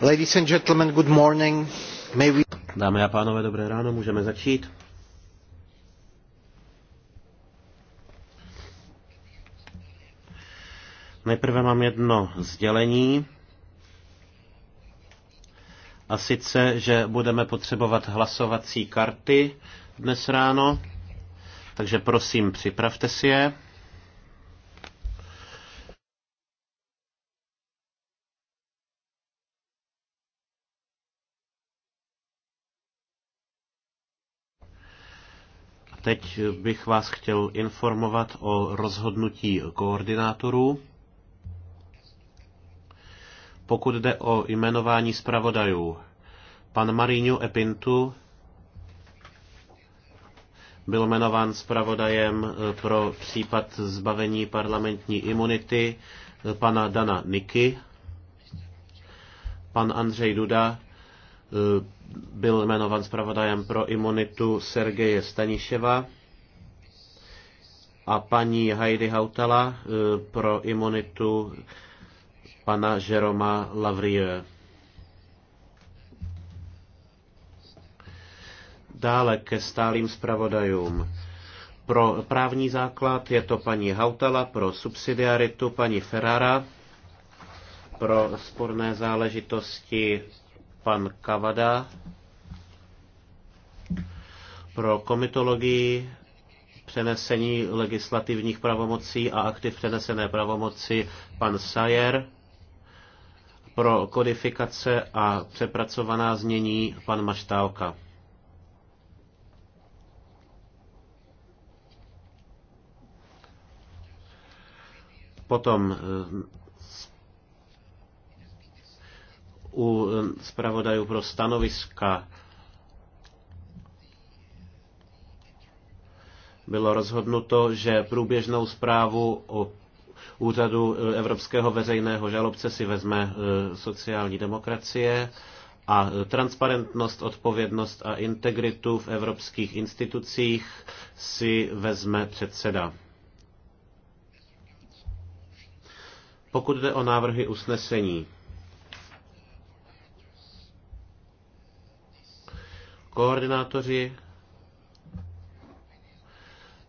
Ladies and gentlemen, good morning. May we... Dámy a pánové, dobré ráno, můžeme začít. Nejprve mám jedno sdělení. A sice, že budeme potřebovat hlasovací karty dnes ráno, takže prosím, připravte si je. Teď bych vás chtěl informovat o rozhodnutí koordinátorů. Pokud jde o jmenování zpravodajů, pan Marino Epintu byl jmenován zpravodajem eh, pro případ zbavení parlamentní imunity eh, pana Dana Niky. Pan Andřej Duda Eh, byl jmenovan zpravodajem pro imunitu Sergeje Staniševa a paní Heidi Hautala eh, pro imunitu pana Jeroma Lavrie. Dále ke stálým zpravodajům. Pro právní základ je to paní Hautala, pro subsidiaritu paní Ferrara, pro sporné záležitosti pan Kavada pro komitologii, přenesení legislativních pravomocí a aktiv přenesené pravomoci pan Sayer, pro kodifikace a přepracovaná znění pan Maštálka. Potom eh, u um, zpravodajů pro stanoviska bylo rozhodnuto, že průběžnou zprávu o úřadu uh, Evropského veřejného žalobce si vezme uh, sociální demokracie a uh, transparentnost, odpovědnost a integritu v evropských institucích si vezme předseda. Pokud jde o návrhy usnesení, Koordinátoři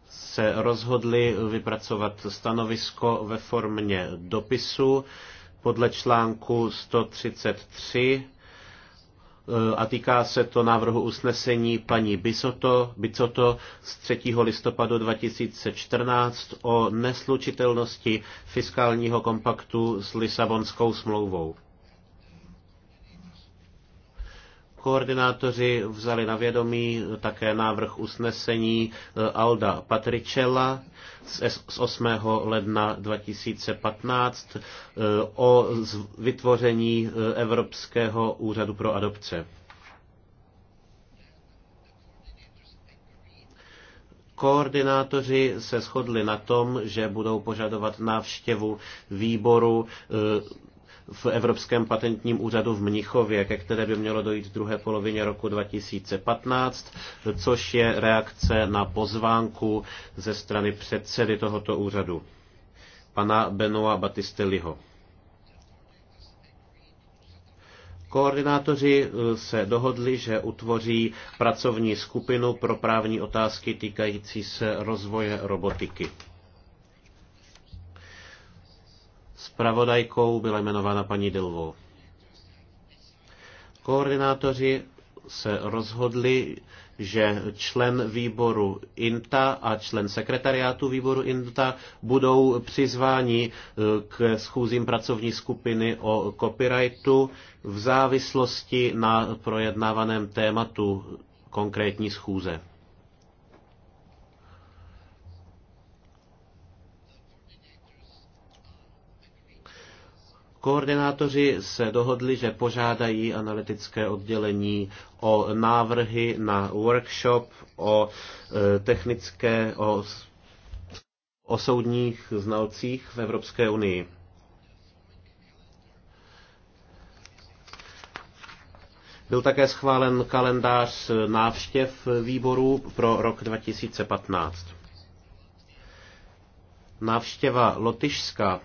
se rozhodli vypracovat stanovisko ve formě dopisu podle článku 133 eh, a týká se to návrhu usnesení paní Bisoto, Bicoto z 3. listopadu 2014 o neslučitelnosti fiskálního kompaktu s Lisabonskou smlouvou. Koordinátoři vzali na vědomí také návrh usnesení eh, Alda Patricella z 8. ledna 2015 eh, o vytvoření eh, Evropského úřadu pro adopce. Koordinátoři se shodli na tom, že budou požadovat návštěvu výboru v Evropském patentním úřadu v Mnichově, ke které by mělo dojít v druhé polovině roku 2015, což je reakce na pozvánku ze strany předsedy tohoto úřadu, pana Benoa Batistelliho. Koordinátoři eh, se dohodli, že utvoří pracovní skupinu pro právní otázky týkající se rozvoje robotiky. Spravodajkou byla jmenována paní Dilvo. Koordinátoři se rozhodli, že člen výboru INTA a člen sekretariátu výboru INTA budou přizváni eh, k schůzím pracovní skupiny o copyrightu v závislosti na projednávaném tématu konkrétní schůze. Koordinátoři se dohodli, že požádají analytické oddělení o návrhy na workshop o e, technické, o, o soudních znalcích v Evropské unii. Byl také schválen kalendář návštěv výborů pro rok 2015. Návštěva Lotyšska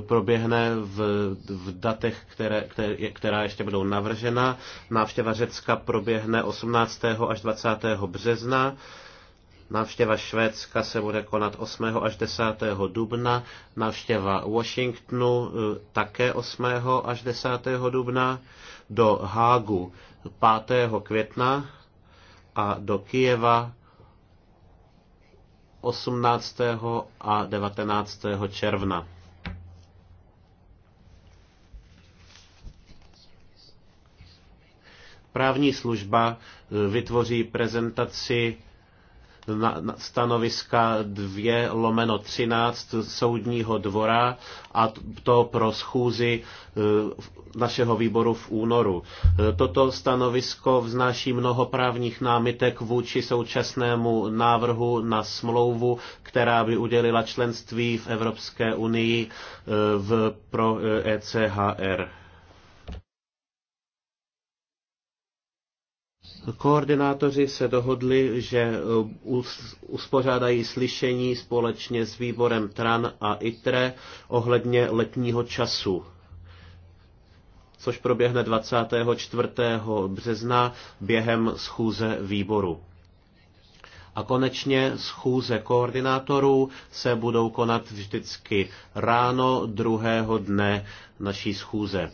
proběhne v, v datech, které, které, která ještě budou navržena. Návštěva Řecka proběhne 18. až 20. března. Návštěva Švédska se bude konat 8. až 10. dubna, návštěva Washingtonu eh, také 8. až 10. dubna, do Hágu 5. května a do Kijeva 18. a 19. června. Právní služba e, vytvoří prezentaci na, stanoviska 2 lomeno 13 soudního dvora a to pro schůzi e, našeho výboru v únoru. E, toto stanovisko vznáší mnoho právních námitek vůči současnému návrhu na smlouvu, která by udělila členství v Evropské unii v, pro ECHR. Koordinátoři se dohodli, že uh, uspořádají slyšení společně s výborem TRAN a ITRE ohledně letního času což proběhne 24. března během schůze výboru. A konečně schůze koordinátorů se budou konat vždycky ráno druhého dne naší schůze.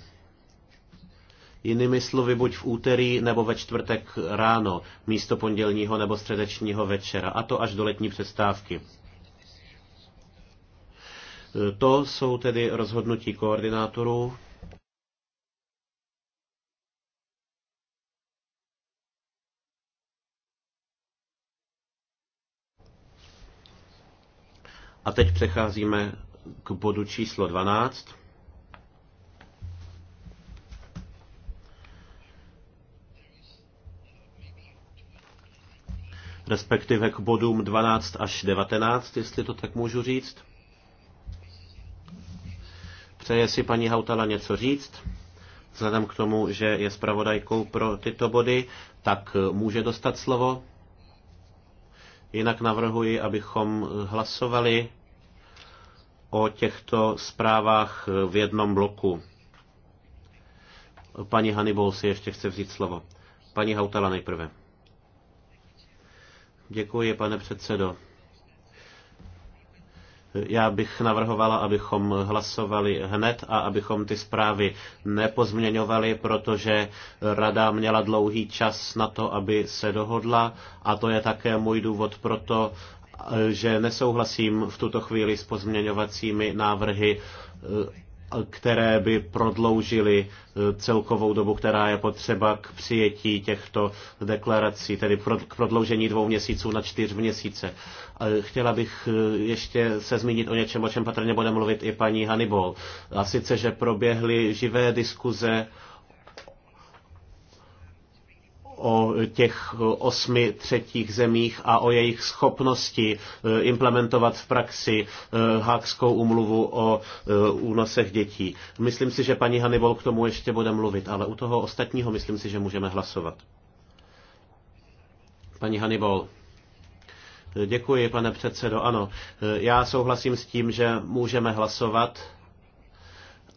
Jinými slovy, buď v úterý nebo ve čtvrtek ráno, místo pondělního nebo středečního večera, a to až do letní přestávky. To jsou tedy rozhodnutí koordinátorů. A teď přecházíme k bodu číslo 12. respektive k bodům 12 až 19, jestli to tak můžu říct. Přeje si paní Hautala něco říct? Vzhledem k tomu, že je zpravodajkou pro tyto body, tak může dostat slovo. Jinak navrhuji, abychom hlasovali o těchto zprávách v jednom bloku. Paní Hannibal si ještě chce vzít slovo. Paní Hautala nejprve. Děkuji, pane předsedo. Já bych navrhovala, abychom hlasovali hned a abychom ty zprávy nepozměňovali, protože rada měla dlouhý čas na to, aby se dohodla a to je také můj důvod pro to, že nesouhlasím v tuto chvíli s pozměňovacími návrhy které by prodloužily eh, celkovou dobu, která je potřeba k přijetí těchto deklarací, tedy k prodloužení dvou měsíců na čtyř měsíce. Chtěla bych eh, ještě se zmínit o něčem, o čem patrně bude mluvit i paní Hannibal. A sice, že proběhly živé diskuze o těch osmi třetích zemích a o jejich schopnosti eh, implementovat v praxi eh, hákskou umluvu o eh, únosech dětí. Myslím si, že paní Hannibal k tomu ještě bude mluvit, ale u toho ostatního myslím si, že můžeme hlasovat. Paní Hannibal. Děkuji, pane předsedo. Ano, já souhlasím s tím, že můžeme hlasovat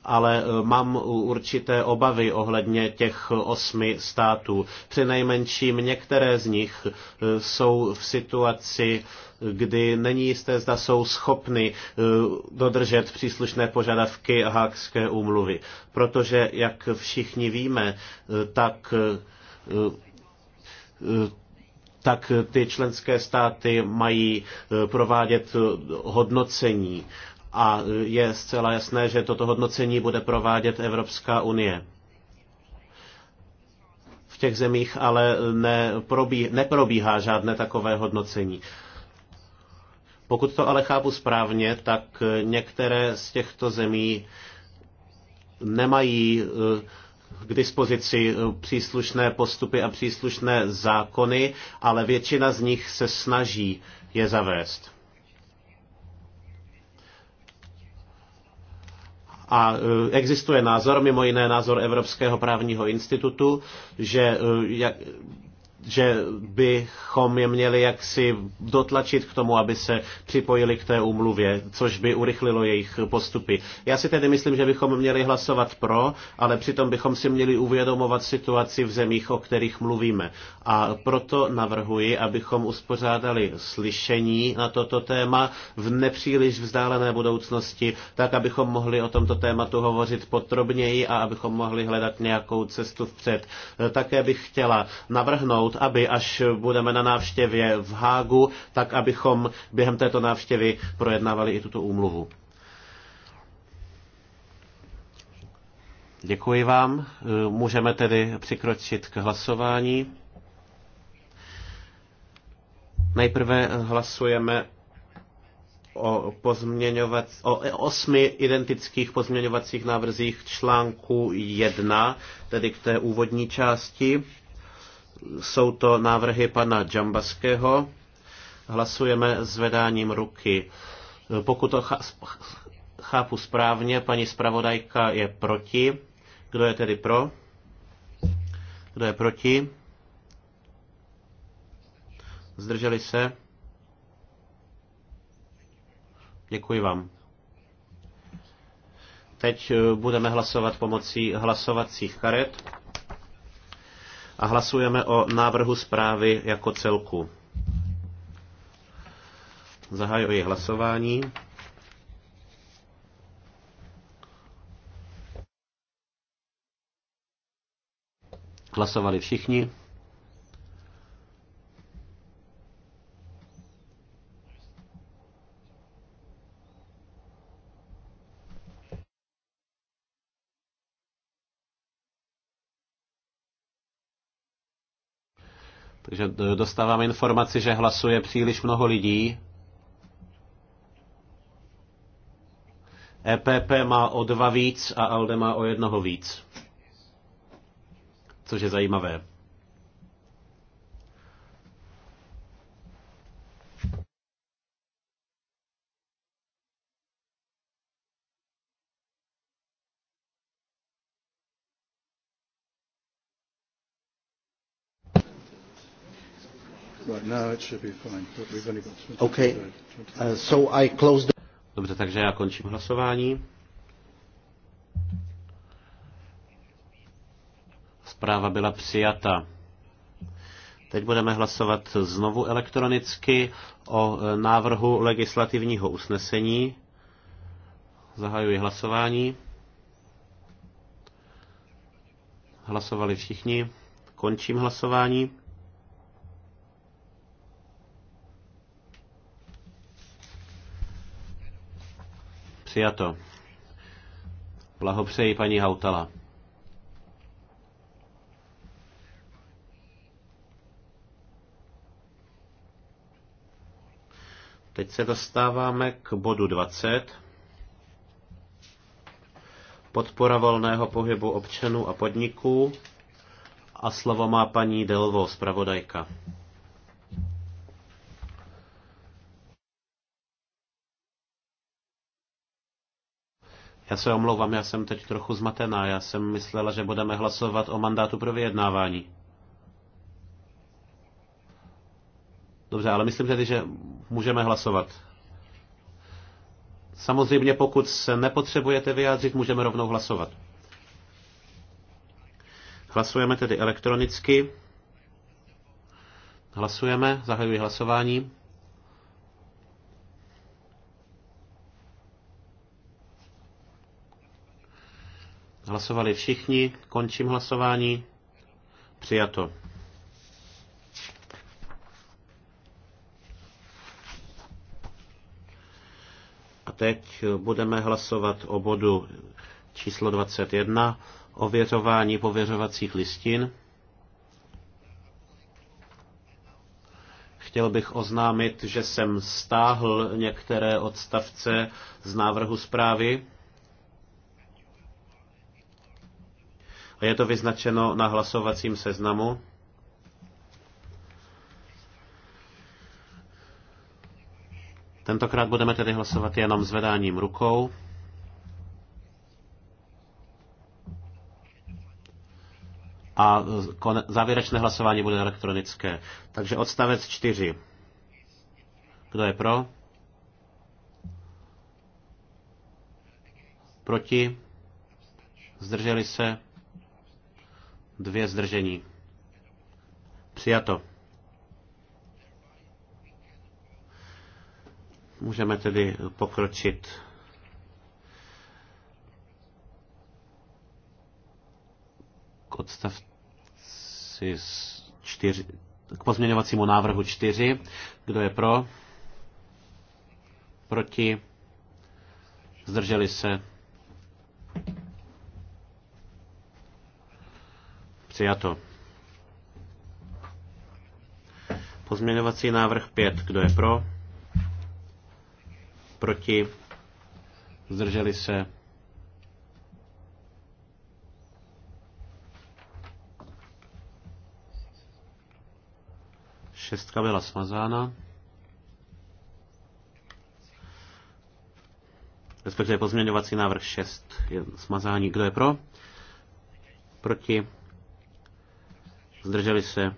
ale eh, mám určité obavy ohledně těch eh, osmi států. Přinejmenším některé z nich eh, jsou v situaci, kdy není jisté, zda jsou schopny dodržet příslušné požadavky Hákské úmluvy. Protože, jak všichni víme, tak tak ty členské státy mají provádět hodnocení a je zcela jasné, že toto hodnocení bude provádět Evropská unie. V těch zemích ale neprobí, neprobíhá žádné takové hodnocení. Pokud to ale chápu správně, tak některé z těchto zemí nemají eh, k dispozici eh, příslušné postupy a příslušné zákony, ale většina z nich se snaží je zavést. A e, existuje názor, mimo jiné názor Evropského právního institutu, že e, že bychom je měli jaksi dotlačit k tomu, aby se připojili k té úmluvě, což by urychlilo jejich postupy. Já si tedy myslím, že bychom měli hlasovat pro, ale přitom bychom si měli uvědomovat situaci v zemích, o kterých mluvíme. A proto navrhuji, abychom uspořádali slyšení na toto téma v nepříliš vzdálené budoucnosti, tak abychom mohli o tomto tématu hovořit podrobněji a abychom mohli hledat nějakou cestu vpřed. Také bych chtěla navrhnout, dohodnout, aby až budeme na návštěvě v Hágu, tak abychom během této návštěvy projednávali i tuto úmluvu. Děkuji vám. Můžeme tedy přikročit k hlasování. Nejprve hlasujeme o, pozměňovac, o osmi identických pozměňovacích návrzích článku 1, tedy k té úvodní části. Jsou to návrhy pana Džambaského. Hlasujeme zvedáním ruky. Pokud to chápu správně, paní zpravodajka je proti. Kdo je tedy pro? Kdo je proti? Zdrželi se? Děkuji vám. Teď eh, budeme hlasovat pomocí hlasovacích karet a hlasujeme o návrhu zprávy jako celku. Zahajuji hlasování. Hlasovali všichni. Takže dostávám informaci, že hlasuje příliš mnoho lidí. EPP má o dva víc a ALDE má o jednoho víc. Což je zajímavé. No, uh, Dobře, takže já končím hlasování. Zpráva byla přijata. Teď budeme hlasovat znovu elektronicky o e, návrhu legislativního usnesení. Zahajuji hlasování. Hlasovali všichni. Končím hlasování. Přijato. Blahopřeji paní Hautala. Teď se dostáváme k bodu 20. Podpora volného pohybu občanů a podniků. A slovo má paní Delvo, zpravodajka. Já se omlouvám, já jsem teď trochu zmatená. Já jsem myslela, že budeme hlasovat o mandátu pro vyjednávání. Dobře, ale myslím tedy, že můžeme hlasovat. Samozřejmě, pokud se nepotřebujete vyjádřit, můžeme rovnou hlasovat. Hlasujeme tedy elektronicky. Hlasujeme, zahajuji hlasování. Hlasovali všichni, končím hlasování. Přijato. A teď budeme hlasovat o bodu číslo 21, ověřování pověřovacích listin. chtěl bych oznámit, že jsem stáhl některé odstavce z návrhu zprávy. Je to vyznačeno na hlasovacím seznamu. Tentokrát budeme tedy hlasovat jenom zvedáním rukou. A závěrečné hlasování bude elektronické. Takže odstavec 4. Kdo je pro? Proti? Zdrželi se? dvě zdržení. Přijato. Můžeme tedy pokročit k odstavci čtyři, k pozměňovacímu návrhu 4. Kdo je pro? Proti? Zdrželi se? Přijato. Pozměňovací návrh 5. Kdo je pro? Proti? Zdrželi se? Šestka byla smazána. Respektive pozměňovací návrh 6 je smazání. Kdo je pro? Proti? Zdrželi se?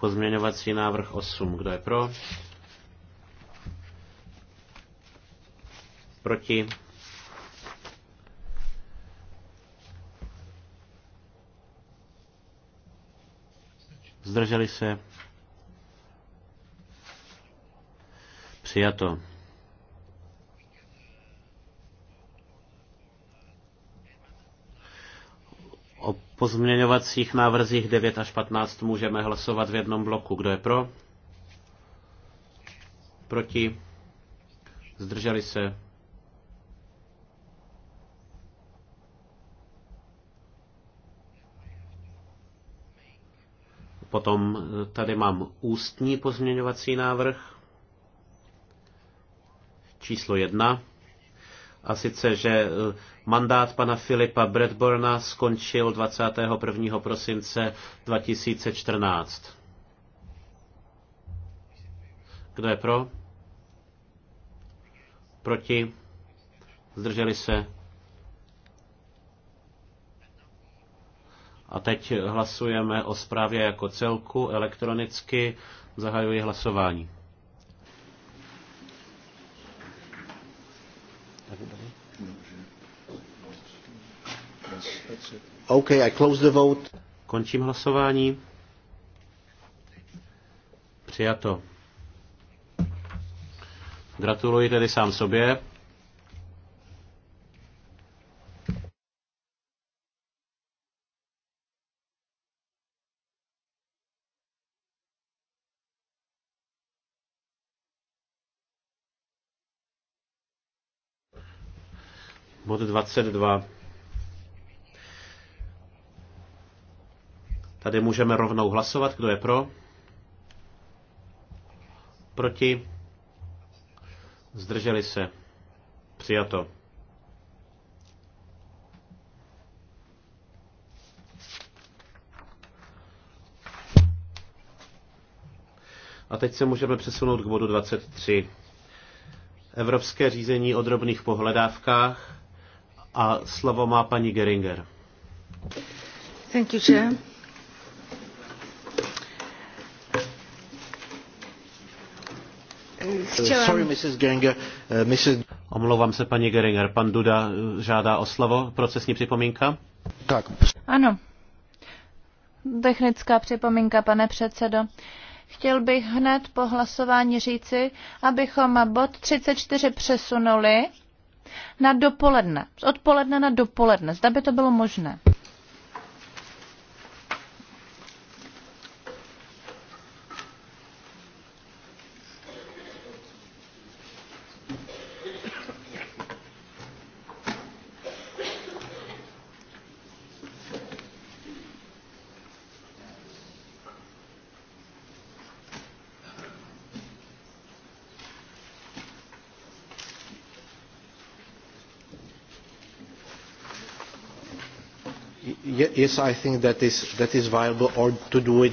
Pozměňovací návrh 8. Kdo je pro? Proti? Zdrželi se? Přijato. O pozměňovacích návrzích 9 až 15 můžeme hlasovat v jednom bloku. Kdo je pro? Proti? Zdrželi se? Potom eh, tady mám ústní pozměňovací návrh číslo jedna, a sice, že e, mandát pana Filipa Bradburna skončil 21. prosince 2014. Kdo je pro? Proti? Zdrželi se? A teď hlasujeme o zprávě jako celku elektronicky. Zahajuji hlasování. OK, I close the vote. Končím hlasování. Přijato. Gratuluji tedy sám sobě. Bod 22. Tady můžeme rovnou hlasovat, kdo je pro. Proti. Zdrželi se. Přijato. A teď se můžeme přesunout k bodu 23. Evropské řízení o drobných pohledávkách a slovo má paní Geringer. Thank you, Chair. Uh, sorry, uh, Mrs. Omlouvám se, paní Geringer. Pan Duda uh, žádá o slovo. Procesní připomínka? Tak. Ano. Technická připomínka, pane předsedo. Chtěl bych hned po hlasování říci, abychom bod 34 přesunuli na dopoledne. Z odpoledne na dopoledne. Zda by to bylo možné. yes, I think that is, that is viable or to do it.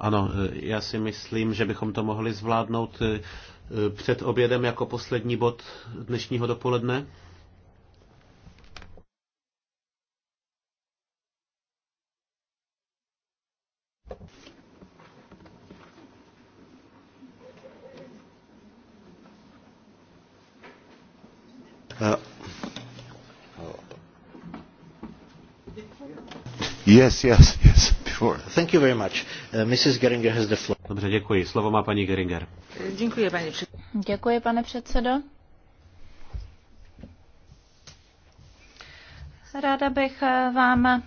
Ano, já si myslím, že bychom to mohli zvládnout eh, eh, před obědem jako poslední bod dnešního dopoledne. Yes, yes, yes, before. Thank you very much. Uh, Mrs. Geringer has the floor. Dobře, děkuji. Slovo má paní Geringer. Děkuji, paní Děkuji, pane předsedo. Ráda bych eh, vám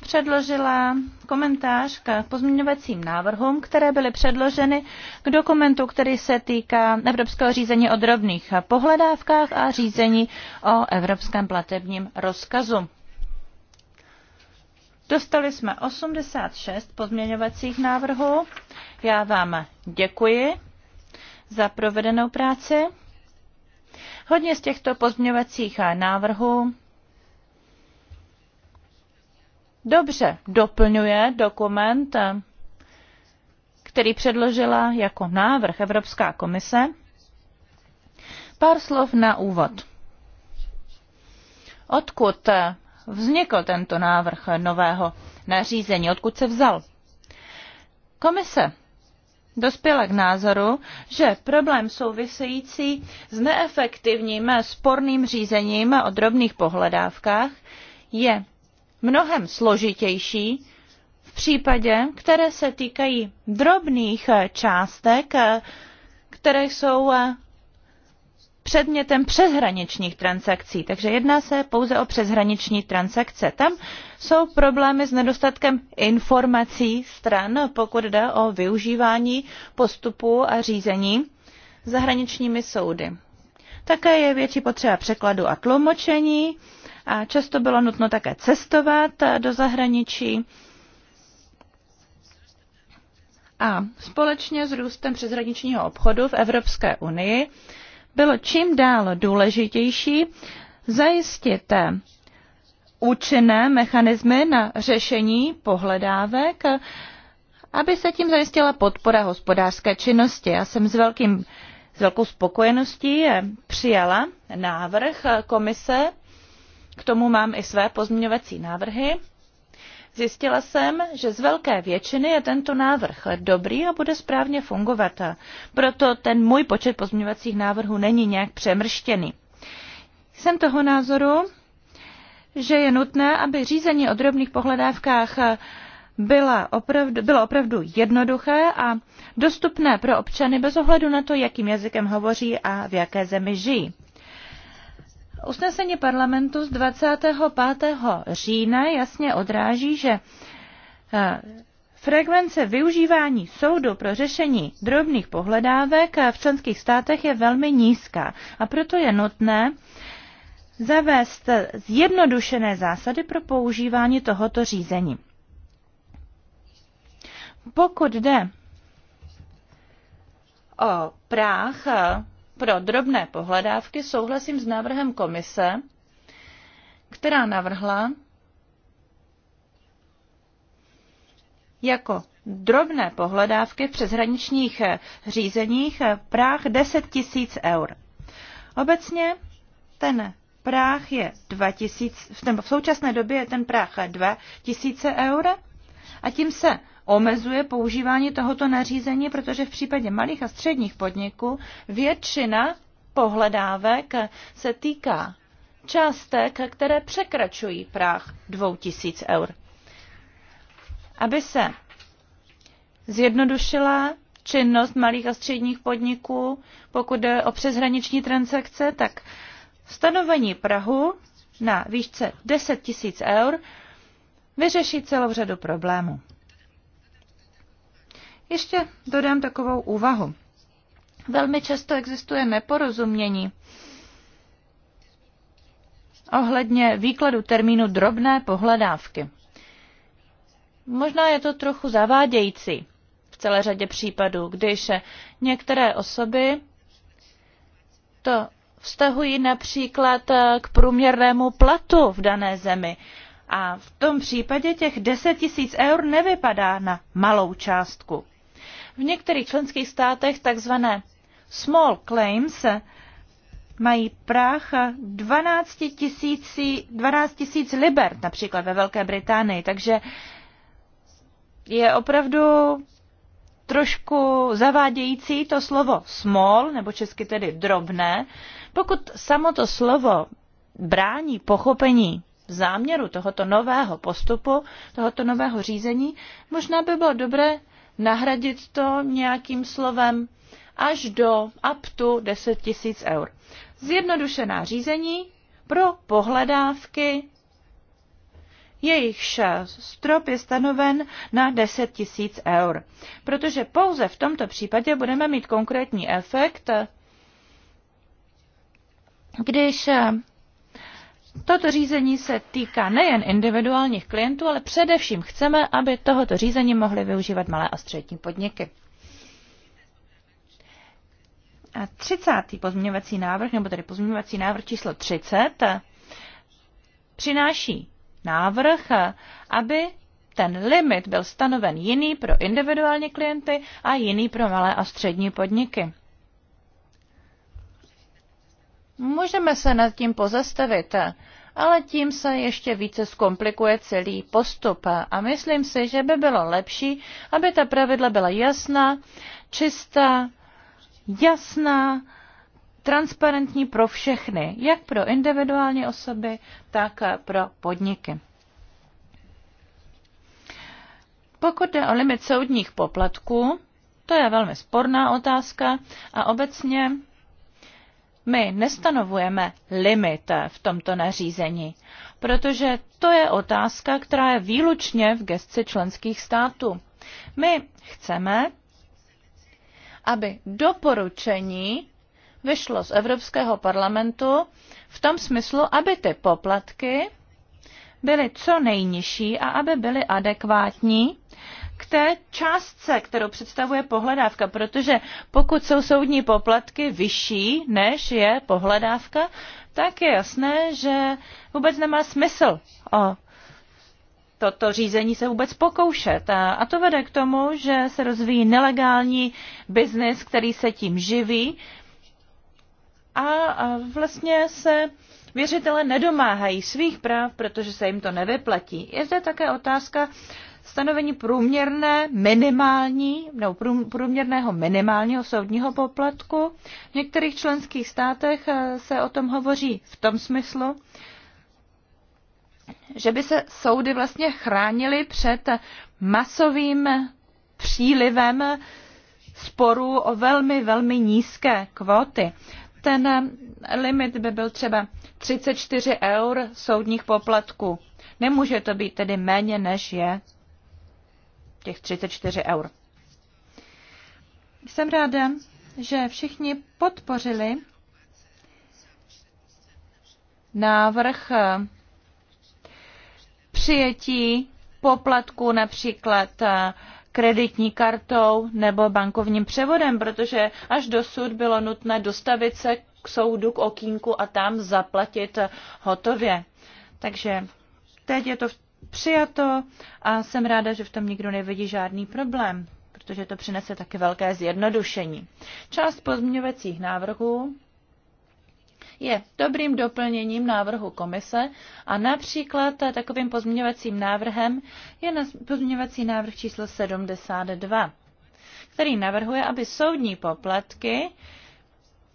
předložila komentář k pozměňovacím návrhům, které byly předloženy k dokumentu, který se týká evropského řízení o drobných pohledávkách a řízení o evropském platebním rozkazu. Dostali jsme 86 pozměňovacích návrhů. Já vám děkuji za provedenou práci. Hodně z těchto pozměňovacích návrhů dobře doplňuje dokument, který předložila jako návrh Evropská komise. Pár slov na úvod. Odkud vznikl tento návrh nového nařízení, odkud se vzal. Komise dospěla k názoru, že problém související s neefektivním sporným řízením o drobných pohledávkách je mnohem složitější v případě, které se týkají drobných částek, které jsou předmětem přeshraničních transakcí, takže jedná se pouze o přeshraniční transakce. Tam jsou problémy s nedostatkem informací stran, pokud jde o využívání postupů a řízení zahraničními soudy. Také je větší potřeba překladu a tlumočení a často bylo nutno také cestovat do zahraničí. A společně s růstem přeshraničního obchodu v Evropské unii bylo čím dál důležitější zajistit účinné mechanismy na řešení pohledávek, aby se tím zajistila podpora hospodářské činnosti. Já jsem s, velkým, s velkou spokojeností přijala návrh komise, k tomu mám i své pozměňovací návrhy. Zjistila jsem, že z velké většiny je tento návrh dobrý a bude správně fungovat. Proto ten můj počet pozměňovacích návrhů není nějak přemrštěný. Jsem toho názoru, že je nutné, aby řízení o drobných pohledávkách byla opravdu, bylo opravdu jednoduché a dostupné pro občany bez ohledu na to, jakým jazykem hovoří a v jaké zemi žijí. Usnesení parlamentu z 25. října jasně odráží, že eh, Frekvence využívání soudu pro řešení drobných pohledávek eh, v členských státech je velmi nízká a proto je nutné zavést eh, zjednodušené zásady pro používání tohoto řízení. Pokud jde o práh pro drobné pohledávky souhlasím s návrhem komise, která navrhla jako drobné pohledávky v přeshraničních řízeních práh 10 tisíc eur. Obecně ten práh je 2000, v, v současné době je ten práh tisíce eur a tím se omezuje používání tohoto nařízení, protože v případě malých a středních podniků většina pohledávek se týká částek, které překračují práh 2000 eur. Aby se zjednodušila činnost malých a středních podniků, pokud jde o přeshraniční transakce, tak stanovení Prahu na výšce 10 000 eur vyřeší celou řadu problémů. Ještě dodám takovou úvahu. Velmi často existuje neporozumění ohledně výkladu termínu drobné pohledávky. Možná je to trochu zavádějící v celé řadě případů, když některé osoby to vztahují například k průměrnému platu v dané zemi. A v tom případě těch 10 tisíc eur nevypadá na malou částku. V některých členských státech takzvané small claims mají práh 12 tisíc 12 000 liber, například ve Velké Británii, takže je opravdu trošku zavádějící to slovo small, nebo česky tedy drobné. Pokud samo to slovo brání pochopení záměru tohoto nového postupu, tohoto nového řízení, možná by bylo dobré nahradit to nějakým slovem až do up to 10 000 eur. Zjednodušená řízení pro pohledávky, jejichž strop je stanoven na 10 000 eur. Protože pouze v tomto případě budeme mít konkrétní efekt, když Toto řízení se týká nejen individuálních klientů, ale především chceme, aby tohoto řízení mohly využívat malé a střední podniky. A třicátý pozměňovací návrh, nebo tedy pozměňovací návrh číslo 30, přináší návrh, aby ten limit byl stanoven jiný pro individuální klienty a jiný pro malé a střední podniky. Můžeme se nad tím pozastavit, ale tím se ještě více zkomplikuje celý postup a myslím si, že by bylo lepší, aby ta pravidla byla jasná, čistá, jasná, transparentní pro všechny, jak pro individuální osoby, tak pro podniky. Pokud jde o limit soudních poplatků, to je velmi sporná otázka a obecně my nestanovujeme limit v tomto nařízení, protože to je otázka, která je výlučně v gestci členských států. My chceme, aby doporučení vyšlo z Evropského parlamentu v tom smyslu, aby ty poplatky byly co nejnižší a aby byly adekvátní k té částce, kterou představuje pohledávka, protože pokud jsou soudní poplatky vyšší, než je pohledávka, tak je jasné, že vůbec nemá smysl o toto řízení se vůbec pokoušet. A, a to vede k tomu, že se rozvíjí nelegální biznis, který se tím živí a, a vlastně se věřitele nedomáhají svých práv, protože se jim to nevyplatí. Je zde také otázka stanovení průměrné minimální nebo průměrného minimálního soudního poplatku. V některých členských státech eh, se o tom hovoří v tom smyslu, že by se soudy vlastně chránily před masovým přílivem sporů o velmi, velmi nízké kvóty. Ten eh, limit by byl třeba 34 eur soudních poplatků. Nemůže to být tedy méně, než je těch 34 eur. Jsem ráda, že všichni podpořili návrh přijetí poplatku například kreditní kartou nebo bankovním převodem, protože až dosud bylo nutné dostavit se k soudu, k okýnku a tam zaplatit hotově. Takže teď je to v přijato a jsem ráda, že v tom nikdo nevidí žádný problém, protože to přinese také velké zjednodušení. Část pozměňovacích návrhů je dobrým doplněním návrhu komise a například takovým pozměňovacím návrhem je pozměňovací návrh číslo 72, který navrhuje, aby soudní poplatky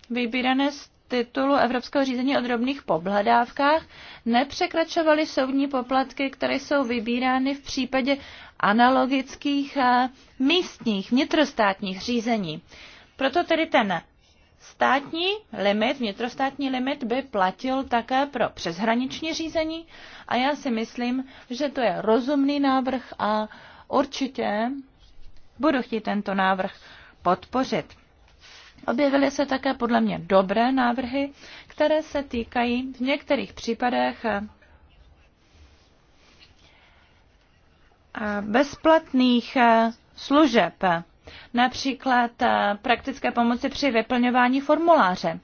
vybírané z titulu Evropského řízení o drobných pobladávkách nepřekračovaly soudní poplatky, které jsou vybírány v případě analogických eh, místních vnitrostátních řízení. Proto tedy ten státní limit, vnitrostátní limit by platil také pro přeshraniční řízení a já si myslím, že to je rozumný návrh a určitě budu chtít tento návrh podpořit. Objevily se také podle mě dobré návrhy, které se týkají v některých případech eh, bezplatných eh, služeb, například eh, praktické pomoci při vyplňování formuláře.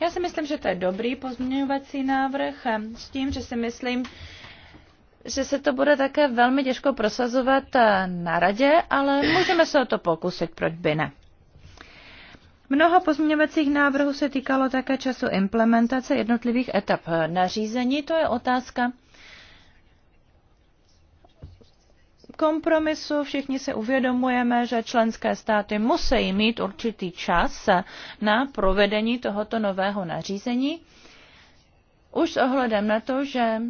Já si myslím, že to je dobrý pozměňovací návrh s tím, že si myslím, že se to bude také velmi těžko prosazovat na radě, ale můžeme se o to pokusit, proč by ne. Mnoho pozměňovacích návrhů se týkalo také času implementace jednotlivých etap nařízení. To je otázka kompromisu. Všichni se uvědomujeme, že členské státy musí mít určitý čas na provedení tohoto nového nařízení. Už s ohledem na to, že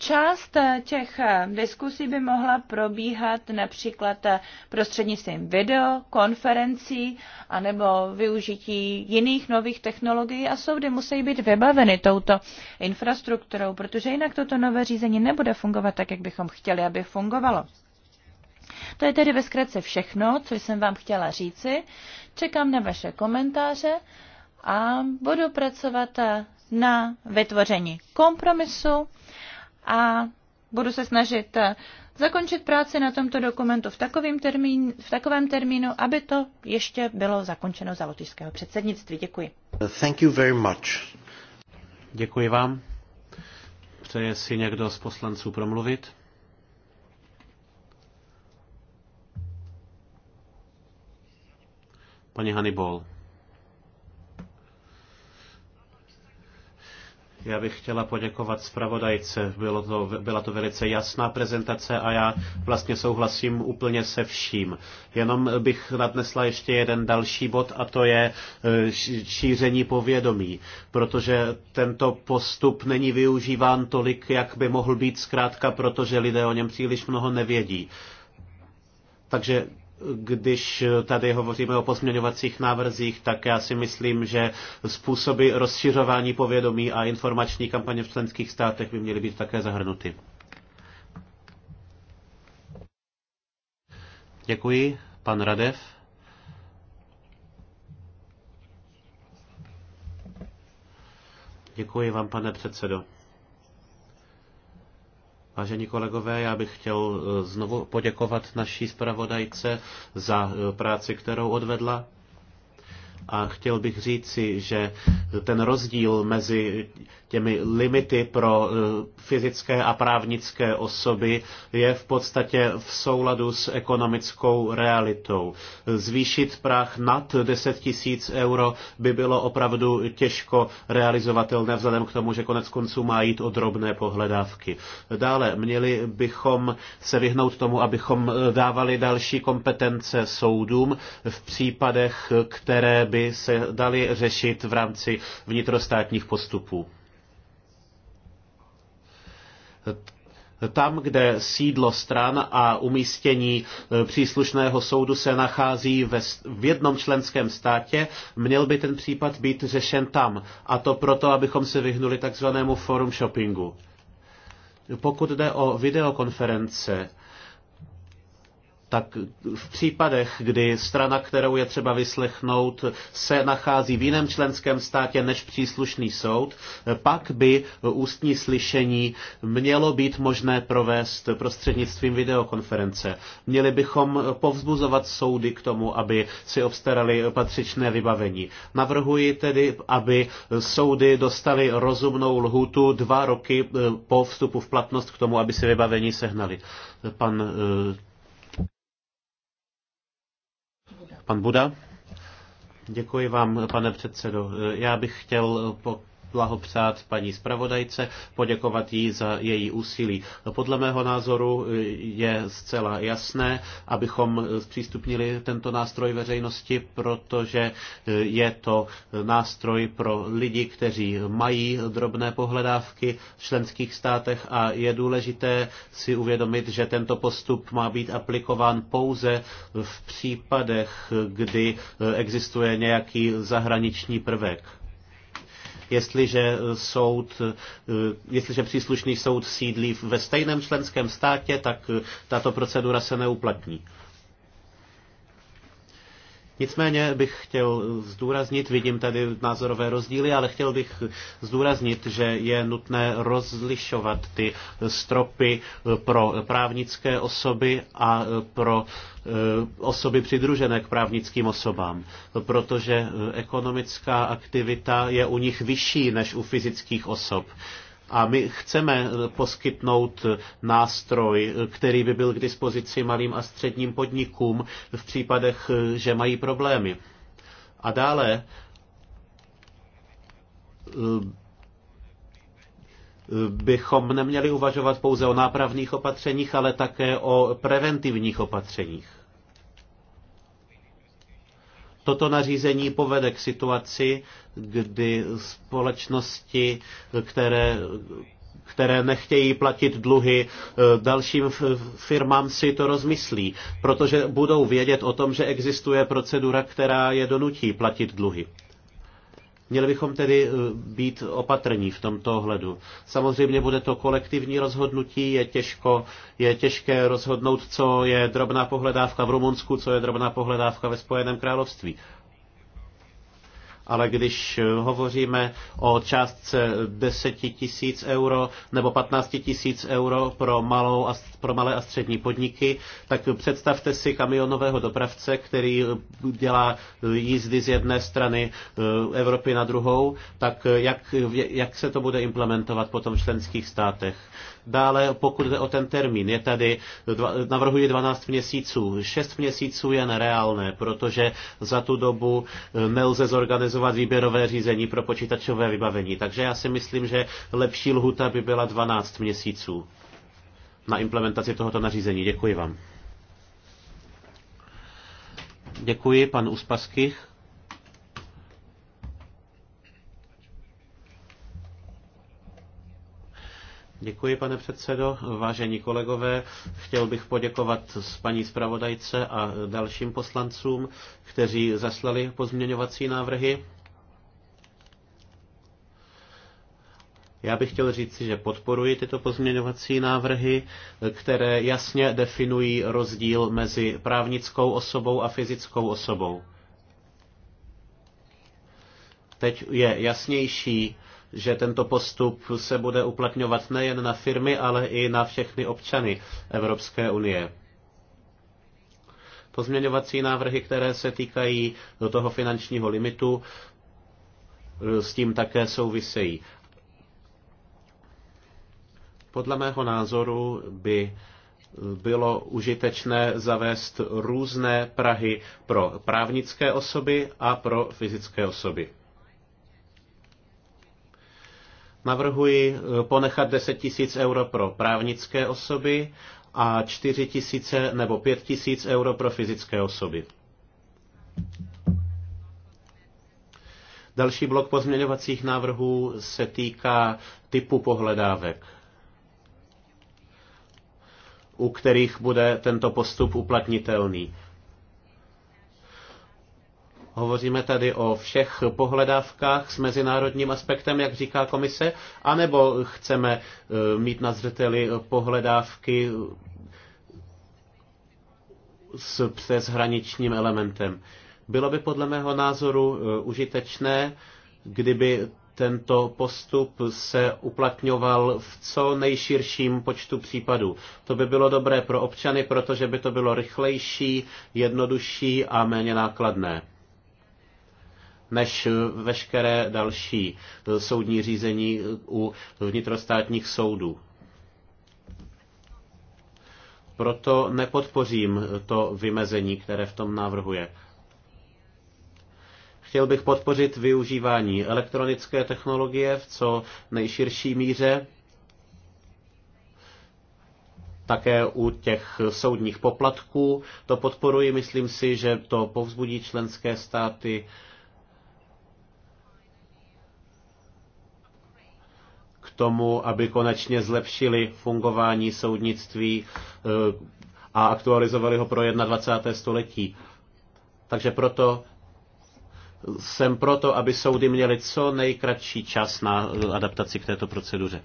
Část eh, těch eh, diskusí by mohla probíhat například eh, prostřednictvím videokonferencí anebo využití jiných nových technologií a soudy musí být vybaveny touto infrastrukturou, protože jinak toto nové řízení nebude fungovat tak, jak bychom chtěli, aby fungovalo. To je tedy ve zkratce všechno, co jsem vám chtěla říci. Čekám na vaše komentáře a budu pracovat na vytvoření kompromisu a budu se snažit eh, zakončit práci na tomto dokumentu v, takovým termín, v takovém termínu, aby to ještě bylo zakončeno za lotyšského předsednictví. Děkuji. Thank you very much. Děkuji vám. Přeje si někdo z poslanců promluvit? Paní Hannibal. Já bych chtěla poděkovat zpravodajce. Bylo to, byla to velice jasná prezentace a já vlastně souhlasím úplně se vším. Jenom bych nadnesla ještě jeden další bod a to je e, šíření povědomí, protože tento postup není využíván tolik, jak by mohl být zkrátka, protože lidé o něm příliš mnoho nevědí. Takže když tady hovoříme o pozměňovacích návrzích, tak já si myslím, že způsoby rozšiřování povědomí a informační kampaně v členských státech by měly být také zahrnuty. Děkuji. Pan Radev. Děkuji vám, pane předsedo. Vážení kolegové, já bych chtěl eh, znovu poděkovat naší zpravodajce za eh, práci, kterou odvedla. A chtěl bych říci, že ten rozdíl mezi těmi limity pro e, fyzické a právnické osoby je v podstatě v souladu s ekonomickou realitou. Zvýšit prach nad 10 tisíc euro by bylo opravdu těžko realizovatelné vzhledem k tomu, že konec konců má jít o drobné pohledávky. Dále měli bychom se vyhnout tomu, abychom e, dávali další kompetence soudům v případech, které by se daly řešit v rámci vnitrostátních postupů tam, kde sídlo stran a umístění e, příslušného soudu se nachází ve, v jednom členském státě, měl by ten případ být řešen tam. A to proto, abychom se vyhnuli takzvanému forum shoppingu. Pokud jde o videokonference, tak v případech, kdy strana, kterou je třeba vyslechnout, se nachází v jiném členském státě než příslušný soud, pak by ústní slyšení mělo být možné provést prostřednictvím videokonference. Měli bychom povzbuzovat soudy k tomu, aby si obstarali patřičné vybavení. Navrhuji tedy, aby soudy dostali rozumnou lhůtu dva roky eh, po vstupu v platnost k tomu, aby si vybavení sehnali. Pan eh, Pan Buda. Děkuji vám, pane předsedo. Já bych chtěl po blahopřát paní zpravodajce, poděkovat jí za její úsilí. No, podle mého názoru e, je zcela jasné, abychom zpřístupnili tento nástroj veřejnosti, protože e, je to nástroj pro lidi, kteří mají drobné pohledávky v členských státech a je důležité si uvědomit, že tento postup má být aplikován pouze v případech, kdy e, existuje nějaký zahraniční prvek jestliže, soud, eh, jestliže příslušný soud sídlí ve stejném členském státě, tak eh, tato procedura se neuplatní. Nicméně bych chtěl zdůraznit, vidím tady názorové rozdíly, ale chtěl bych zdůraznit, že je nutné rozlišovat ty stropy eh, pro právnické osoby a eh, pro eh, osoby přidružené k právnickým osobám, protože ekonomická aktivita je u nich vyšší než u fyzických osob. A my chceme poskytnout nástroj, který by byl k dispozici malým a středním podnikům v případech, že mají problémy. A dále eh, bychom neměli uvažovat pouze o nápravných opatřeních, ale také o preventivních opatřeních. Toto nařízení povede k situaci, kdy společnosti, které které nechtějí platit dluhy eh, dalším firmám, si to rozmyslí, protože budou vědět o tom, že existuje procedura, která je donutí platit dluhy. Měli bychom tedy eh, být opatrní v tomto ohledu. Samozřejmě bude to kolektivní rozhodnutí, je, těžko, je těžké rozhodnout, co je drobná pohledávka v Rumunsku, co je drobná pohledávka ve Spojeném království ale když eh, hovoříme o částce 10 tisíc euro nebo 15 tisíc euro pro, malou a, pro malé a střední podniky, tak představte si kamionového dopravce, který eh, dělá eh, jízdy z jedné strany Evropy na druhou, tak jak, jak se to bude implementovat potom v členských státech? Dále, pokud jde o ten termín, je tady, dva, navrhuji 12 měsíců. 6 měsíců je nereálné, protože za tu dobu eh, nelze zorganizovat výběrové řízení pro počítačové vybavení. Takže já si myslím, že lepší lhuta by byla 12 měsíců na implementaci tohoto nařízení. Děkuji vám. Děkuji, pan Uspaskych. Děkuji, pane předsedo. Vážení kolegové, chtěl bych poděkovat paní zpravodajce a dalším poslancům, kteří zaslali pozměňovací návrhy. Já bych chtěl říci, že podporuji tyto pozměňovací návrhy, které jasně definují rozdíl mezi právnickou osobou a fyzickou osobou. Teď je jasnější, že tento postup se bude uplatňovat nejen na firmy, ale i na všechny občany Evropské unie. Pozměňovací návrhy, které se týkají do toho finančního limitu, s tím také souvisejí. Podle mého názoru by bylo užitečné zavést různé Prahy pro právnické osoby a pro fyzické osoby. Navrhuji eh, ponechat 10 tisíc euro pro právnické osoby a 4 tisíce nebo 5 tisíc euro pro fyzické osoby. Další blok pozměňovacích návrhů se týká typu pohledávek, u kterých bude tento postup uplatnitelný. Hovoříme tady o všech pohledávkách s mezinárodním aspektem, jak říká komise, anebo chceme e, mít na zřeteli pohledávky e, s přeshraničním elementem. Bylo by podle mého názoru e, užitečné, kdyby tento postup se uplatňoval v co nejširším počtu případů. To by bylo dobré pro občany, protože by to bylo rychlejší, jednodušší a méně nákladné než veškeré další eh, soudní řízení eh, u vnitrostátních soudů. Proto nepodpořím eh, to vymezení, které v tom návrhu je. Chtěl bych podpořit využívání elektronické technologie v co nejširší míře, také u těch soudních poplatků. To podporuji, myslím si, že to povzbudí členské státy tomu, aby konečně zlepšili fungování soudnictví eh, a aktualizovali ho pro 21. století. Takže proto jsem proto, aby soudy měly co nejkratší čas na eh, adaptaci k této proceduře.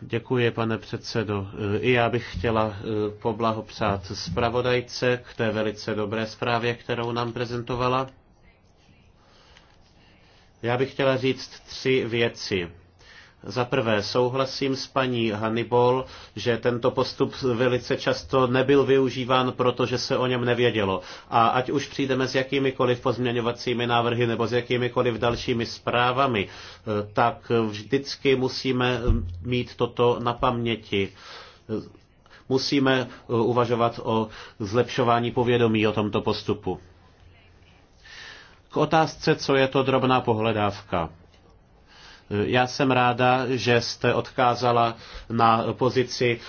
Děkuji, pane předsedo. Eh, I já bych chtěla poblahopřát zpravodajce k té velice dobré zprávě, kterou nám prezentovala. Já bych chtěla říct tři věci. Za prvé, souhlasím s paní Hannibal, že tento postup velice často nebyl využíván, protože se o něm nevědělo. A ať už přijdeme s jakýmikoliv pozměňovacími návrhy nebo s jakýmikoliv dalšími zprávami, eh, tak vždycky musíme eh, mít toto na paměti. Eh, musíme uvažovat o zlepšování povědomí o tomto postupu. K otázce, co je to drobná pohledávka. Já jsem ráda, že jste odkázala na pozici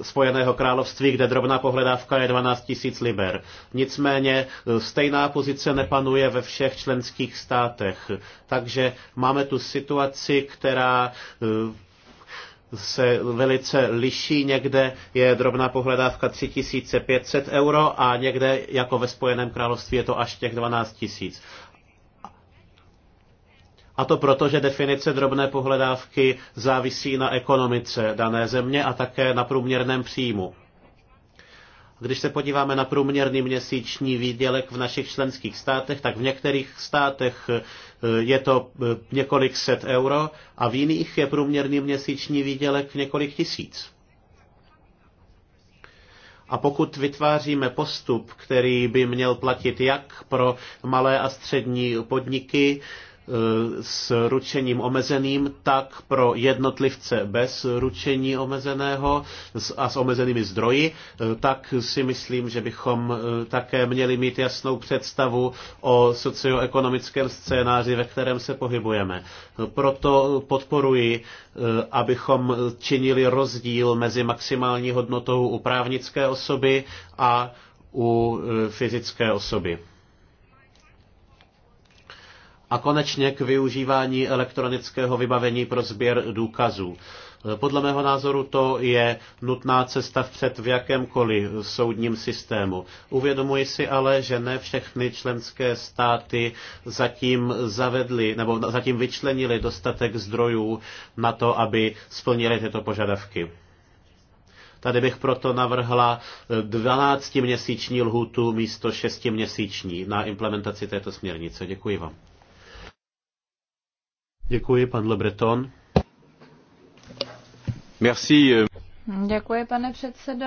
e, Spojeného království, kde drobná pohledávka je 12 000 liber. Nicméně e, stejná pozice nepanuje ve všech členských státech. Takže máme tu situaci, která e, se velice liší. Někde je drobná pohledávka 3500 euro a někde, jako ve Spojeném království, je to až těch 12 000. A to proto, že definice drobné pohledávky závisí na ekonomice dané země a také na průměrném příjmu. Když se podíváme na průměrný měsíční výdělek v našich členských státech, tak v některých státech je to eh, několik set euro a v jiných je průměrný měsíční výdělek několik tisíc. A pokud vytváříme postup, který by měl platit jak pro malé a střední podniky, Eh, s ručením omezeným, tak pro jednotlivce bez ručení omezeného a s omezenými zdroji, eh, tak si myslím, že bychom eh, také měli mít jasnou představu o socioekonomickém scénáři, ve kterém se pohybujeme. Proto podporuji, abychom činili rozdíl mezi maximální hodnotou u právnické osoby a u fyzické osoby. A konečně k využívání elektronického vybavení pro sběr důkazů. Podle mého názoru to je nutná cesta vpřed v jakémkoliv soudním systému. Uvědomuji si ale, že ne všechny členské státy zatím zavedly nebo zatím vyčlenili dostatek zdrojů na to, aby splnili tyto požadavky. Tady bych proto navrhla 12-měsíční lhůtu místo 6-měsíční na implementaci této směrnice. Děkuji vám. Děkuji, pan Le Breton. Merci. Eh. Děkuji, pane předsedo.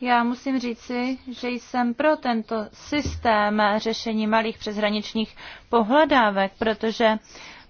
Já musím říci, že jsem pro tento systém řešení malých přeshraničních pohledávek, protože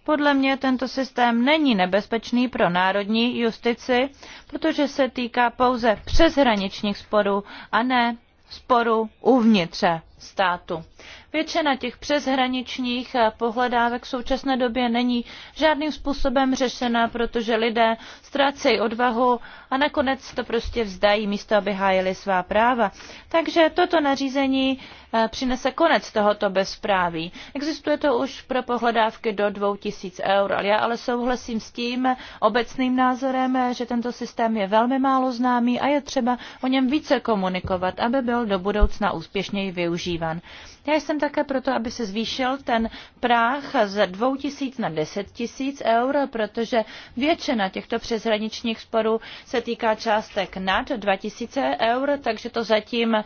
podle mě tento systém není nebezpečný pro národní justici, protože se týká pouze přeshraničních sporů a ne sporů uvnitře státu. Většina těch přeshraničních pohledávek v současné době není žádným způsobem řešena, protože lidé ztrácejí odvahu a nakonec to prostě vzdají místo, aby hájili svá práva. Takže toto nařízení eh, přinese konec tohoto bezpráví. Existuje to už pro pohledávky do 2000 eur, ale já ale souhlasím s tím obecným názorem, že tento systém je velmi málo známý a je třeba o něm více komunikovat, aby byl do budoucna úspěšněji využit využívan. Já jsem také proto, aby se zvýšil ten práh z 2 tisíc na 10 tisíc eur, protože většina těchto přeshraničních sporů se týká částek nad 2 tisíce eur, takže to zatím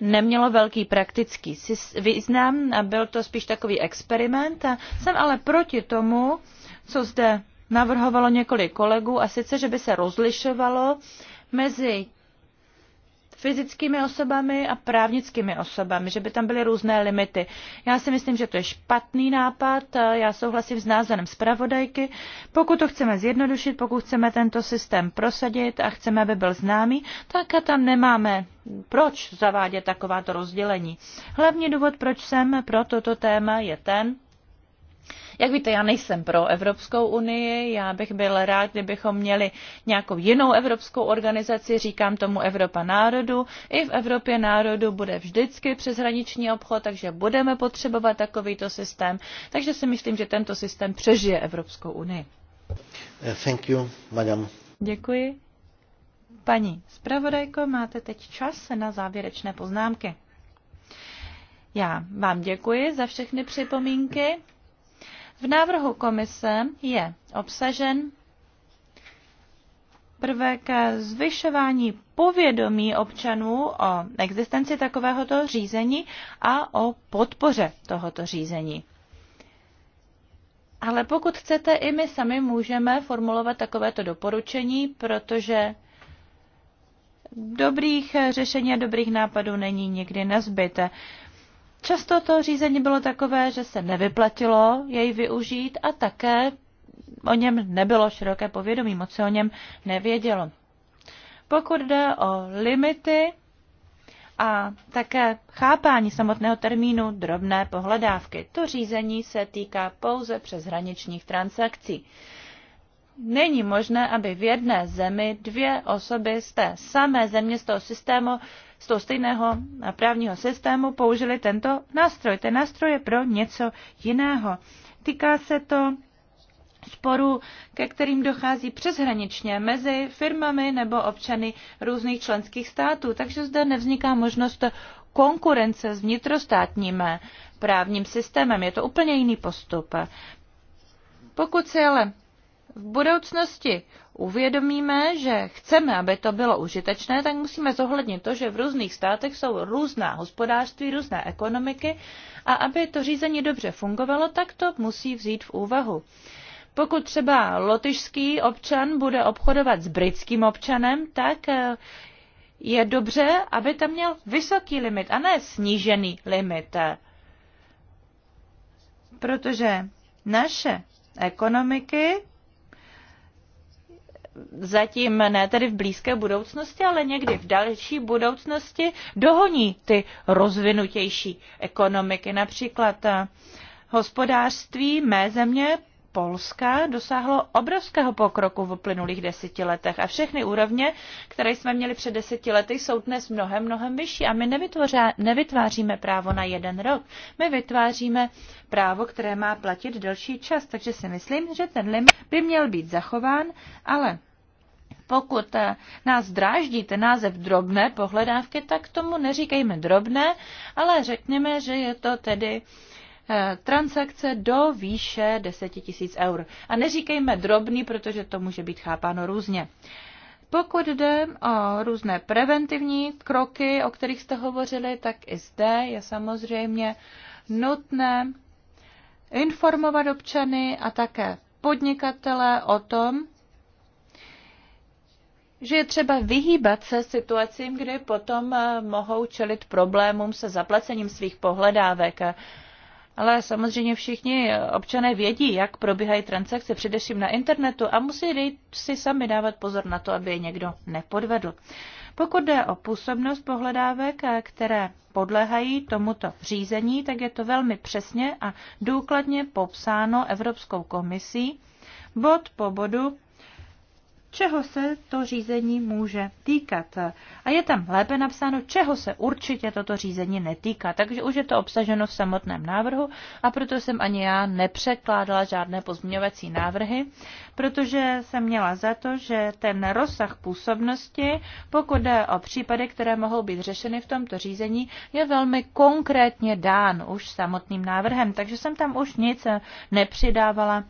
nemělo velký praktický význam, byl to spíš takový experiment. Jsem ale proti tomu, co zde navrhovalo několik kolegů, a sice, že by se rozlišovalo mezi fyzickými osobami a právnickými osobami, že by tam byly různé limity. Já si myslím, že to je špatný nápad, já souhlasím s názorem zpravodajky. Pokud to chceme zjednodušit, pokud chceme tento systém prosadit a chceme, aby byl známý, tak tam nemáme proč zavádět takováto rozdělení. Hlavní důvod, proč jsem pro toto téma, je ten, jak víte, já nejsem pro Evropskou unii, já bych byl rád, kdybychom měli nějakou jinou evropskou organizaci, říkám tomu Evropa národu. I v Evropě národu bude vždycky přeshraniční obchod, takže budeme potřebovat takovýto systém. Takže si myslím, že tento systém přežije Evropskou unii. Eh, thank you, madam. Děkuji. Paní zpravodajko, máte teď čas na závěrečné poznámky. Já vám děkuji za všechny připomínky. V návrhu komise je obsažen prvek zvyšování povědomí občanů o existenci takovéhoto řízení a o podpoře tohoto řízení. Ale pokud chcete, i my sami můžeme formulovat takovéto doporučení, protože dobrých řešení a dobrých nápadů není nikdy nazbyt. Často to řízení bylo takové, že se nevyplatilo jej využít a také o něm nebylo široké povědomí, moc se o něm nevědělo. Pokud jde o limity a také chápání samotného termínu drobné pohledávky, to řízení se týká pouze přeshraničních transakcí. Není možné, aby v jedné zemi dvě osoby z té samé země z toho systému z toho stejného právního systému použili tento nástroj. Ten nástroj je pro něco jiného. Týká se to sporů, ke kterým dochází přeshraničně mezi firmami nebo občany různých členských států. Takže zde nevzniká možnost konkurence s vnitrostátním právním systémem. Je to úplně jiný postup. Pokud se ale v budoucnosti uvědomíme, že chceme, aby to bylo užitečné, tak musíme zohlednit to, že v různých státech jsou různá hospodářství, různé ekonomiky a aby to řízení dobře fungovalo, tak to musí vzít v úvahu. Pokud třeba lotyšský občan bude obchodovat s britským občanem, tak eh, je dobře, aby tam měl vysoký limit a ne snížený limit. Protože naše ekonomiky zatím ne tedy v blízké budoucnosti, ale někdy v další budoucnosti dohoní ty rozvinutější ekonomiky. Například eh, hospodářství mé země Polska dosáhlo obrovského pokroku v uplynulých deseti letech a všechny úrovně, které jsme měli před deseti lety, jsou dnes mnohem, mnohem vyšší a my nevytváříme právo na jeden rok. My vytváříme právo, které má platit delší čas, takže si myslím, že ten limit by měl být zachován, ale pokud eh, nás dráždí ten název drobné pohledávky, tak tomu neříkejme drobné, ale řekněme, že je to tedy uh, Eh, transakce do výše 10 tisíc eur. A neříkejme drobný, protože to může být chápáno různě. Pokud jde o různé preventivní kroky, o kterých jste hovořili, tak i zde je samozřejmě nutné informovat občany a také podnikatele o tom, že je třeba vyhýbat se situacím, kdy potom eh, mohou čelit problémům se zaplacením svých pohledávek ale samozřejmě všichni občané vědí, jak probíhají transakce, především na internetu a musí si sami dávat pozor na to, aby je někdo nepodvedl. Pokud jde o působnost pohledávek, které podléhají tomuto řízení, tak je to velmi přesně a důkladně popsáno Evropskou komisí bod po bodu čeho se to řízení může týkat. A je tam lépe napsáno, čeho se určitě toto řízení netýká. Takže už je to obsaženo v samotném návrhu a proto jsem ani já nepřekládala žádné pozměňovací návrhy, protože jsem měla za to, že ten rozsah působnosti, pokud jde o případy, které mohou být řešeny v tomto řízení, je velmi konkrétně dán už samotným návrhem. Takže jsem tam už nic nepřidávala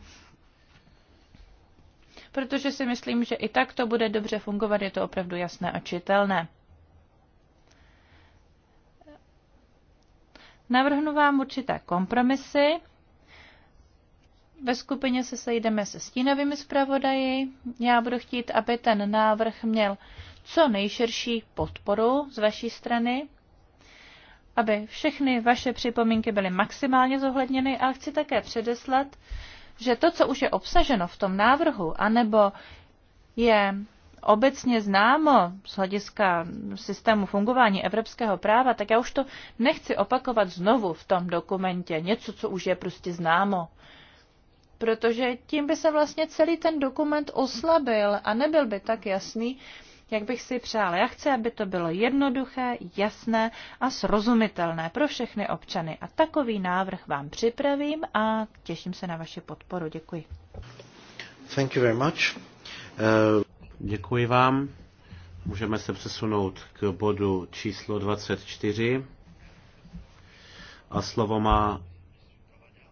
protože si myslím, že i tak to bude dobře fungovat, je to opravdu jasné a čitelné. Navrhnu vám určité kompromisy. Ve skupině se sejdeme se stínovými zpravodaji. Já budu chtít, aby ten návrh měl co nejširší podporu z vaší strany, aby všechny vaše připomínky byly maximálně zohledněny, ale chci také předeslat, že to, co už je obsaženo v tom návrhu, anebo je obecně známo z hlediska systému fungování evropského práva, tak já už to nechci opakovat znovu v tom dokumentě. Něco, co už je prostě známo. Protože tím by se vlastně celý ten dokument oslabil a nebyl by tak jasný, jak bych si přála. Já chci, aby to bylo jednoduché, jasné a srozumitelné pro všechny občany. A takový návrh vám připravím a těším se na vaši podporu. Děkuji. Thank you very much. Uh... Děkuji vám. Můžeme se přesunout k bodu číslo 24. A slovo má...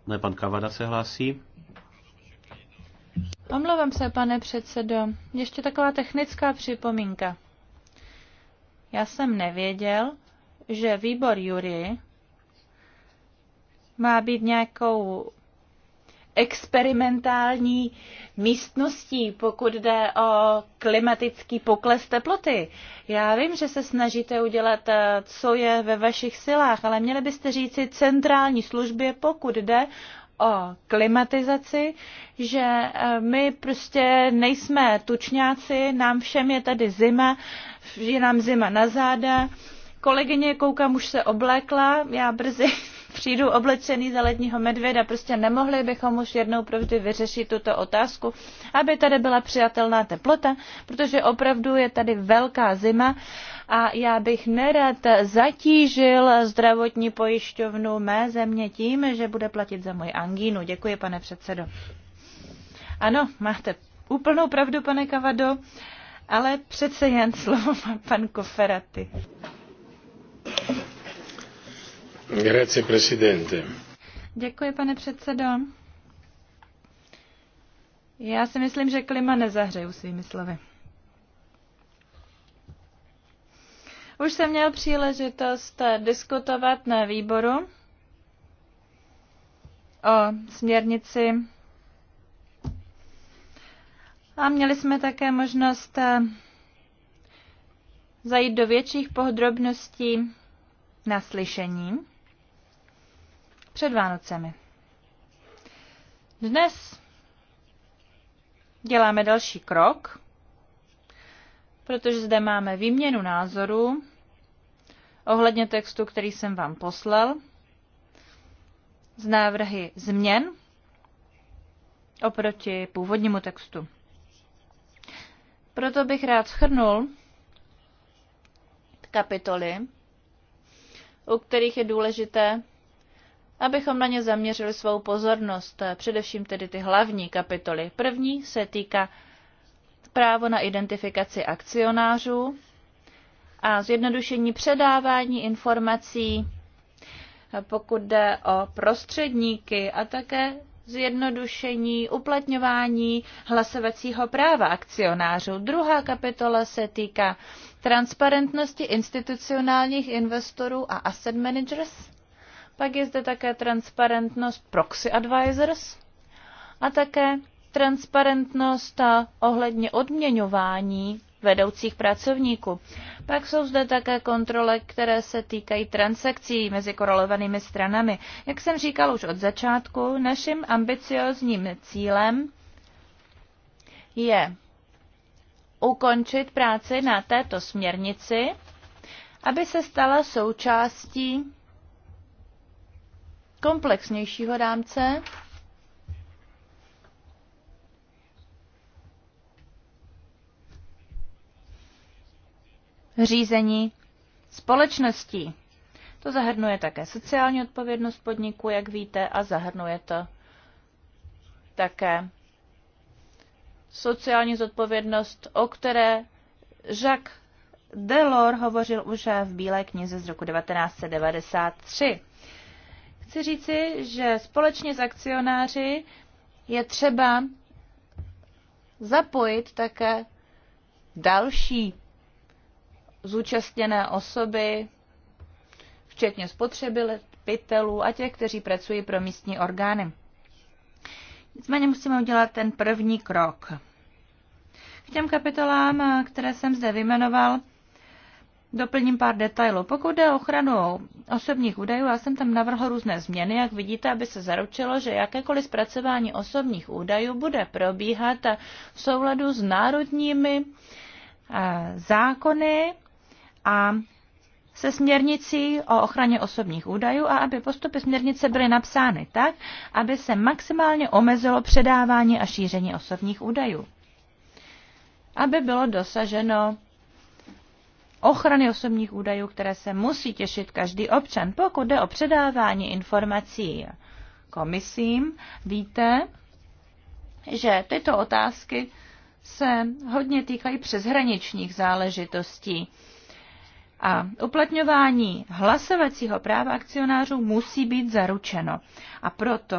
Ne, pan Kavada se hlásí. Omlouvám se, pane předsedo. Ještě taková technická připomínka. Já jsem nevěděl, že výbor jury má být nějakou experimentální místností, pokud jde o klimatický pokles teploty. Já vím, že se snažíte udělat, eh, co je ve vašich silách, ale měli byste říci centrální službě, pokud jde o klimatizaci, že eh, my prostě nejsme tučňáci, nám všem je tady zima, je nám zima na záda. Kolegyně, koukám, už se oblékla, já brzy přijdu oblečený za ledního medvěda. Prostě nemohli bychom už jednou provždy vyřešit tuto otázku, aby tady byla přijatelná teplota, protože opravdu je tady velká zima a já bych nerad zatížil zdravotní pojišťovnu mé země tím, že bude platit za moji angínu. Děkuji, pane předsedo. Ano, máte úplnou pravdu, pane Kavado, ale přece jen slovo má pan Koferaty. Grazie, presidente. Děkuji, pane předsedo. Já si myslím, že klima nezahřeju svými slovy. Už jsem měl příležitost eh, diskutovat na výboru o směrnici a měli jsme také možnost eh, zajít do větších podrobností na slyšení před Vánocemi. Dnes děláme další krok protože zde máme výměnu názorů ohledně textu, který jsem vám poslal, z návrhy změn oproti původnímu textu. Proto bych rád shrnul kapitoly, u kterých je důležité, abychom na ně zaměřili svou pozornost, především tedy ty hlavní kapitoly. První se týká právo na identifikaci akcionářů a zjednodušení předávání informací, pokud jde o prostředníky a také zjednodušení uplatňování hlasovacího práva akcionářů. Druhá kapitola se týká transparentnosti institucionálních investorů a asset managers. Pak je zde také transparentnost proxy advisors a také transparentnost a ohledně odměňování vedoucích pracovníků. Pak jsou zde také kontrole, které se týkají transakcí mezi korolovanými stranami. Jak jsem říkal už od začátku, naším ambiciozním cílem je ukončit práci na této směrnici, aby se stala součástí komplexnějšího rámce řízení společností. To zahrnuje také sociální odpovědnost podniku, jak víte, a zahrnuje to také sociální zodpovědnost, o které Jacques Delors hovořil už v Bílé knize z roku 1993. Chci říci, že společně s akcionáři je třeba zapojit také další zúčastněné osoby, včetně spotřebitelů a těch, kteří pracují pro místní orgány. Nicméně musíme udělat ten první krok. K těm kapitolám, které jsem zde vyjmenoval, doplním pár detailů. Pokud jde o ochranu osobních údajů, já jsem tam navrhl různé změny, jak vidíte, aby se zaručilo, že jakékoliv zpracování osobních údajů bude probíhat v souladu s národními eh, zákony a se směrnicí o ochraně osobních údajů a aby postupy směrnice byly napsány tak, aby se maximálně omezilo předávání a šíření osobních údajů. Aby bylo dosaženo ochrany osobních údajů, které se musí těšit každý občan. Pokud jde o předávání informací komisím, víte, že tyto otázky se hodně týkají přeshraničních záležitostí a uplatňování hlasovacího práva akcionářů musí být zaručeno. A proto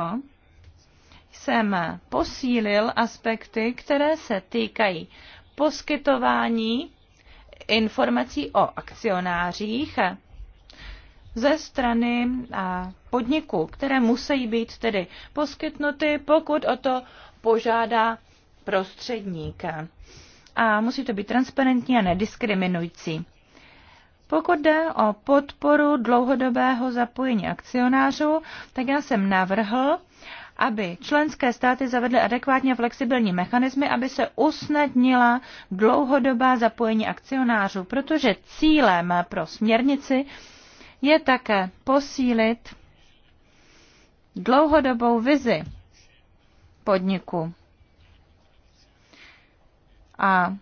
jsem posílil aspekty, které se týkají poskytování informací o akcionářích ze strany podniku, které musí být tedy poskytnuty, pokud o to požádá prostředník. A musí to být transparentní a nediskriminující. Pokud jde o podporu dlouhodobého zapojení akcionářů, tak já jsem navrhl, aby členské státy zavedly adekvátně flexibilní mechanismy, aby se usnadnila dlouhodobá zapojení akcionářů, protože cílem pro směrnici je také posílit dlouhodobou vizi podniku. A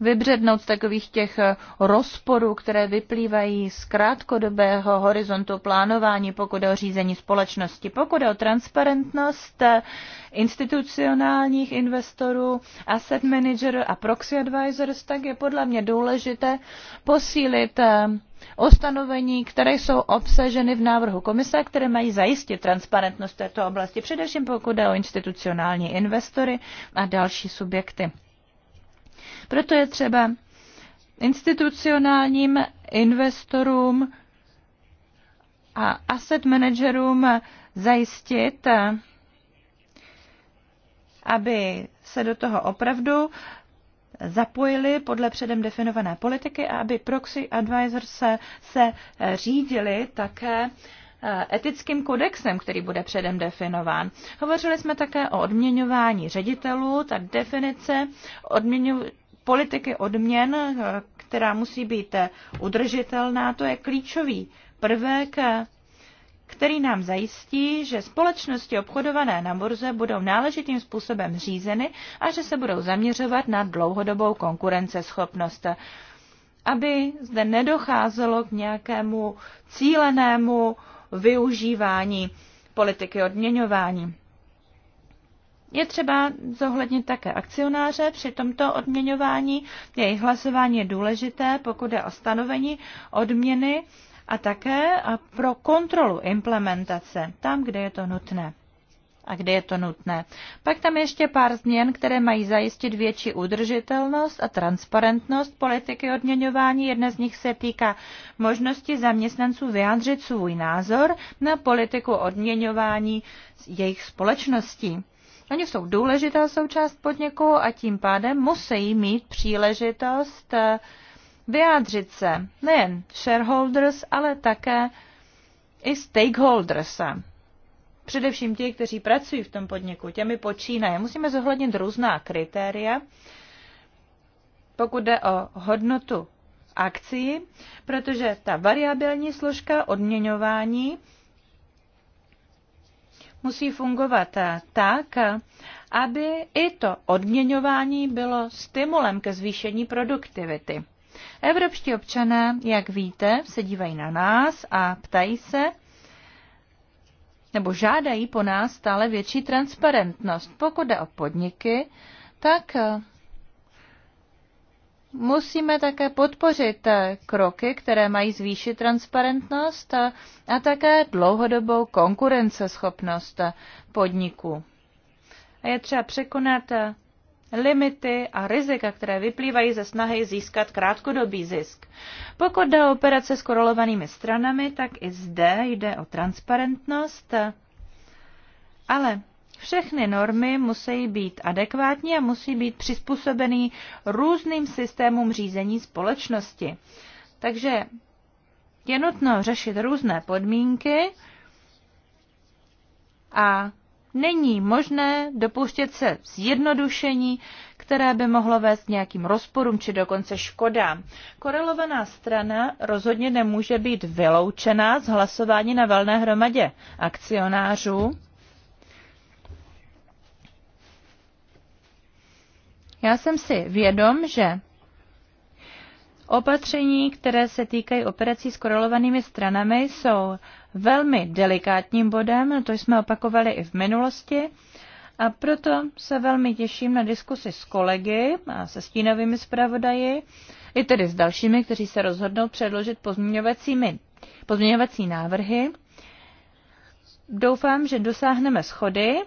vybřednout z takových těch eh, rozporů, které vyplývají z krátkodobého horizontu plánování, pokud o řízení společnosti, pokud o transparentnost eh, institucionálních investorů, asset managerů a proxy advisors, tak je podle mě důležité posílit eh, ustanovení, které jsou obsaženy v návrhu komise, které mají zajistit transparentnost této oblasti, především pokud jde o institucionální investory a další subjekty. Proto je třeba institucionálním investorům a asset managerům zajistit, aby se do toho opravdu zapojili podle předem definované politiky a aby proxy advisors se, se řídili také eh, etickým kodexem, který bude předem definován. Hovořili jsme také o odměňování ředitelů. Ta definice odměňování politiky odměn, eh, která musí být eh, udržitelná, to je klíčový prvek, eh, který nám zajistí, že společnosti obchodované na burze budou náležitým způsobem řízeny a že se budou zaměřovat na dlouhodobou konkurenceschopnost aby zde nedocházelo k nějakému cílenému využívání politiky odměňování. Je třeba zohlednit také akcionáře při tomto odměňování. Jejich hlasování je důležité, pokud je o stanovení odměny a také pro kontrolu implementace tam, kde je to nutné a kde je to nutné. Pak tam ještě pár změn, které mají zajistit větší udržitelnost a transparentnost politiky odměňování. Jedna z nich se týká možnosti zaměstnanců vyjádřit svůj názor na politiku odměňování jejich společností. Oni jsou důležitá součást podniku a tím pádem musí mít příležitost eh, vyjádřit se nejen shareholders, ale také i stakeholders. Především ti, kteří pracují v tom podniku, těmi počínají. Musíme zohlednit různá kritéria, pokud jde o hodnotu akcí, protože ta variabilní složka odměňování musí fungovat tak, aby i to odměňování bylo stimulem ke zvýšení produktivity. Evropští občané, jak víte, se dívají na nás a ptají se, nebo žádají po nás stále větší transparentnost. Pokud jde o podniky, tak musíme také podpořit eh, kroky, které mají zvýšit transparentnost a, eh, a také dlouhodobou konkurenceschopnost eh, podniků. A je třeba překonat limity a rizika, které vyplývají ze snahy získat krátkodobý zisk. Pokud jde o operace s korolovanými stranami, tak i zde jde o transparentnost, ale všechny normy musí být adekvátní a musí být přizpůsobeny různým systémům řízení společnosti. Takže je nutno řešit různé podmínky a není možné dopouštět se zjednodušení, které by mohlo vést k nějakým rozporům či dokonce škodám. Korelovaná strana rozhodně nemůže být vyloučena z hlasování na velné hromadě akcionářů Já jsem si vědom, že opatření, které se týkají operací s korelovanými stranami, jsou velmi delikátním bodem, to jsme opakovali i v minulosti, a proto se velmi těším na diskusi s kolegy a se stínovými zpravodaji, i tedy s dalšími, kteří se rozhodnou předložit pozměňovacími, pozměňovací návrhy. Doufám, že dosáhneme schody,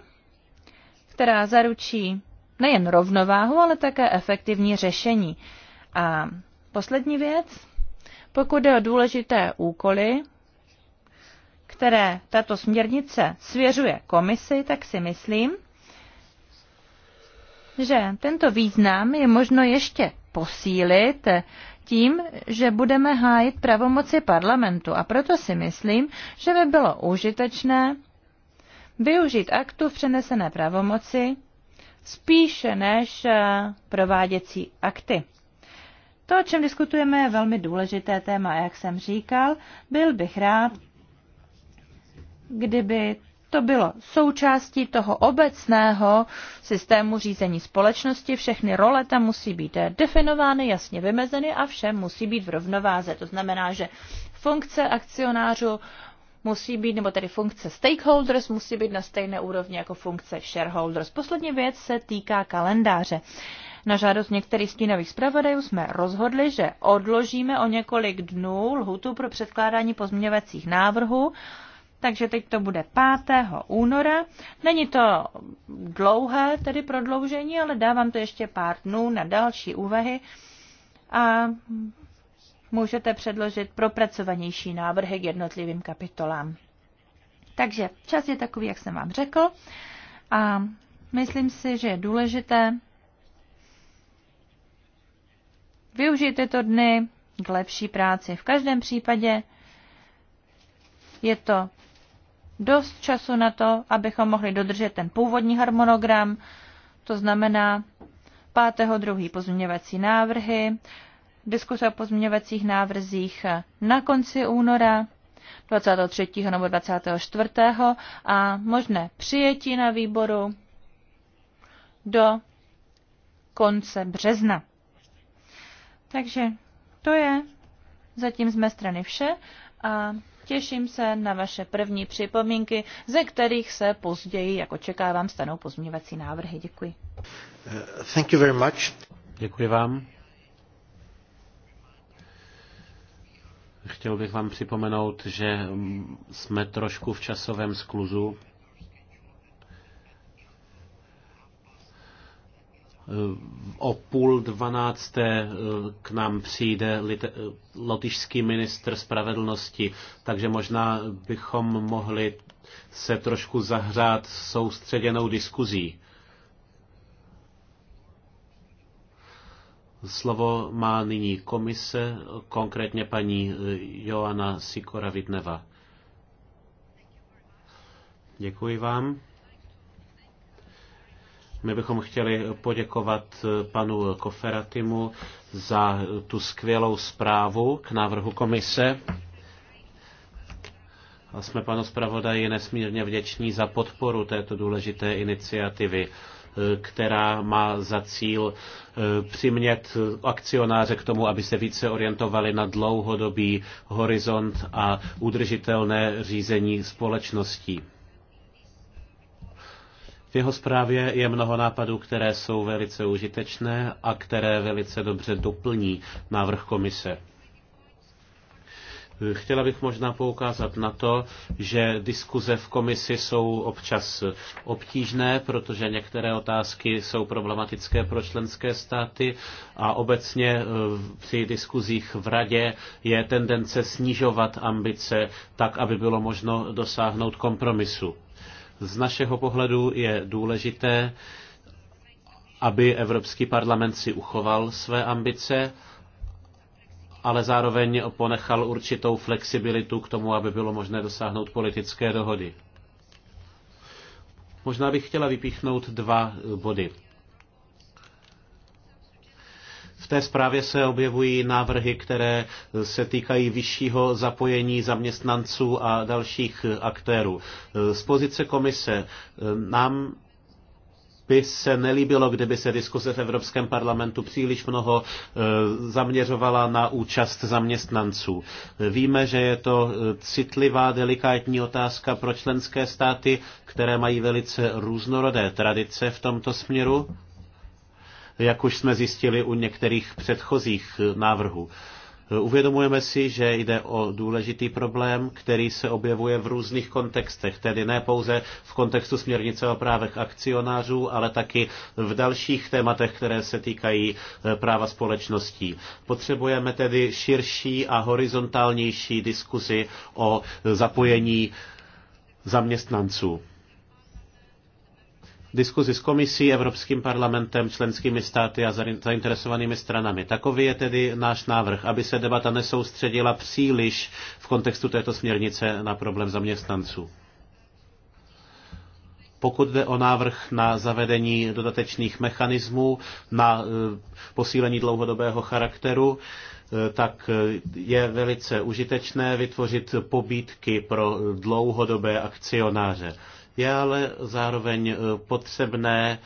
která zaručí nejen rovnováhu, ale také efektivní řešení. A poslední věc, pokud jde o důležité úkoly, které tato směrnice svěřuje komisi, tak si myslím, že tento význam je možno ještě posílit tím, že budeme hájit pravomoci parlamentu a proto si myslím, že by bylo užitečné využít aktu v přenesené pravomoci spíše než eh, prováděcí akty. To, o čem diskutujeme, je velmi důležité téma, jak jsem říkal. Byl bych rád, kdyby to bylo součástí toho obecného systému řízení společnosti. Všechny role tam musí být eh, definovány, jasně vymezeny a vše musí být v rovnováze. To znamená, že funkce akcionářů musí být, nebo tedy funkce stakeholders musí být na stejné úrovni jako funkce shareholders. Poslední věc se týká kalendáře. Na žádost některých stínových zpravodajů jsme rozhodli, že odložíme o několik dnů lhutu pro předkládání pozměňovacích návrhů, takže teď to bude 5. února. Není to dlouhé, tedy prodloužení, ale dávám to ještě pár dnů na další úvahy a můžete předložit propracovanější návrhy k jednotlivým kapitolám. Takže čas je takový, jak jsem vám řekl. A myslím si, že je důležité využít tyto dny k lepší práci. V každém případě je to dost času na to, abychom mohli dodržet ten původní harmonogram, to znamená 5.2. pozměňovací návrhy, diskuse o pozměňovacích návrzích na konci února 23. nebo 24. a možné přijetí na výboru do konce března. Takže to je zatím z mé strany vše a těším se na vaše první připomínky, ze kterých se později, jako čekávám, stanou pozměňovací návrhy. Děkuji. Uh, thank you very much. Děkuji vám. Chtěl bych vám připomenout, že jsme trošku v časovém skluzu. O půl dvanácté eh, k nám přijde lotyšský ministr spravedlnosti, takže možná bychom mohli se trošku zahřát soustředěnou diskuzí. Slovo má nyní komise, konkrétně paní eh, Joana Sikora Vidneva. Děkuji vám. My bychom chtěli poděkovat eh, panu Koferatimu za eh, tu skvělou zprávu k návrhu komise. A jsme panu zpravodaji nesmírně vděční za podporu této důležité iniciativy která má za cíl eh, přimět akcionáře k tomu, aby se více orientovali na dlouhodobý horizont a udržitelné řízení společností. V jeho zprávě je mnoho nápadů, které jsou velice užitečné a které velice dobře doplní návrh komise. Chtěla bych možná poukázat na to, že diskuze v komisi jsou občas obtížné, protože některé otázky jsou problematické pro členské státy a obecně eh, při diskuzích v radě je tendence snižovat ambice tak, aby bylo možno dosáhnout kompromisu. Z našeho pohledu je důležité, aby Evropský parlament si uchoval své ambice ale zároveň ponechal určitou flexibilitu k tomu, aby bylo možné dosáhnout politické dohody. Možná bych chtěla vypíchnout dva eh, body. V té zprávě se objevují návrhy, které eh, se týkají vyššího zapojení zaměstnanců a dalších eh, aktérů. Z pozice komise nám by se nelíbilo, kdyby se diskuse v Evropském parlamentu příliš mnoho e, zaměřovala na účast zaměstnanců. Víme, že je to e, citlivá, delikátní otázka pro členské státy, které mají velice různorodé tradice v tomto směru, jak už jsme zjistili u některých předchozích e, návrhů. Eh, uvědomujeme si, že jde o důležitý problém, který se objevuje v různých kontextech, tedy ne pouze v kontextu směrnice o právech akcionářů, ale taky v dalších tématech, které se týkají eh, práva společností. Potřebujeme tedy širší a horizontálnější diskuzi o eh, zapojení zaměstnanců diskuzi s komisí, Evropským parlamentem, členskými státy a zainteresovanými stranami. Takový je tedy náš návrh, aby se debata nesoustředila příliš v kontextu této směrnice na problém zaměstnanců. Pokud jde o návrh na zavedení dodatečných mechanismů, na e, posílení dlouhodobého charakteru, e, tak e, je velice užitečné vytvořit pobídky pro dlouhodobé akcionáře. Je ale zároveň eh, potřebné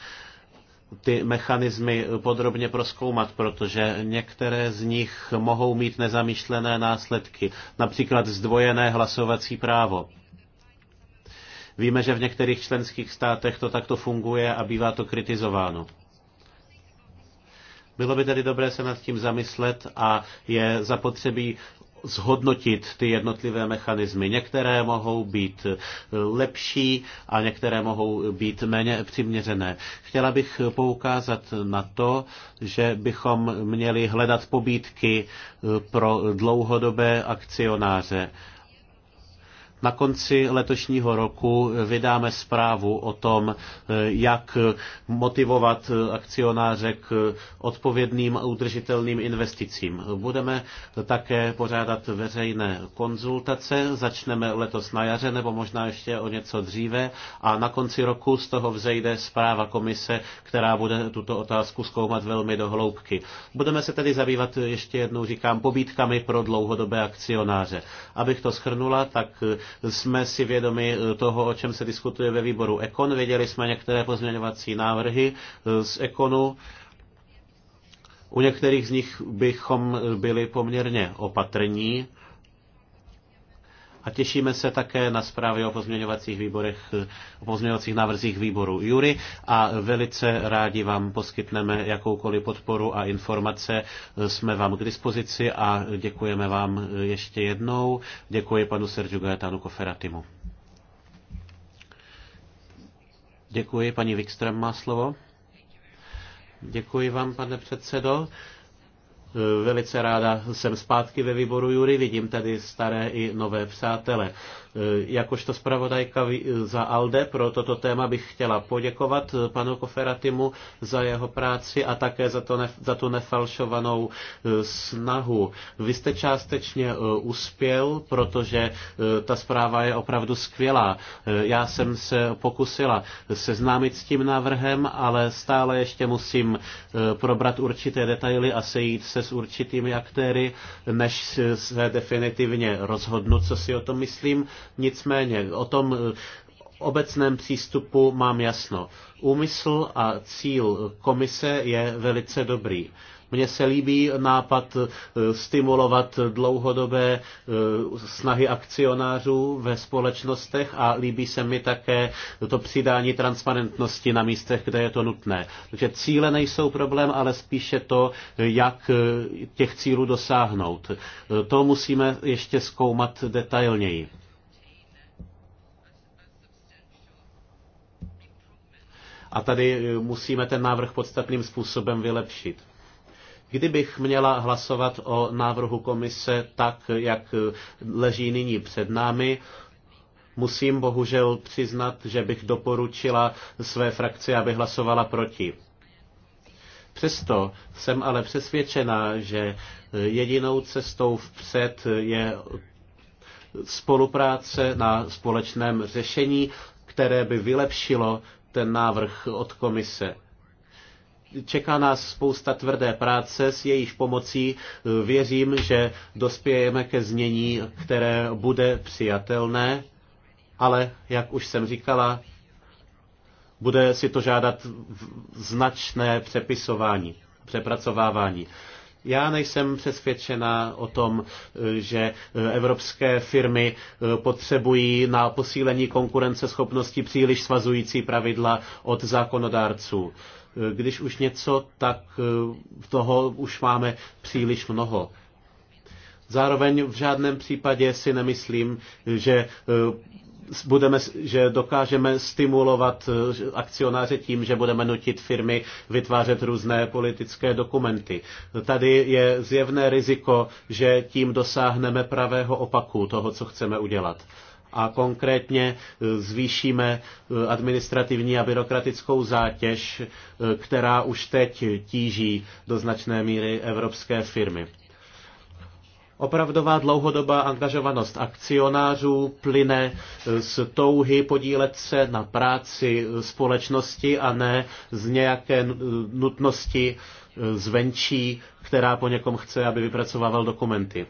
ty mechanismy podrobně proskoumat, protože některé z nich mohou mít nezamýšlené následky, například zdvojené hlasovací právo. Víme, že v některých členských státech to takto funguje a bývá to kritizováno. Bylo by tedy dobré se nad tím zamyslet a je zapotřebí zhodnotit ty jednotlivé mechanismy. Některé mohou být eh, lepší a některé mohou být méně přiměřené. Chtěla bych poukázat na to, že bychom měli hledat pobídky eh, pro dlouhodobé akcionáře na konci letošního roku vydáme zprávu o tom, eh, jak motivovat akcionáře k odpovědným a udržitelným investicím. Budeme také pořádat veřejné konzultace, začneme letos na jaře nebo možná ještě o něco dříve a na konci roku z toho vzejde zpráva komise, která bude tuto otázku zkoumat velmi do hloubky. Budeme se tedy zabývat ještě jednou, říkám, pobídkami pro dlouhodobé akcionáře. Abych to schrnula, tak jsme si vědomi eh, toho, o čem se diskutuje ve výboru Ekon. Věděli jsme některé pozměňovací návrhy eh, z Ekonu. U některých z nich bychom byli poměrně opatrní a těšíme se také na zprávy o pozměňovacích výborech, o pozměňovacích návrzích výboru Jury a velice rádi vám poskytneme jakoukoliv podporu a informace. Jsme vám k dispozici a děkujeme vám ještě jednou. Děkuji panu Sergiu Gaetanu Koferatimu. Děkuji, paní Wikström má slovo. Děkuji vám, pane předsedo. Velice ráda jsem zpátky ve výboru Jury, vidím tady staré i nové přátele. Jakožto zpravodajka za ALDE pro toto téma bych chtěla poděkovat panu Koferatimu za jeho práci a také za, to ne, za tu nefalšovanou e, snahu. Vy jste částečně e, uspěl, protože e, ta zpráva je opravdu skvělá. Já jsem se pokusila seznámit s tím návrhem, ale stále ještě musím probrat určité detaily a sejít se s určitými aktéry, než se definitivně rozhodnu, co si o tom myslím. Nicméně o tom eh, obecném přístupu mám jasno. Úmysl a cíl komise je velice dobrý. Mně se líbí nápad eh, stimulovat dlouhodobé eh, snahy akcionářů ve společnostech a líbí se mi také to přidání transparentnosti na místech, kde je to nutné. Takže cíle nejsou problém, ale spíše to, jak těch cílů dosáhnout. To musíme ještě zkoumat detailněji. A tady e, musíme ten návrh podstatným způsobem vylepšit. Kdybych měla hlasovat o návrhu komise tak, jak e, leží nyní před námi, musím bohužel přiznat, že bych doporučila své frakci, aby hlasovala proti. Přesto jsem ale přesvědčena, že e, jedinou cestou vpřed je spolupráce na společném řešení, které by vylepšilo ten návrh od komise. Čeká nás spousta tvrdé práce, s jejíž pomocí eh, věřím, že dospějeme ke znění, které bude přijatelné, ale, jak už jsem říkala, bude si to žádat značné přepisování, přepracovávání. Já nejsem přesvědčena o tom, že evropské firmy eh, potřebují na posílení konkurenceschopnosti příliš svazující pravidla od zákonodárců. Eh, když už něco, tak eh, toho už máme příliš mnoho. Zároveň v žádném případě si nemyslím, že budeme, že dokážeme stimulovat eh, akcionáře tím, že budeme nutit firmy vytvářet různé politické dokumenty. Tady je zjevné riziko, že tím dosáhneme pravého opaku toho, co chceme udělat a konkrétně eh, zvýšíme eh, administrativní a byrokratickou zátěž, která už teď tíží do značné míry evropské firmy. Opravdová dlouhodobá angažovanost akcionářů plyne z touhy podílet se na práci společnosti a ne z nějaké nutnosti e, zvenčí, která po někom chce, aby vypracovával dokumenty.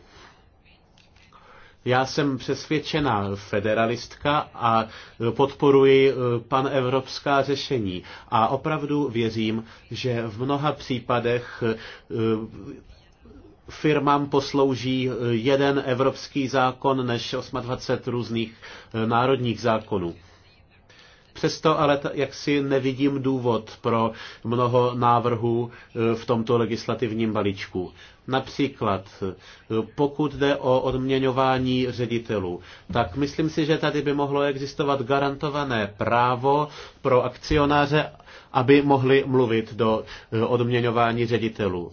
Já jsem přesvědčená federalistka a podporuji e, panevropská řešení. A opravdu věřím, že v mnoha případech e, firmám poslouží eh, jeden evropský zákon než 28 různých eh, národních zákonů. Přesto ale jaksi nevidím důvod pro mnoho návrhů eh, v tomto legislativním balíčku. Například, pokud jde o odměňování ředitelů, tak myslím si, že tady by mohlo existovat garantované právo pro akcionáře, aby mohli mluvit do odměňování ředitelů.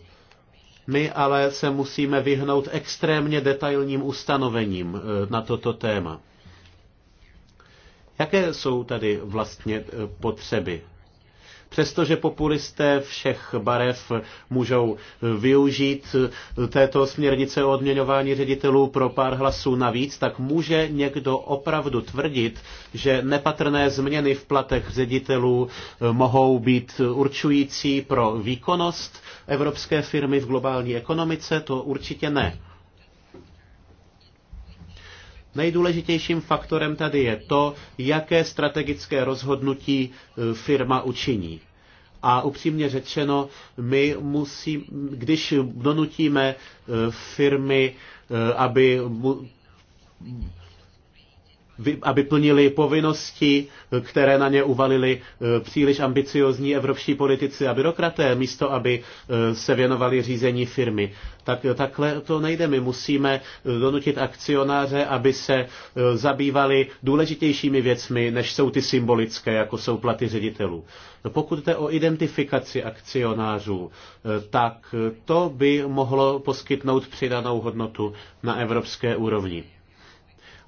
My ale se musíme vyhnout extrémně detailním ustanovením eh, na toto téma. Jaké jsou tady vlastně eh, potřeby? Přestože populisté všech barev můžou využít této směrnice o odměňování ředitelů pro pár hlasů navíc, tak může někdo opravdu tvrdit, že nepatrné změny v platech ředitelů mohou být určující pro výkonnost evropské firmy v globální ekonomice? To určitě ne. Nejdůležitějším faktorem tady je to, jaké strategické rozhodnutí e, firma učiní. A upřímně řečeno, my musí, když donutíme e, firmy, e, aby aby plnili povinnosti, eh, které na ně uvalili eh, příliš ambiciozní evropští politici a byrokraté, místo aby eh, se věnovali řízení firmy. Tak, takhle to nejde. My musíme donutit akcionáře, aby se zabývali důležitějšími věcmi, než jsou ty symbolické, jako jsou platy ředitelů. Pokud jde o identifikaci akcionářů, tak to by mohlo poskytnout přidanou hodnotu na evropské úrovni.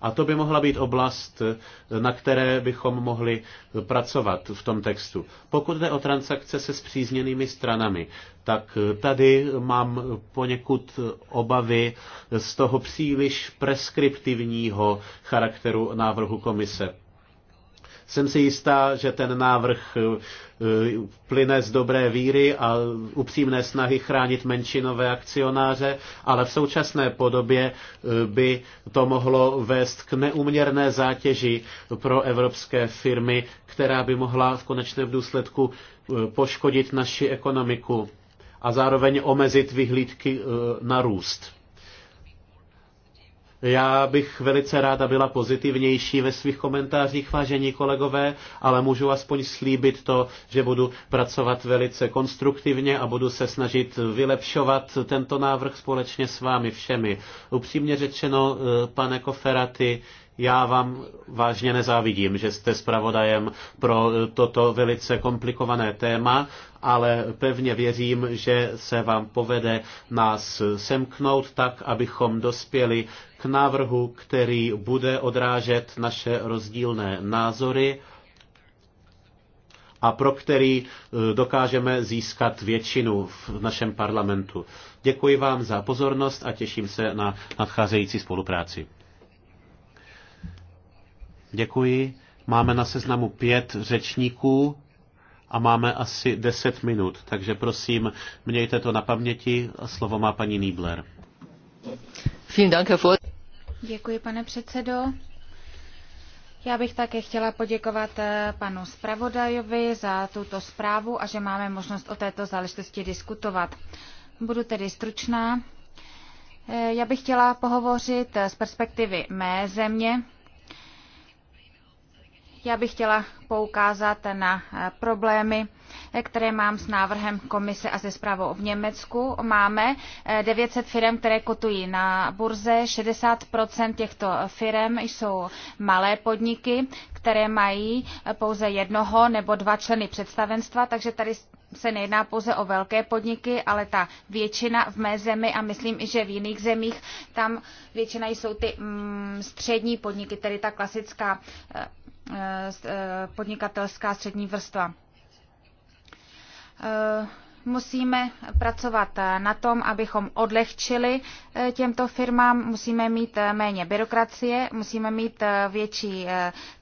A to by mohla být oblast, eh, na které bychom mohli pracovat v tom textu. Pokud jde o transakce se zpřízněnými stranami, tak eh, tady mám poněkud obavy z toho příliš preskriptivního charakteru návrhu komise jsem si jistá, že ten návrh eh, plyne z dobré víry a upřímné snahy chránit menšinové akcionáře, ale v současné podobě eh, by to mohlo vést k neuměrné zátěži pro evropské firmy, která by mohla v konečném důsledku eh, poškodit naši ekonomiku a zároveň omezit vyhlídky na růst. Já bych velice ráda byla pozitivnější ve svých komentářích, vážení kolegové, ale můžu aspoň slíbit to, že budu pracovat velice konstruktivně a budu se snažit vylepšovat tento návrh společně s vámi všemi. Upřímně řečeno, eh, pane Koferaty, já vám vážně nezávidím, že jste zpravodajem pro eh, toto velice komplikované téma, ale pevně věřím, že se vám povede nás semknout tak, abychom dospěli návrhu, který bude odrážet naše rozdílné názory a pro který e, dokážeme získat většinu v našem parlamentu. Děkuji vám za pozornost a těším se na nadcházející spolupráci. Děkuji. Máme na seznamu pět řečníků a máme asi deset minut, takže prosím, mějte to na paměti. Slovo má paní Niebler. Vielen Dank, Herr Děkuji, pane předsedo. Já bych také chtěla poděkovat eh, panu zpravodajovi za tuto zprávu a že máme možnost o této záležitosti diskutovat. Budu tedy stručná. Eh, já bych chtěla pohovořit eh, z perspektivy mé země. Já bych chtěla poukázat na problémy, které mám s návrhem komise a se zprávou v Německu. Máme 900 eh, firm, které kotují na burze. 60% těchto firm jsou malé podniky, které mají eh, pouze jednoho nebo dva členy představenstva, takže tady se nejedná pouze o velké podniky, ale ta většina v mé zemi a myslím, i že v jiných zemích, tam většina jsou ty mm, střední podniky, tedy ta klasická eh, podnikatelská střední vrstva. Eh, musíme pracovat eh, na tom, abychom odlehčili eh, těmto firmám, musíme mít méně byrokracie, musíme mít větší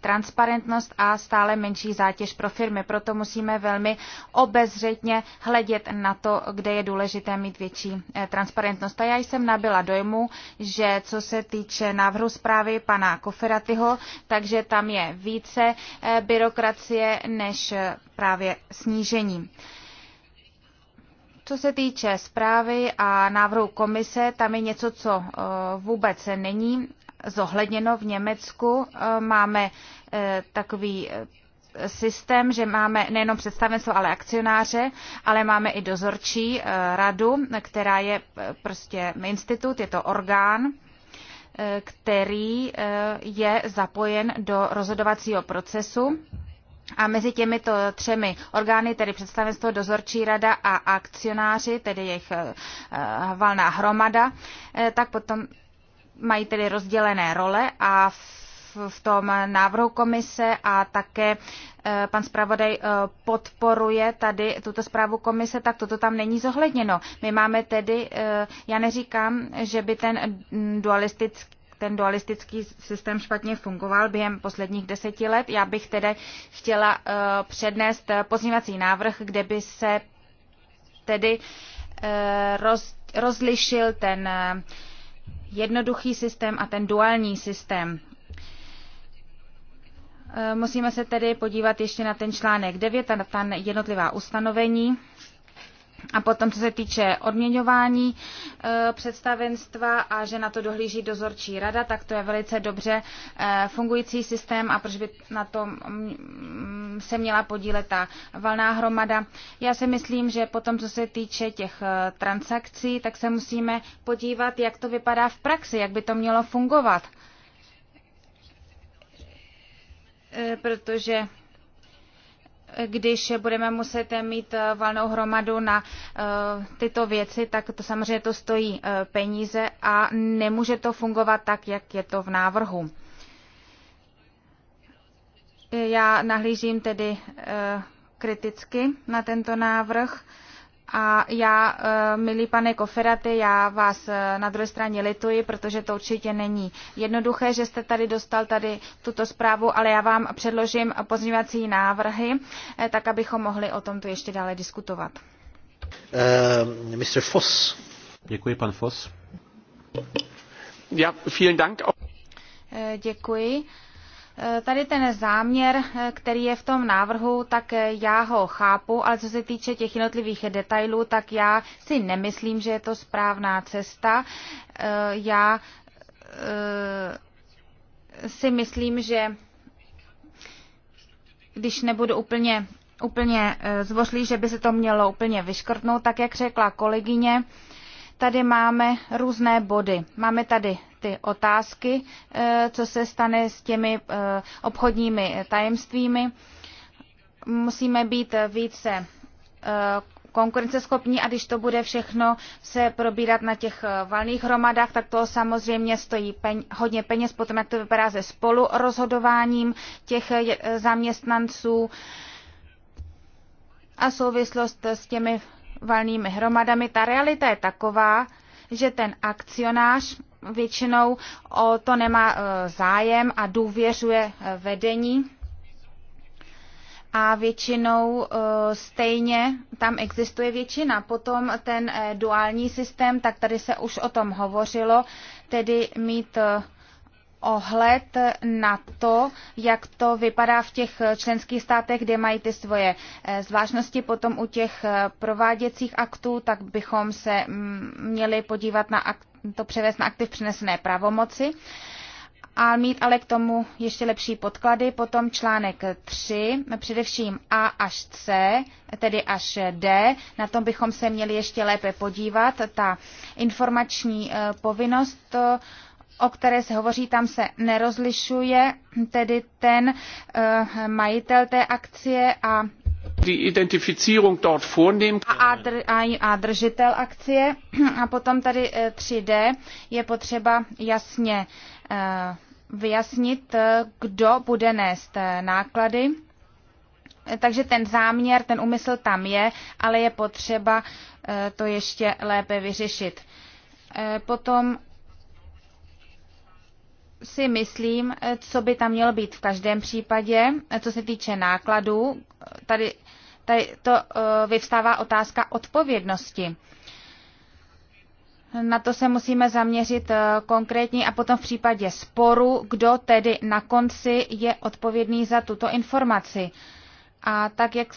transparentnost a stále menší zátěž pro firmy. Proto musíme velmi obezřetně hledět na to, kde je důležité mít větší transparentnost. A já jsem nabila dojmu, že co se týče návrhu zprávy pana Koferatyho, takže tam je více byrokracie než právě snížení. Co se týče zprávy a návrhu komise, tam je něco, co eh, vůbec není zohledněno v Německu. Eh, máme eh, takový systém, že máme nejenom představenstvo, ale akcionáře, ale máme i dozorčí radu, která je prostě institut, je to orgán, který je zapojen do rozhodovacího procesu a mezi těmito třemi orgány, tedy představenstvo, dozorčí rada a akcionáři, tedy jejich eh, valná hromada, eh, tak potom mají tedy rozdělené role a v tom návrhu komise a také eh, pan zpravodaj podporuje tady tuto zprávu komise, tak toto tam není zohledněno. My máme tedy, já neříkám, že by ten mm, dualistický ten dualistický systém špatně fungoval během posledních deseti let. Já bych tedy chtěla eh, přednést eh, pozměňovací návrh, kde by se tedy eh, roz, rozlišil ten jednoduchý systém a ten duální systém. Musíme se tedy podívat ještě na ten článek 9 a na ta jednotlivá ustanovení. A potom, co se týče odměňování e, představenstva a že na to dohlíží dozorčí rada, tak to je velice dobře e, fungující systém a proč by na tom mm, mm, se měla podílet ta valná hromada. Já si myslím, že potom, co se týče těch e, transakcí, tak se musíme podívat, jak to vypadá v praxi, jak by to mělo fungovat. E, protože když budeme muset mít eh, valnou hromadu na eh, tyto věci, tak to samozřejmě to stojí eh, peníze a nemůže to fungovat tak, jak je to v návrhu. Já nahlížím tedy kriticky na tento návrh a já, eh, milí pane Koferaty, já vás eh, na druhé straně lituji, protože to určitě není jednoduché, že jste tady dostal tady tuto zprávu, ale já vám předložím pozměňovací návrhy, eh, tak abychom mohli o tomto ještě dále diskutovat. Uh, Mr. Foss. Děkuji, pan Foss. Ja, vielen Dank. Děkuji. Tady ten záměr, eh, který je v tom návrhu, tak eh, já ho chápu, ale co se týče těch jednotlivých detailů, tak já si nemyslím, že je to správná cesta. Eh, já si myslím, že když nebudu úplně, úplně zvořlý, že by se to mělo úplně vyškrtnout, tak jak řekla kolegyně, tady máme různé body. Máme tady ty otázky, eh, co se stane s těmi eh, obchodními tajemstvími. Musíme být více eh, konkurenceschopní a když to bude všechno se probírat na těch valných hromadách, tak to samozřejmě stojí peň, hodně peněz, potom jak to vypadá se rozhodováním těch zaměstnanců a souvislost s těmi valnými hromadami, ta realita je taková, že ten akcionář většinou o to nemá e, zájem a důvěřuje e, vedení a většinou e, stejně tam existuje většina. Potom ten duální systém, tak tady se už o tom hovořilo, tedy mít ohled na to, jak to vypadá v těch členských státech, kde mají ty svoje eh, zvláštnosti. Potom u těch eh, prováděcích aktů, tak bychom se mm, měli podívat na to převést na aktiv přenesené pravomoci a mít ale k tomu ještě lepší podklady. Potom článek 3, především A až C, tedy až D, na tom bychom se měli ještě lépe podívat. Ta informační eh, povinnost, to o které se hovoří, tam se nerozlišuje tedy ten uh, majitel té akcie a dort vornehmen. A, dr, a, a držitel akcie. A potom tady uh, eh, 3D je potřeba jasně uh, vyjasnit, uh, kdo bude nést uh, náklady. Takže ten záměr, ten úmysl tam je, ale je potřeba to ještě lépe vyřešit. Potom si myslím, eh, co by tam mělo být v každém případě, eh, co se týče nákladů. Tady, tady to eh, vyvstává otázka odpovědnosti. Na to se musíme zaměřit konkrétně a potom v případě sporu, kdo tedy na konci je odpovědný za tuto informaci. A tak, jak,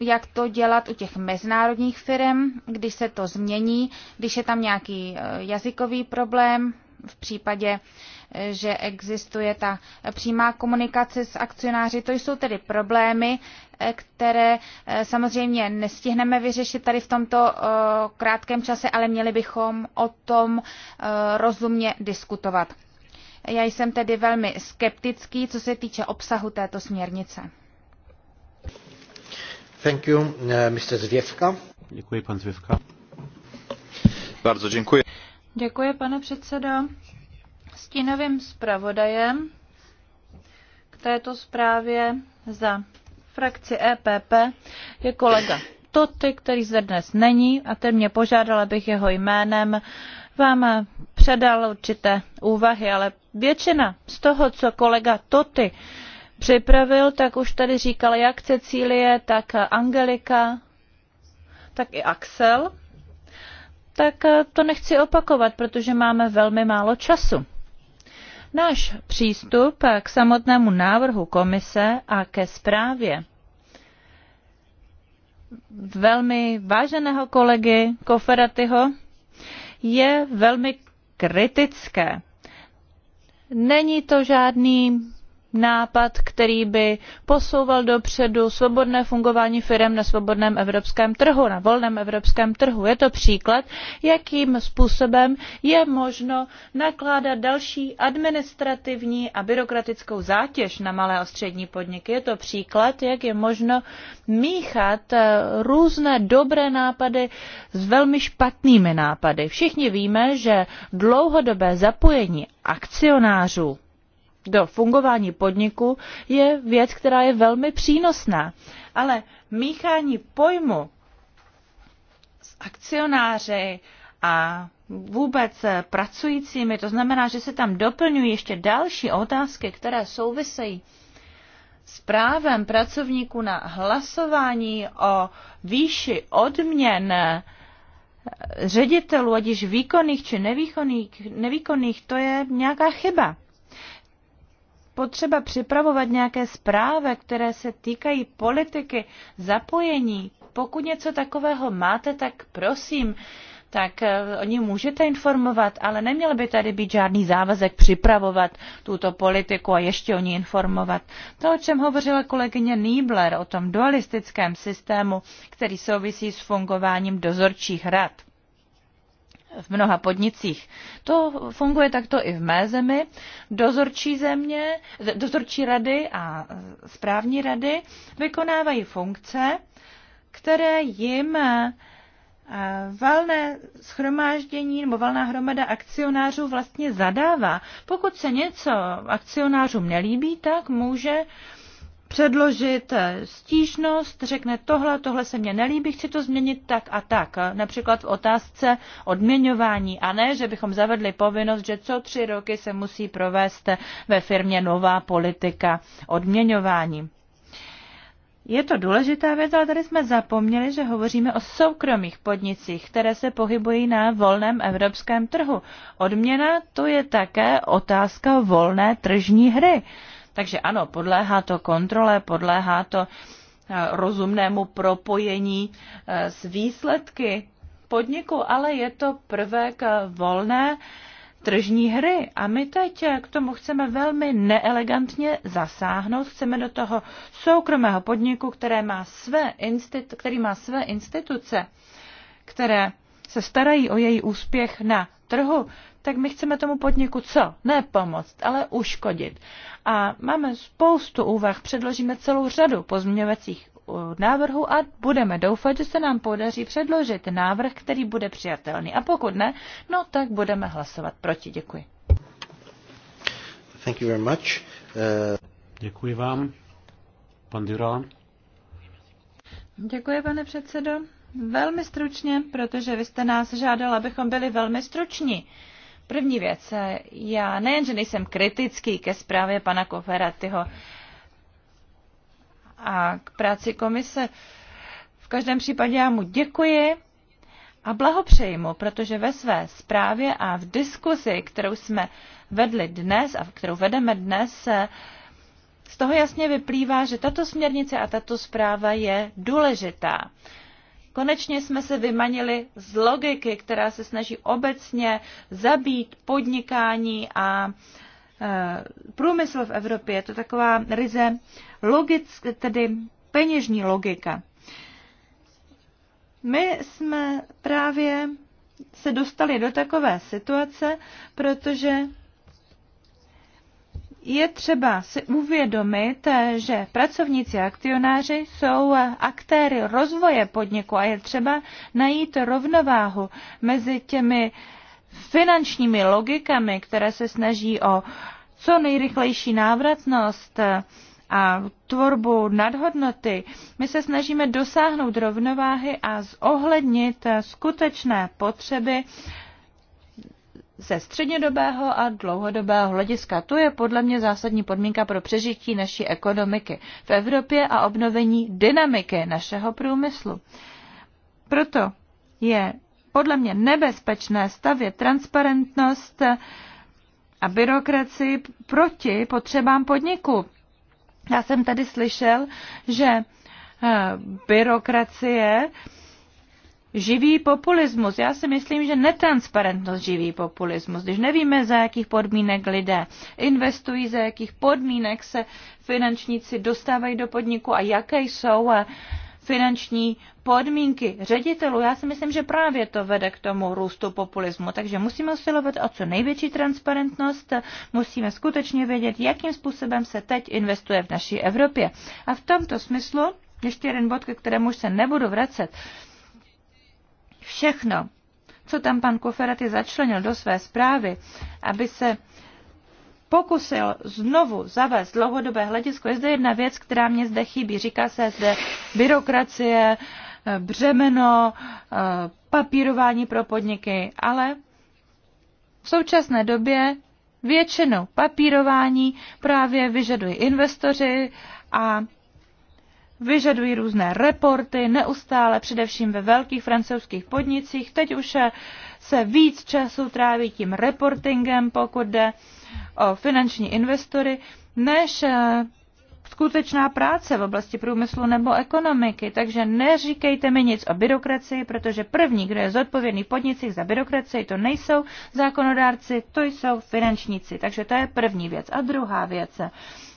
jak to dělat u těch mezinárodních firm, když se to změní, když je tam nějaký jazykový problém, v případě, že existuje ta přímá komunikace s akcionáři. To jsou tedy problémy, které eh, samozřejmě nestihneme vyřešit tady v tomto eh, krátkém čase, ale měli bychom o tom eh, rozumně diskutovat. Já jsem tedy velmi skeptický, co se týče obsahu této směrnice. Thank you, Mr. Zvěvka. Děkuji, pan Zvěvka. Bardzo děkuji. Děkuji, pane předsedo. Stínovým zpravodajem k této zprávě za frakci EPP je kolega Toty, který zde dnes není a ten mě požádal, abych jeho jménem vám předal určité úvahy, ale většina z toho, co kolega Toty připravil, tak už tady říkal jak Cecílie, tak Angelika, tak i Axel tak eh, to nechci opakovat, protože máme velmi málo času. Náš přístup eh, k samotnému návrhu komise a ke zprávě velmi váženého kolegy Koferatyho je velmi kritické. Není to žádný nápad, který by posouval dopředu svobodné fungování firm na svobodném evropském trhu, na volném evropském trhu. Je to příklad, jakým způsobem je možno nakládat další administrativní a byrokratickou zátěž na malé a střední podniky. Je to příklad, jak je možno míchat eh, různé dobré nápady s velmi špatnými nápady. Všichni víme, že dlouhodobé zapojení akcionářů do fungování podniku je věc, která je velmi přínosná. Ale míchání pojmu s akcionáři a vůbec pracujícími, to znamená, že se tam doplňují ještě další otázky, které souvisejí s právem pracovníků na hlasování o výši odměn eh, ředitelů, ať již výkonných či nevýkonných, nevýkonných, to je nějaká chyba potřeba připravovat nějaké zprávy, které se týkají politiky, zapojení. Pokud něco takového máte, tak prosím, tak eh, o ní můžete informovat, ale neměl by tady být žádný závazek připravovat tuto politiku a ještě o ní informovat. To, o čem hovořila kolegyně Niebler, o tom dualistickém systému, který souvisí s fungováním dozorčích rad v mnoha podnicích. To funguje takto i v mé zemi. Dozorčí země, dozorčí rady a správní rady vykonávají funkce, které jim eh, valné schromáždění nebo valná hromada akcionářů vlastně zadává. Pokud se něco akcionářům nelíbí, tak může předložit eh, stížnost, řekne tohle, tohle se mně nelíbí, chci to změnit tak a tak. Eh, například v otázce odměňování. A ne, že bychom zavedli povinnost, že co tři roky se musí provést eh, ve firmě nová politika odměňování. Je to důležitá věc, ale tady jsme zapomněli, že hovoříme o soukromých podnicích, které se pohybují na volném evropském trhu. Odměna to je také otázka volné tržní hry. Takže ano, podléhá to kontrole, podléhá to eh, rozumnému propojení eh, s výsledky podniku, ale je to prvek eh, volné tržní hry. A my teď k tomu chceme velmi neelegantně zasáhnout. Chceme do toho soukromého podniku, které má své institu- který má své instituce, které se starají o její úspěch na trhu tak my chceme tomu podniku co? Ne pomoct, ale uškodit. A máme spoustu úvah, předložíme celou řadu pozměňovacích uh, návrhu a budeme doufat, že se nám podaří předložit návrh, který bude přijatelný. A pokud ne, no tak budeme hlasovat proti. Děkuji. Thank you very much. Uh... Děkuji vám. Pan Dural. Děkuji, pane předsedo. Velmi stručně, protože vy jste nás žádal, abychom byli velmi struční. První věc, já nejenže nejsem kritický ke zprávě pana Koferatyho a k práci komise, v každém případě já mu děkuji a blahopřeji mu, protože ve své zprávě a v diskuzi, kterou jsme vedli dnes a kterou vedeme dnes, z toho jasně vyplývá, že tato směrnice a tato zpráva je důležitá. Konečně jsme se vymanili z logiky, která se snaží obecně zabít podnikání a e, průmysl v Evropě. Je to taková ryze logická, tedy peněžní logika. My jsme právě se dostali do takové situace, protože je třeba si uvědomit, že pracovníci a akcionáři jsou aktéry rozvoje podniku a je třeba najít rovnováhu mezi těmi finančními logikami, které se snaží o co nejrychlejší návratnost a tvorbu nadhodnoty. My se snažíme dosáhnout rovnováhy a zohlednit skutečné potřeby ze střednědobého a dlouhodobého hlediska. To je podle mě zásadní podmínka pro přežití naší ekonomiky v Evropě a obnovení dynamiky našeho průmyslu. Proto je podle mě nebezpečné stavět transparentnost a byrokracii proti potřebám podniku. Já jsem tady slyšel, že eh, byrokracie živý populismus. Já si myslím, že netransparentnost živý populismus. Když nevíme, za jakých podmínek lidé investují, za jakých podmínek se finančníci dostávají do podniku a jaké jsou eh, finanční podmínky ředitelů. Já si myslím, že právě to vede k tomu růstu populismu. Takže musíme usilovat o co největší transparentnost, musíme skutečně vědět, jakým způsobem se teď investuje v naší Evropě. A v tomto smyslu ještě jeden bod, ke kterému už se nebudu vracet všechno, co tam pan Koferaty začlenil do své zprávy, aby se pokusil znovu zavést dlouhodobé hledisko. Je zde jedna věc, která mě zde chybí. Říká se zde byrokracie, břemeno, eh, papírování pro podniky, ale v současné době většinou papírování právě vyžadují investoři a vyžadují různé reporty neustále, především ve velkých francouzských podnicích. Teď už se víc času tráví tím reportingem, pokud jde o finanční investory, než eh, skutečná práce v oblasti průmyslu nebo ekonomiky. Takže neříkejte mi nic o byrokracii, protože první, kdo je zodpovědný v podnicích za byrokracii, to nejsou zákonodárci, to jsou finančníci. Takže to je první věc. A druhá věc.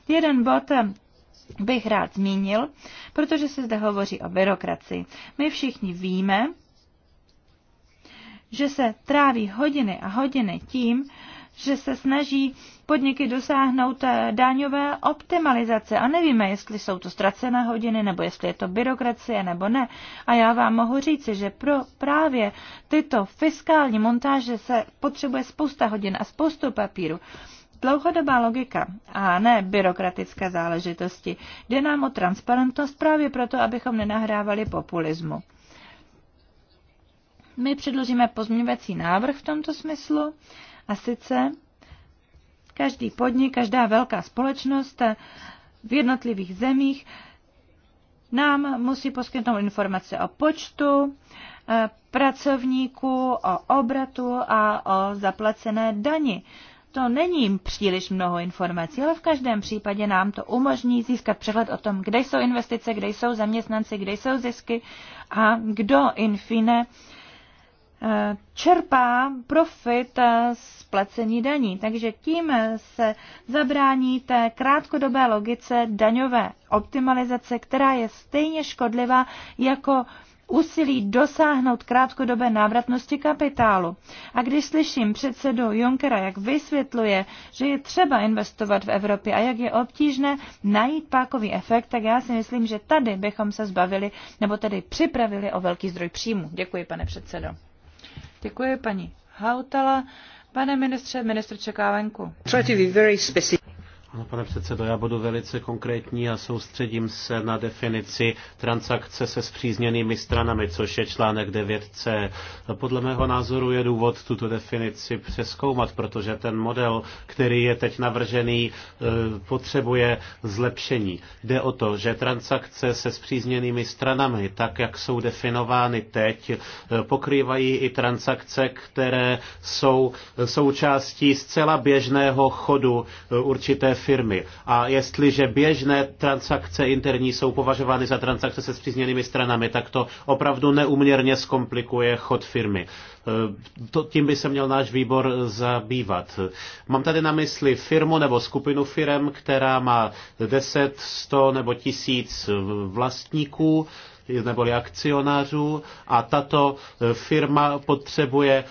Jeden bod bych rád zmínil, protože se zde hovoří o byrokracii. My všichni víme, že se tráví hodiny a hodiny tím, že se snaží podniky dosáhnout eh, daňové optimalizace a nevíme, jestli jsou to ztracené hodiny, nebo jestli je to byrokracie, nebo ne. A já vám mohu říci, že pro právě tyto fiskální montáže se potřebuje spousta hodin a spoustu papíru dlouhodobá logika a ne byrokratické záležitosti. Jde nám o transparentnost právě proto, abychom nenahrávali populismu. My předložíme pozměňovací návrh v tomto smyslu a sice každý podnik, každá velká společnost v jednotlivých zemích nám musí poskytnout informace o počtu eh, pracovníků, o obratu a o zaplacené dani. To není příliš mnoho informací, ale v každém případě nám to umožní získat přehled o tom, kde jsou investice, kde jsou zaměstnanci, kde jsou zisky a kdo infine eh, čerpá profit eh, z placení daní. Takže tím eh, se zabrání té krátkodobé logice daňové optimalizace, která je stejně škodlivá jako úsilí dosáhnout krátkodobé návratnosti kapitálu. A když slyším předsedu Junckera, jak vysvětluje, že je třeba investovat v Evropě a jak je obtížné najít pákový efekt, tak já si myslím, že tady bychom se zbavili nebo tedy připravili o velký zdroj příjmu. Děkuji, pane předsedo. Děkuji, paní Hautala. Pane ministře, ministr čeká venku. Ano, pane předsedo, já budu velice konkrétní a soustředím se na definici transakce se zpřízněnými stranami, což je článek 9c. Podle mého názoru je důvod tuto definici přeskoumat, protože ten model, který je teď navržený, e, potřebuje zlepšení. Jde o to, že transakce se zpřízněnými stranami, tak jak jsou definovány teď, e, pokrývají i transakce, které jsou součástí zcela běžného chodu e, určité firmy. A jestliže běžné transakce interní jsou považovány za transakce se zpřízněnými stranami, tak to opravdu neuměrně zkomplikuje chod firmy. E, to, tím by se měl náš výbor zabývat. Mám tady na mysli firmu nebo skupinu firm, která má 10, 100 nebo 1000 vlastníků neboli akcionářů a tato firma potřebuje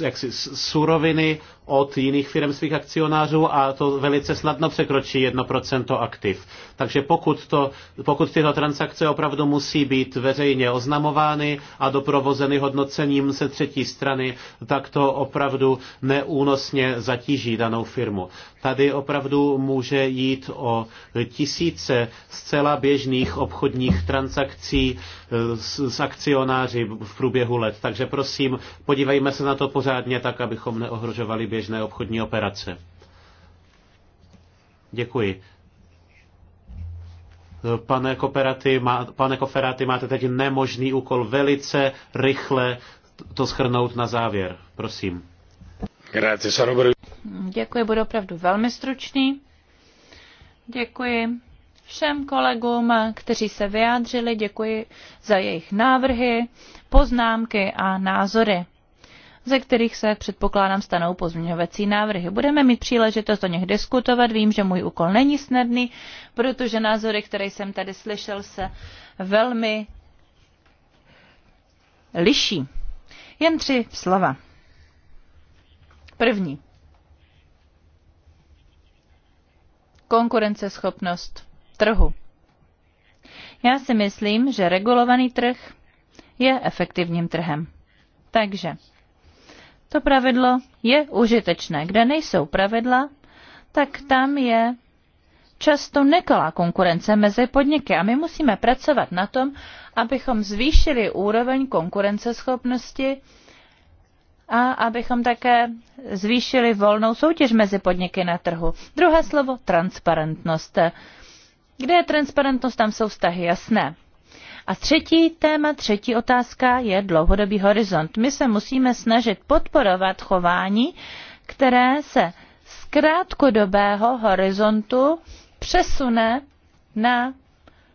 e, jaksi, suroviny od jiných firm svých akcionářů a to velice snadno překročí 1% aktiv. Takže pokud, to, pokud tyto transakce opravdu musí být veřejně oznamovány a doprovozeny hodnocením se třetí strany, tak to opravdu neúnosně zatíží danou firmu. Tady opravdu může jít o tisíce zcela běžných obchodních transakcí eh, s, s akcionáři v průběhu let. Takže prosím, podívejme se na to pořádně tak, abychom neohrožovali běžné obchodní operace. Děkuji. Pane, Koperaty, má, pane Koferáty, máte teď nemožný úkol velice rychle to schrnout na závěr. Prosím. Děkuji, budu opravdu velmi stručný. Děkuji všem kolegům, kteří se vyjádřili, děkuji za jejich návrhy, poznámky a názory ze kterých se předpokládám stanou pozměňovací návrhy. Budeme mít příležitost o nich diskutovat. Vím, že můj úkol není snadný, protože názory, které jsem tady slyšel, se velmi liší. Jen tři slova. První. Konkurenceschopnost trhu. Já si myslím, že regulovaný trh je efektivním trhem. Takže to pravidlo je užitečné. Kde nejsou pravidla, tak tam je často nekalá konkurence mezi podniky a my musíme pracovat na tom, abychom zvýšili úroveň konkurenceschopnosti a abychom také zvýšili volnou soutěž mezi podniky na trhu. Druhé slovo transparentnost. Kde je transparentnost, tam jsou vztahy jasné. A třetí téma, třetí otázka je dlouhodobý horizont. My se musíme snažit podporovat chování, které se z krátkodobého horizontu přesune na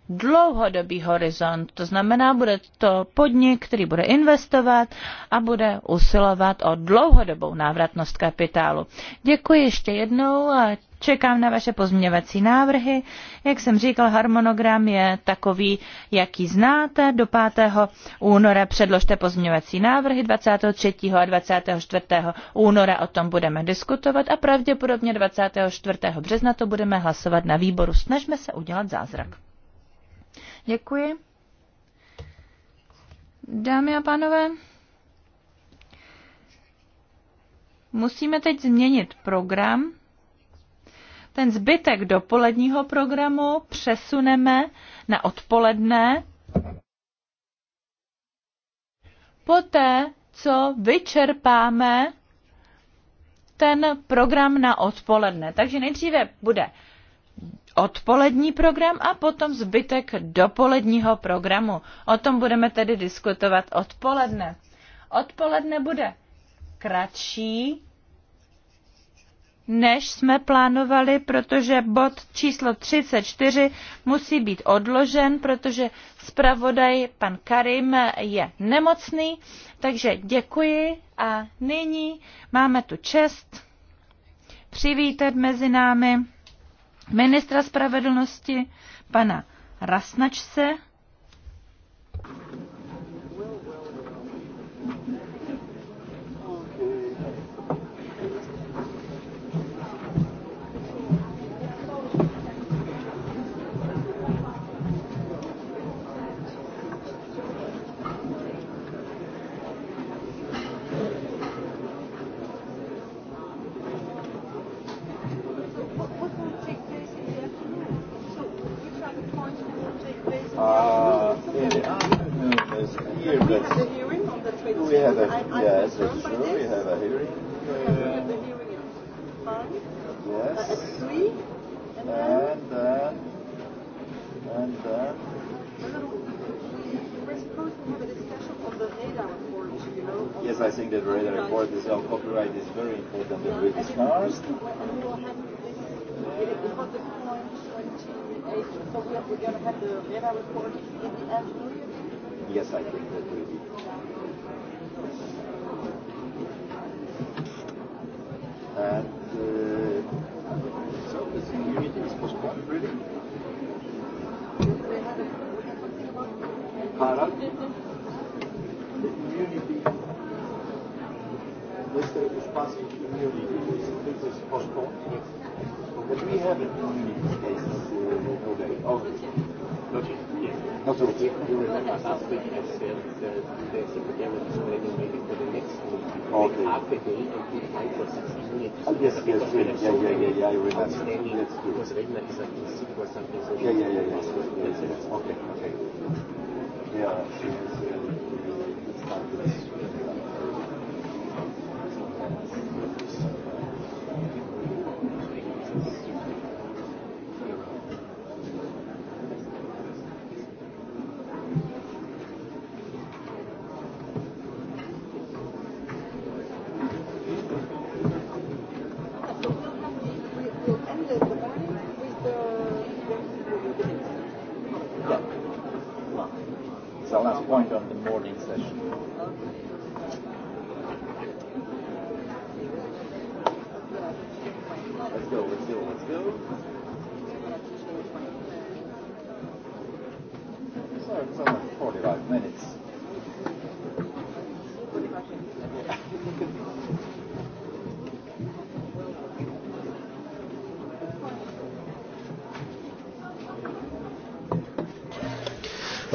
dlouhodobý horizont. To znamená, bude to podnik, který bude investovat a bude usilovat o dlouhodobou návratnost kapitálu. Děkuji ještě jednou a čekám na vaše pozměňovací návrhy. Jak jsem říkal, harmonogram je takový, jaký znáte. Do 5. února předložte pozměňovací návrhy, 23. a 24. února o tom budeme diskutovat a pravděpodobně 24. března to budeme hlasovat na výboru. Snažme se udělat zázrak. Děkuji. Dámy a pánové, musíme teď změnit program. Ten zbytek dopoledního programu přesuneme na odpoledne. Poté, co vyčerpáme ten program na odpoledne. Takže nejdříve bude odpolední program a potom zbytek dopoledního programu. O tom budeme tedy diskutovat odpoledne. Odpoledne bude kratší, než jsme plánovali, protože bod číslo 34 musí být odložen, protože zpravodaj pan Karim je nemocný. Takže děkuji a nyní máme tu čest přivítat mezi námi ministra spravedlnosti pana Rasnačse, have a hearing on the trade we have a, yeah, yes, that's true. We have a hearing. Yeah. we have the hearing at five. Yes. Uh, at three. And, uh, and then. And then. And then. we were supposed to have a discussion on the radar report, you know. Yes, I think that radar report is on copyright is very important that we discussed. And we will have this. It, it was the point 28, so we are, we're going to have the radar report in the afternoon. Yes, I think that will be. And uh, so the senior meeting is postponed, really? Harald? The immunity. Mr. Uspaskich immunity is, is postponed. Yes. But we have a community case uh, already. Okay. Not, yes. Not all. We concluded last week ourselves that the secretariat is planning maybe for the next week. Okay. Half a day and put five or six units. Oh, yes, yes, yes. Yeah, yeah, yeah, yeah, I remember. Outstanding. Yes, good. Because Regner is like sick or something. So yeah, yeah, yeah, yes, yes. yeah, yeah. Okay, okay. Yeah, yes. uh, started.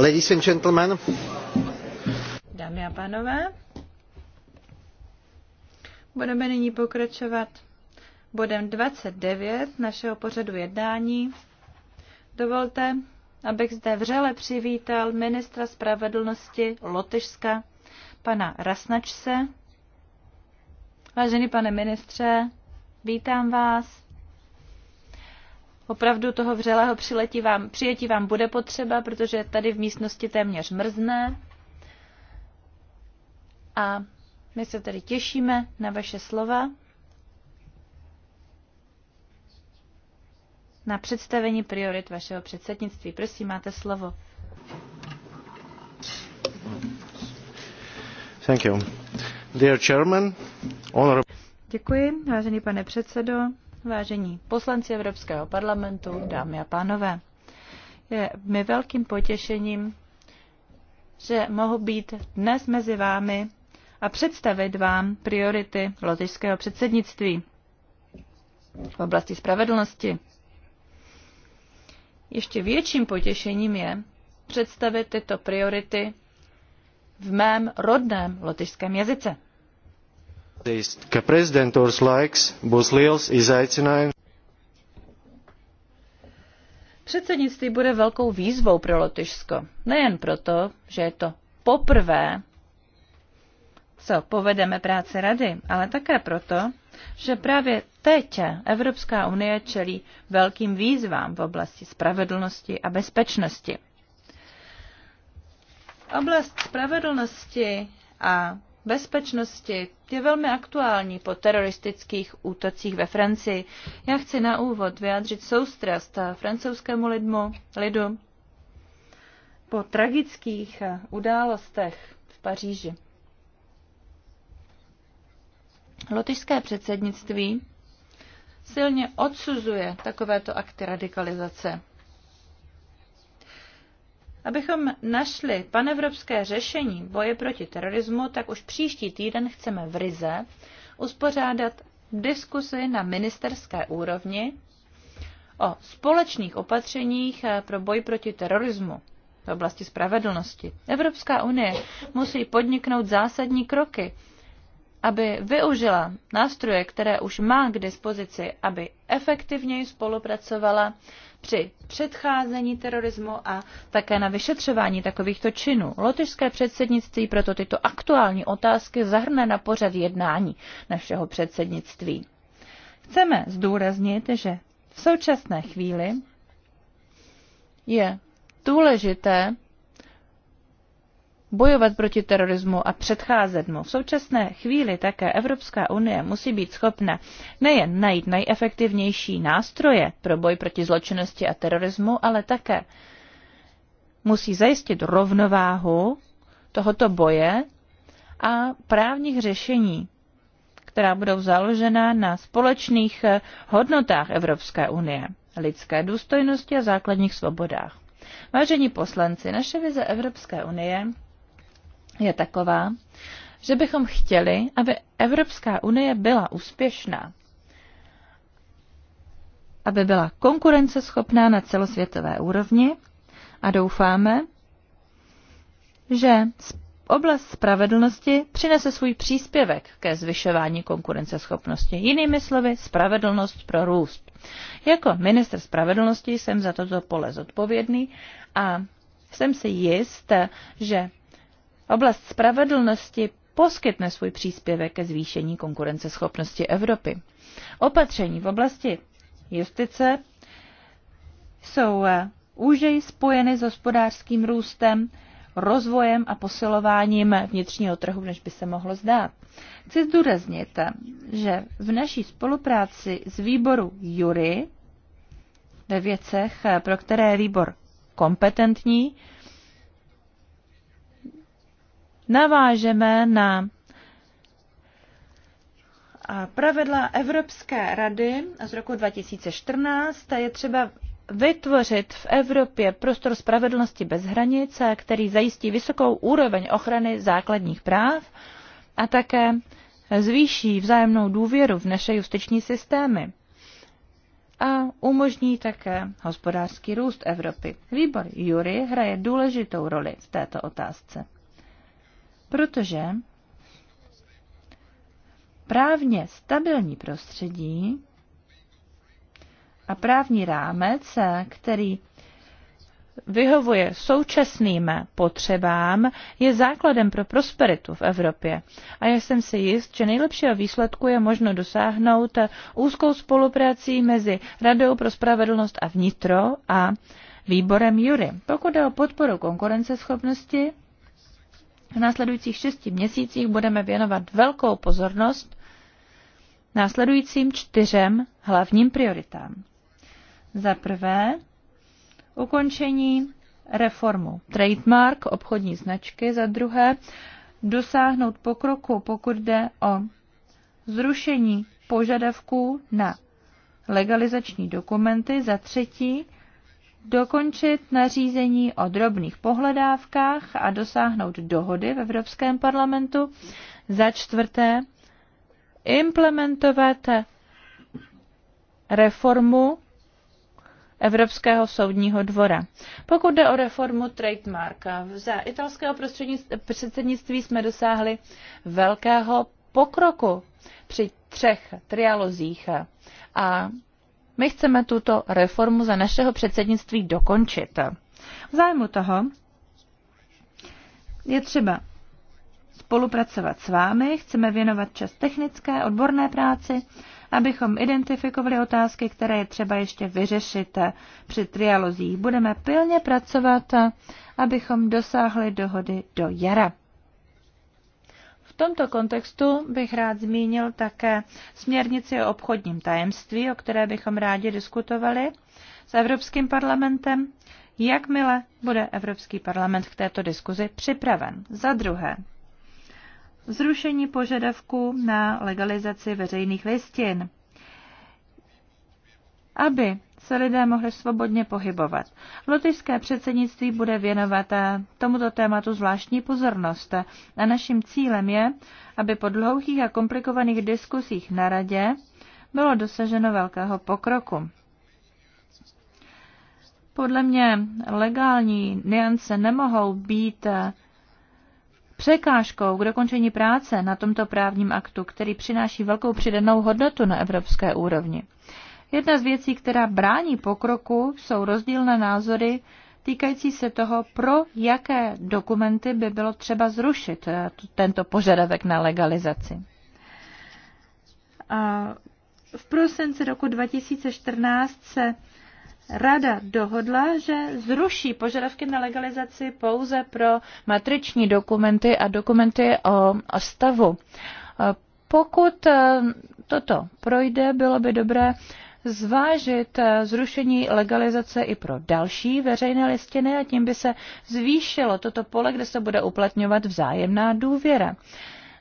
Ladies and gentlemen. Dámy a pánové, budeme nyní pokračovat bodem 29 našeho pořadu jednání. Dovolte, abych zde vřele přivítal ministra spravedlnosti Lotyšska, pana Rasnačse. Vážený pane ministře, vítám vás Opravdu toho vřelého přiletí vám, přijetí vám bude potřeba, protože tady v místnosti téměř mrzne. A my se tady těšíme na vaše slova, na představení priorit vašeho předsednictví. Prosím, máte slovo. Thank you. Dear chairman, honorable... Děkuji, vážený pane předsedo, vážení poslanci Evropského parlamentu, dámy a pánové. Je mi velkým potěšením, že mohu být dnes mezi vámi a představit vám priority lotyšského předsednictví v oblasti spravedlnosti. Ještě větším potěšením je představit tyto priority v mém rodném lotyšském jazyce ka prezidentūras laiks būs liels izaicinājums. Předsednictví bude velkou výzvou pro Lotyšsko. Nejen proto, že je to poprvé, co povedeme práci rady, ale také proto, že právě teď Evropská unie čelí velkým výzvám v oblasti spravedlnosti a bezpečnosti. Oblast spravedlnosti a bezpečnosti je velmi aktuální po teroristických útocích ve Francii. Já chci na úvod vyjádřit soustrast francouzskému lidmu, lidu po tragických událostech v Paříži. Lotyšské předsednictví silně odsuzuje takovéto akty radikalizace. Abychom našli panevropské řešení boje proti terorismu, tak už příští týden chceme v Rize uspořádat diskusy na ministerské úrovni o společných opatřeních eh, pro boj proti terorismu v oblasti spravedlnosti. Evropská unie musí podniknout zásadní kroky, aby využila nástroje, které už má k dispozici, aby efektivněji spolupracovala při předcházení terorismu a také na vyšetřování takovýchto činů. Lotyšské předsednictví proto tyto aktuální otázky zahrne na pořad jednání našeho předsednictví. Chceme zdůraznit, že v současné chvíli je důležité bojovat proti terorismu a předcházet mu. V současné chvíli také Evropská unie musí být schopna nejen najít nejefektivnější nástroje pro boj proti zločinnosti a terorismu, ale také musí zajistit rovnováhu tohoto boje a právních řešení, která budou založena na společných eh, hodnotách Evropské unie, lidské důstojnosti a základních svobodách. Vážení poslanci, naše vize Evropské unie je taková, že bychom chtěli, aby Evropská unie byla úspěšná, aby byla konkurenceschopná na celosvětové úrovni a doufáme, že oblast spravedlnosti přinese svůj příspěvek ke zvyšování konkurenceschopnosti. Jinými slovy, spravedlnost pro růst. Jako minister spravedlnosti jsem za toto pole zodpovědný a jsem si jist, že Oblast spravedlnosti poskytne svůj příspěvek ke zvýšení konkurenceschopnosti Evropy. Opatření v oblasti justice jsou úžej eh, spojeny s hospodářským růstem, rozvojem a posilováním vnitřního trhu, než by se mohlo zdát. Chci zdůraznit, eh, že v naší spolupráci s výboru Jury ve věcech, eh, pro které je výbor kompetentní, navážeme na pravidla Evropské rady z roku 2014, je třeba vytvořit v Evropě prostor spravedlnosti bez hranic, který zajistí vysokou úroveň ochrany základních práv a také zvýší vzájemnou důvěru v naše justiční systémy a umožní také hospodářský růst Evropy. Výbor Jury hraje důležitou roli v této otázce. Protože právně stabilní prostředí a právní rámec, který vyhovuje současným potřebám, je základem pro prosperitu v Evropě. A já jsem si jist, že nejlepšího výsledku je možno dosáhnout úzkou spoluprací mezi Radou pro spravedlnost a vnitro a výborem Jury. Pokud je o podporu konkurenceschopnosti, v následujících šesti měsících budeme věnovat velkou pozornost následujícím čtyřem hlavním prioritám. Za prvé, ukončení reformu trademark, obchodní značky. Za druhé, dosáhnout pokroku, pokud jde o zrušení požadavků na legalizační dokumenty. Za třetí, dokončit nařízení o drobných pohledávkách a dosáhnout dohody v Evropském parlamentu. Za čtvrté, implementovat reformu Evropského soudního dvora. Pokud jde o reformu trademarka, za italského předsednictví jsme dosáhli velkého pokroku při třech trialozích a my chceme tuto reformu za našeho předsednictví dokončit. V zájmu toho je třeba spolupracovat s vámi, chceme věnovat čas technické, odborné práci, abychom identifikovali otázky, které je třeba ještě vyřešit při trialozích. Budeme pilně pracovat, abychom dosáhli dohody do jara tomto kontextu bych rád zmínil také směrnici o obchodním tajemství, o které bychom rádi diskutovali s Evropským parlamentem, jakmile bude Evropský parlament k této diskuzi připraven. Za druhé, zrušení požadavků na legalizaci veřejných listin aby se lidé mohli svobodně pohybovat. Lotyšské předsednictví bude věnovat eh, tomuto tématu zvláštní pozornost a naším cílem je, aby po dlouhých a komplikovaných diskusích na radě bylo dosaženo velkého pokroku. Podle mě legální niance nemohou být eh, překážkou k dokončení práce na tomto právním aktu, který přináší velkou přidanou hodnotu na evropské úrovni. Jedna z věcí, která brání pokroku, jsou rozdílné názory týkající se toho, pro jaké dokumenty by bylo třeba zrušit eh, tento požadavek na legalizaci. A v prosinci roku 2014 se Rada dohodla, že zruší požadavky na legalizaci pouze pro matriční dokumenty a dokumenty o, o stavu. Pokud eh, toto projde, bylo by dobré zvážit eh, zrušení legalizace i pro další veřejné listiny a tím by se zvýšilo toto pole, kde se bude uplatňovat vzájemná důvěra.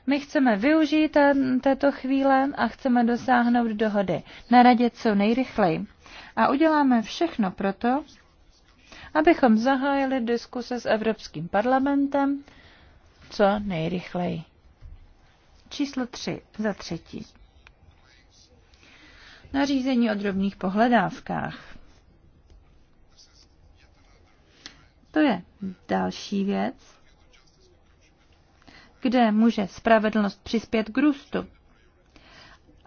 My chceme využít eh, této chvíle a chceme dosáhnout dohody na radě co nejrychleji. A uděláme všechno proto, abychom zahájili diskuse s Evropským parlamentem co nejrychleji. Číslo 3 za třetí nařízení o drobných pohledávkách. To je další věc, kde může spravedlnost přispět k růstu.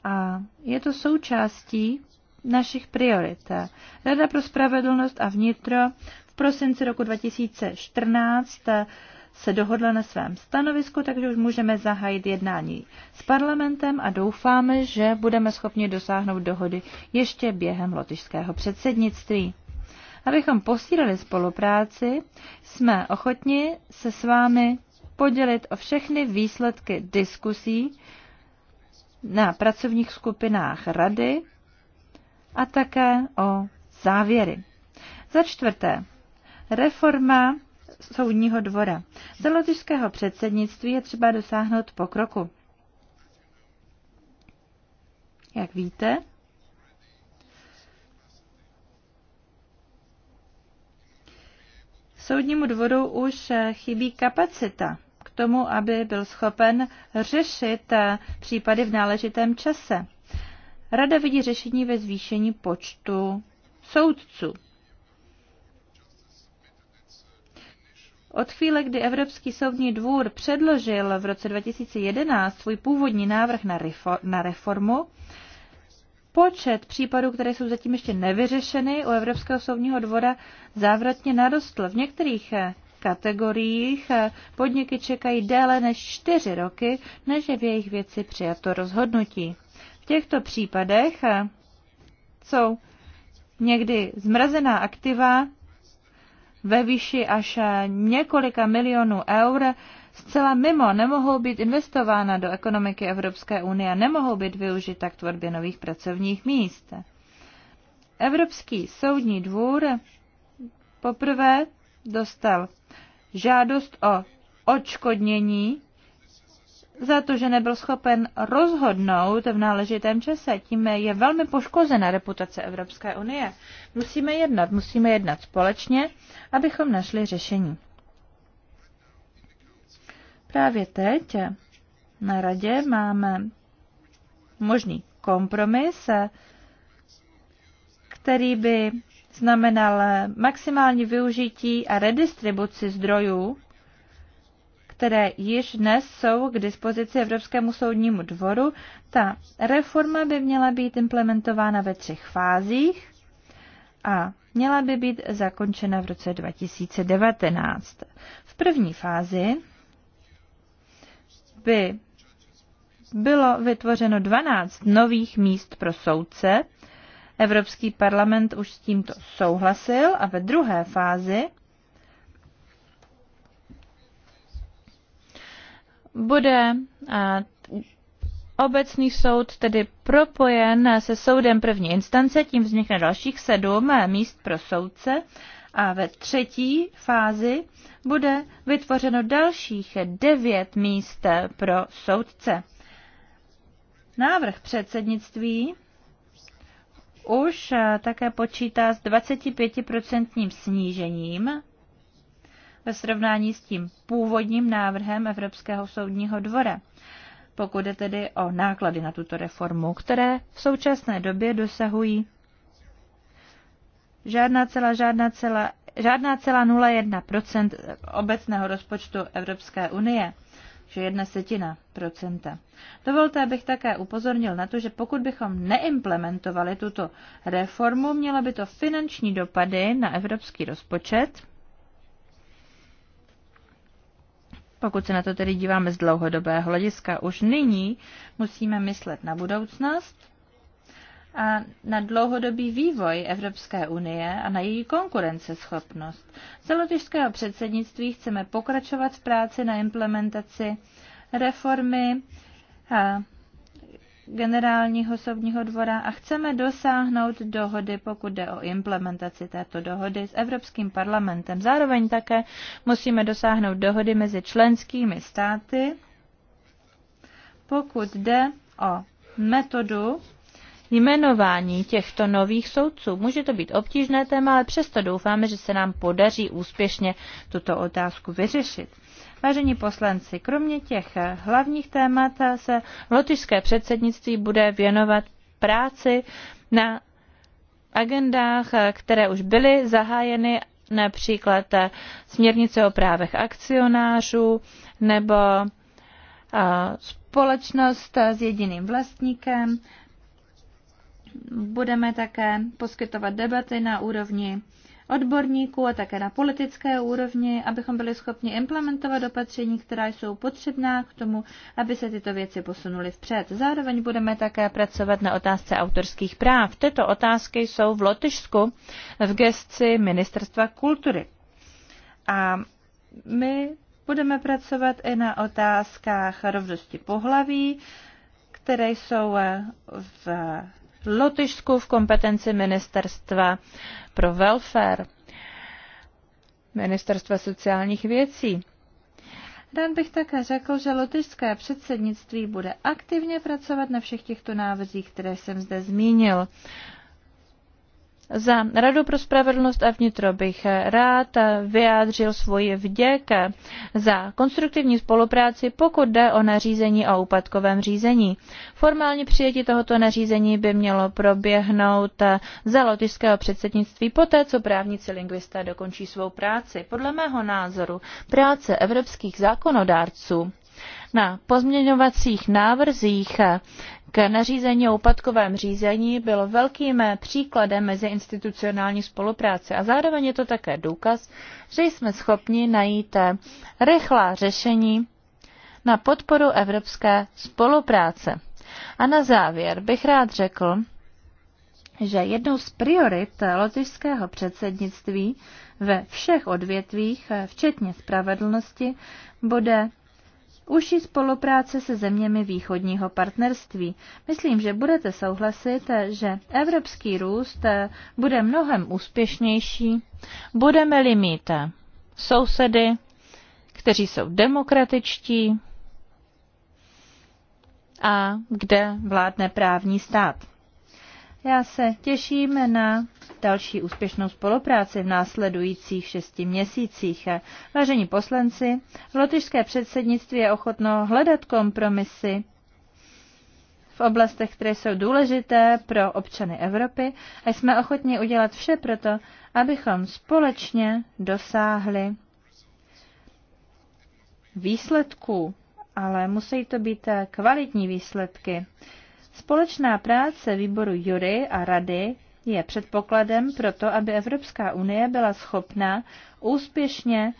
A je to součástí našich priorit. Rada pro spravedlnost a vnitro v prosinci roku 2014 se dohodla na svém stanovisku, takže už můžeme zahájit jednání s parlamentem a doufáme, že budeme schopni dosáhnout dohody ještě během lotyšského předsednictví. Abychom posílili spolupráci, jsme ochotni se s vámi podělit o všechny výsledky diskusí na pracovních skupinách rady a také o závěry. Za čtvrté, reforma soudního dvora. Za lotyšského předsednictví je třeba dosáhnout pokroku. Jak víte, soudnímu dvoru už chybí kapacita k tomu, aby byl schopen řešit případy v náležitém čase. Rada vidí řešení ve zvýšení počtu soudců. Od chvíle, kdy Evropský soudní dvůr předložil v roce 2011 svůj původní návrh na reformu, počet případů, které jsou zatím ještě nevyřešeny u Evropského soudního dvora, závratně narostl. V některých eh, kategoriích eh, podniky čekají déle než čtyři roky, než je v jejich věci přijato rozhodnutí. V těchto případech eh, jsou někdy zmrazená aktiva ve výši až několika milionů eur zcela mimo, nemohou být investována do ekonomiky Evropské unie a nemohou být využita k tvorbě nových pracovních míst. Evropský soudní dvůr poprvé dostal žádost o odškodnění za to, že nebyl schopen rozhodnout v náležitém čase. Tím je velmi poškozena reputace Evropské unie. Musíme jednat, musíme jednat společně, abychom našli řešení. Právě teď na radě máme možný kompromis, který by znamenal maximální využití a redistribuci zdrojů které již dnes jsou k dispozici Evropskému soudnímu dvoru. Ta reforma by měla být implementována ve třech fázích a měla by být zakončena v roce 2019. V první fázi by bylo vytvořeno 12 nových míst pro soudce. Evropský parlament už s tímto souhlasil a ve druhé fázi bude obecný soud tedy propojen se soudem první instance, tím vznikne dalších sedm e, míst pro soudce a ve třetí fázi bude vytvořeno dalších devět míst e, pro soudce. Návrh předsednictví už e, také počítá s 25% snížením ve srovnání s tím původním návrhem Evropského soudního dvora pokud je tedy o náklady na tuto reformu, které v současné době dosahují žádná celá, žádná celá, žádná celá 0,1 obecného rozpočtu Evropské unie, že jedna setina procenta. Dovolte, abych také upozornil na to, že pokud bychom neimplementovali tuto reformu, měla by to finanční dopady na evropský rozpočet, Pokud se na to tedy díváme z dlouhodobého hlediska, už nyní musíme myslet na budoucnost a na dlouhodobý vývoj Evropské unie a na její konkurenceschopnost. Z lotyšského předsednictví chceme pokračovat v práci na implementaci reformy generálního soudního dvora a chceme dosáhnout dohody, pokud jde o implementaci této dohody s Evropským parlamentem. Zároveň také musíme dosáhnout dohody mezi členskými státy, pokud jde o metodu jmenování těchto nových soudců. Může to být obtížné téma, ale přesto doufáme, že se nám podaří úspěšně tuto otázku vyřešit. Vážení poslanci, kromě těch hlavních témat se lotyšské předsednictví bude věnovat práci na agendách, které už byly zahájeny, například směrnice o právech akcionářů nebo společnost s jediným vlastníkem. Budeme také poskytovat debaty na úrovni odborníků a také na politické úrovni, abychom byli schopni implementovat opatření, která jsou potřebná k tomu, aby se tyto věci posunuly vpřed. Zároveň budeme také pracovat na otázce autorských práv. Tyto otázky jsou v Lotyšsku v gestci Ministerstva kultury. A my budeme pracovat i na otázkách rovnosti pohlaví, které jsou v Lotyšsku v kompetenci ministerstva pro welfare, ministerstva sociálních věcí. Rád bych také řekl, že lotyšské předsednictví bude aktivně pracovat na všech těchto návrzích, které jsem zde zmínil. Za Radu pro spravedlnost a vnitro bych rád vyjádřil svoji vděk za konstruktivní spolupráci, pokud jde o nařízení o úpadkovém řízení. Formálně přijetí tohoto nařízení by mělo proběhnout za lotyšského předsednictví poté, co právníci lingvisté dokončí svou práci. Podle mého názoru práce evropských zákonodárců na pozměňovacích návrzích k nařízení o úpadkovém řízení byl velkým příkladem meziinstitucionální spolupráce a zároveň je to také důkaz, že jsme schopni najít rychlá řešení na podporu evropské spolupráce. A na závěr bych rád řekl, že jednou z priorit lotyšského předsednictví ve všech odvětvích, včetně spravedlnosti, bude užší spolupráce se zeměmi východního partnerství. Myslím, že budete souhlasit, že evropský růst bude mnohem úspěšnější, budeme-li mít sousedy, kteří jsou demokratičtí a kde vládne právní stát. Já se těším na další úspěšnou spolupráci v následujících šesti měsících. Vážení poslanci, lotyšské předsednictví je ochotno hledat kompromisy v oblastech, které jsou důležité pro občany Evropy a jsme ochotni udělat vše proto, abychom společně dosáhli výsledků, ale musí to být kvalitní výsledky. Společná práce výboru Jury a Rady je předpokladem pro to, aby Evropská unie byla schopna úspěšně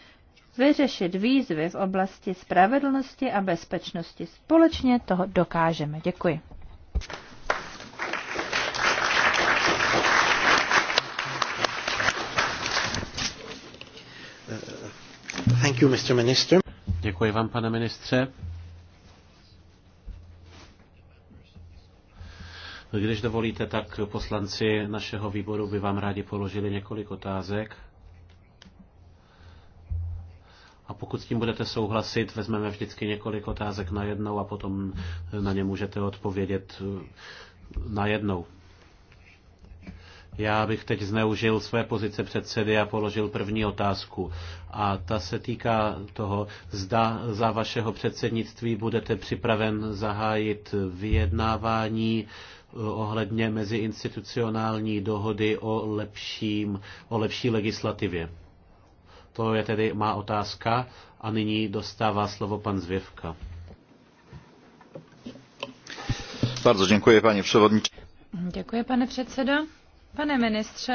vyřešit výzvy v oblasti spravedlnosti a bezpečnosti. Společně toho dokážeme. Děkuji. Thank you, Mr. Minister. Děkuji vám, pane ministře. Když dovolíte, tak poslanci našeho výboru by vám rádi položili několik otázek. A pokud s tím budete souhlasit, vezmeme vždycky několik otázek na jednou a potom na ně můžete odpovědět eh, na jednou. Já bych teď zneužil své pozice předsedy a položil první otázku. A ta se týká toho, zda za vašeho předsednictví budete připraven zahájit vyjednávání ohledně meziinstitucionální dohody o, lepším, o lepší legislativě. To je tedy má otázka a nyní dostává slovo pan Zvěvka. Bardzo děkuji, paní předsedající. Děkuji, pane předsedo. Pane ministře,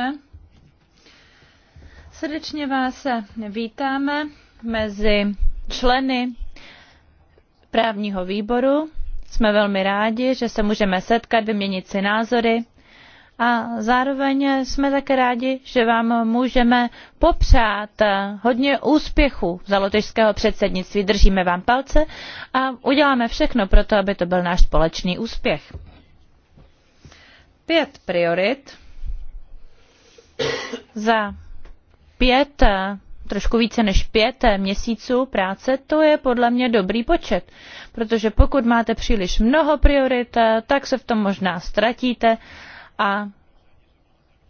srdečně vás vítáme mezi členy právního výboru jsme velmi rádi, že se můžeme setkat, vyměnit si názory a zároveň jsme také rádi, že vám můžeme popřát hodně úspěchu za lotyšského předsednictví. Držíme vám palce a uděláme všechno pro to, aby to byl náš společný úspěch. Pět priorit za pět trošku více než pět eh, měsíců práce, to je podle mě dobrý počet. Protože pokud máte příliš mnoho priorit, eh, tak se v tom možná ztratíte a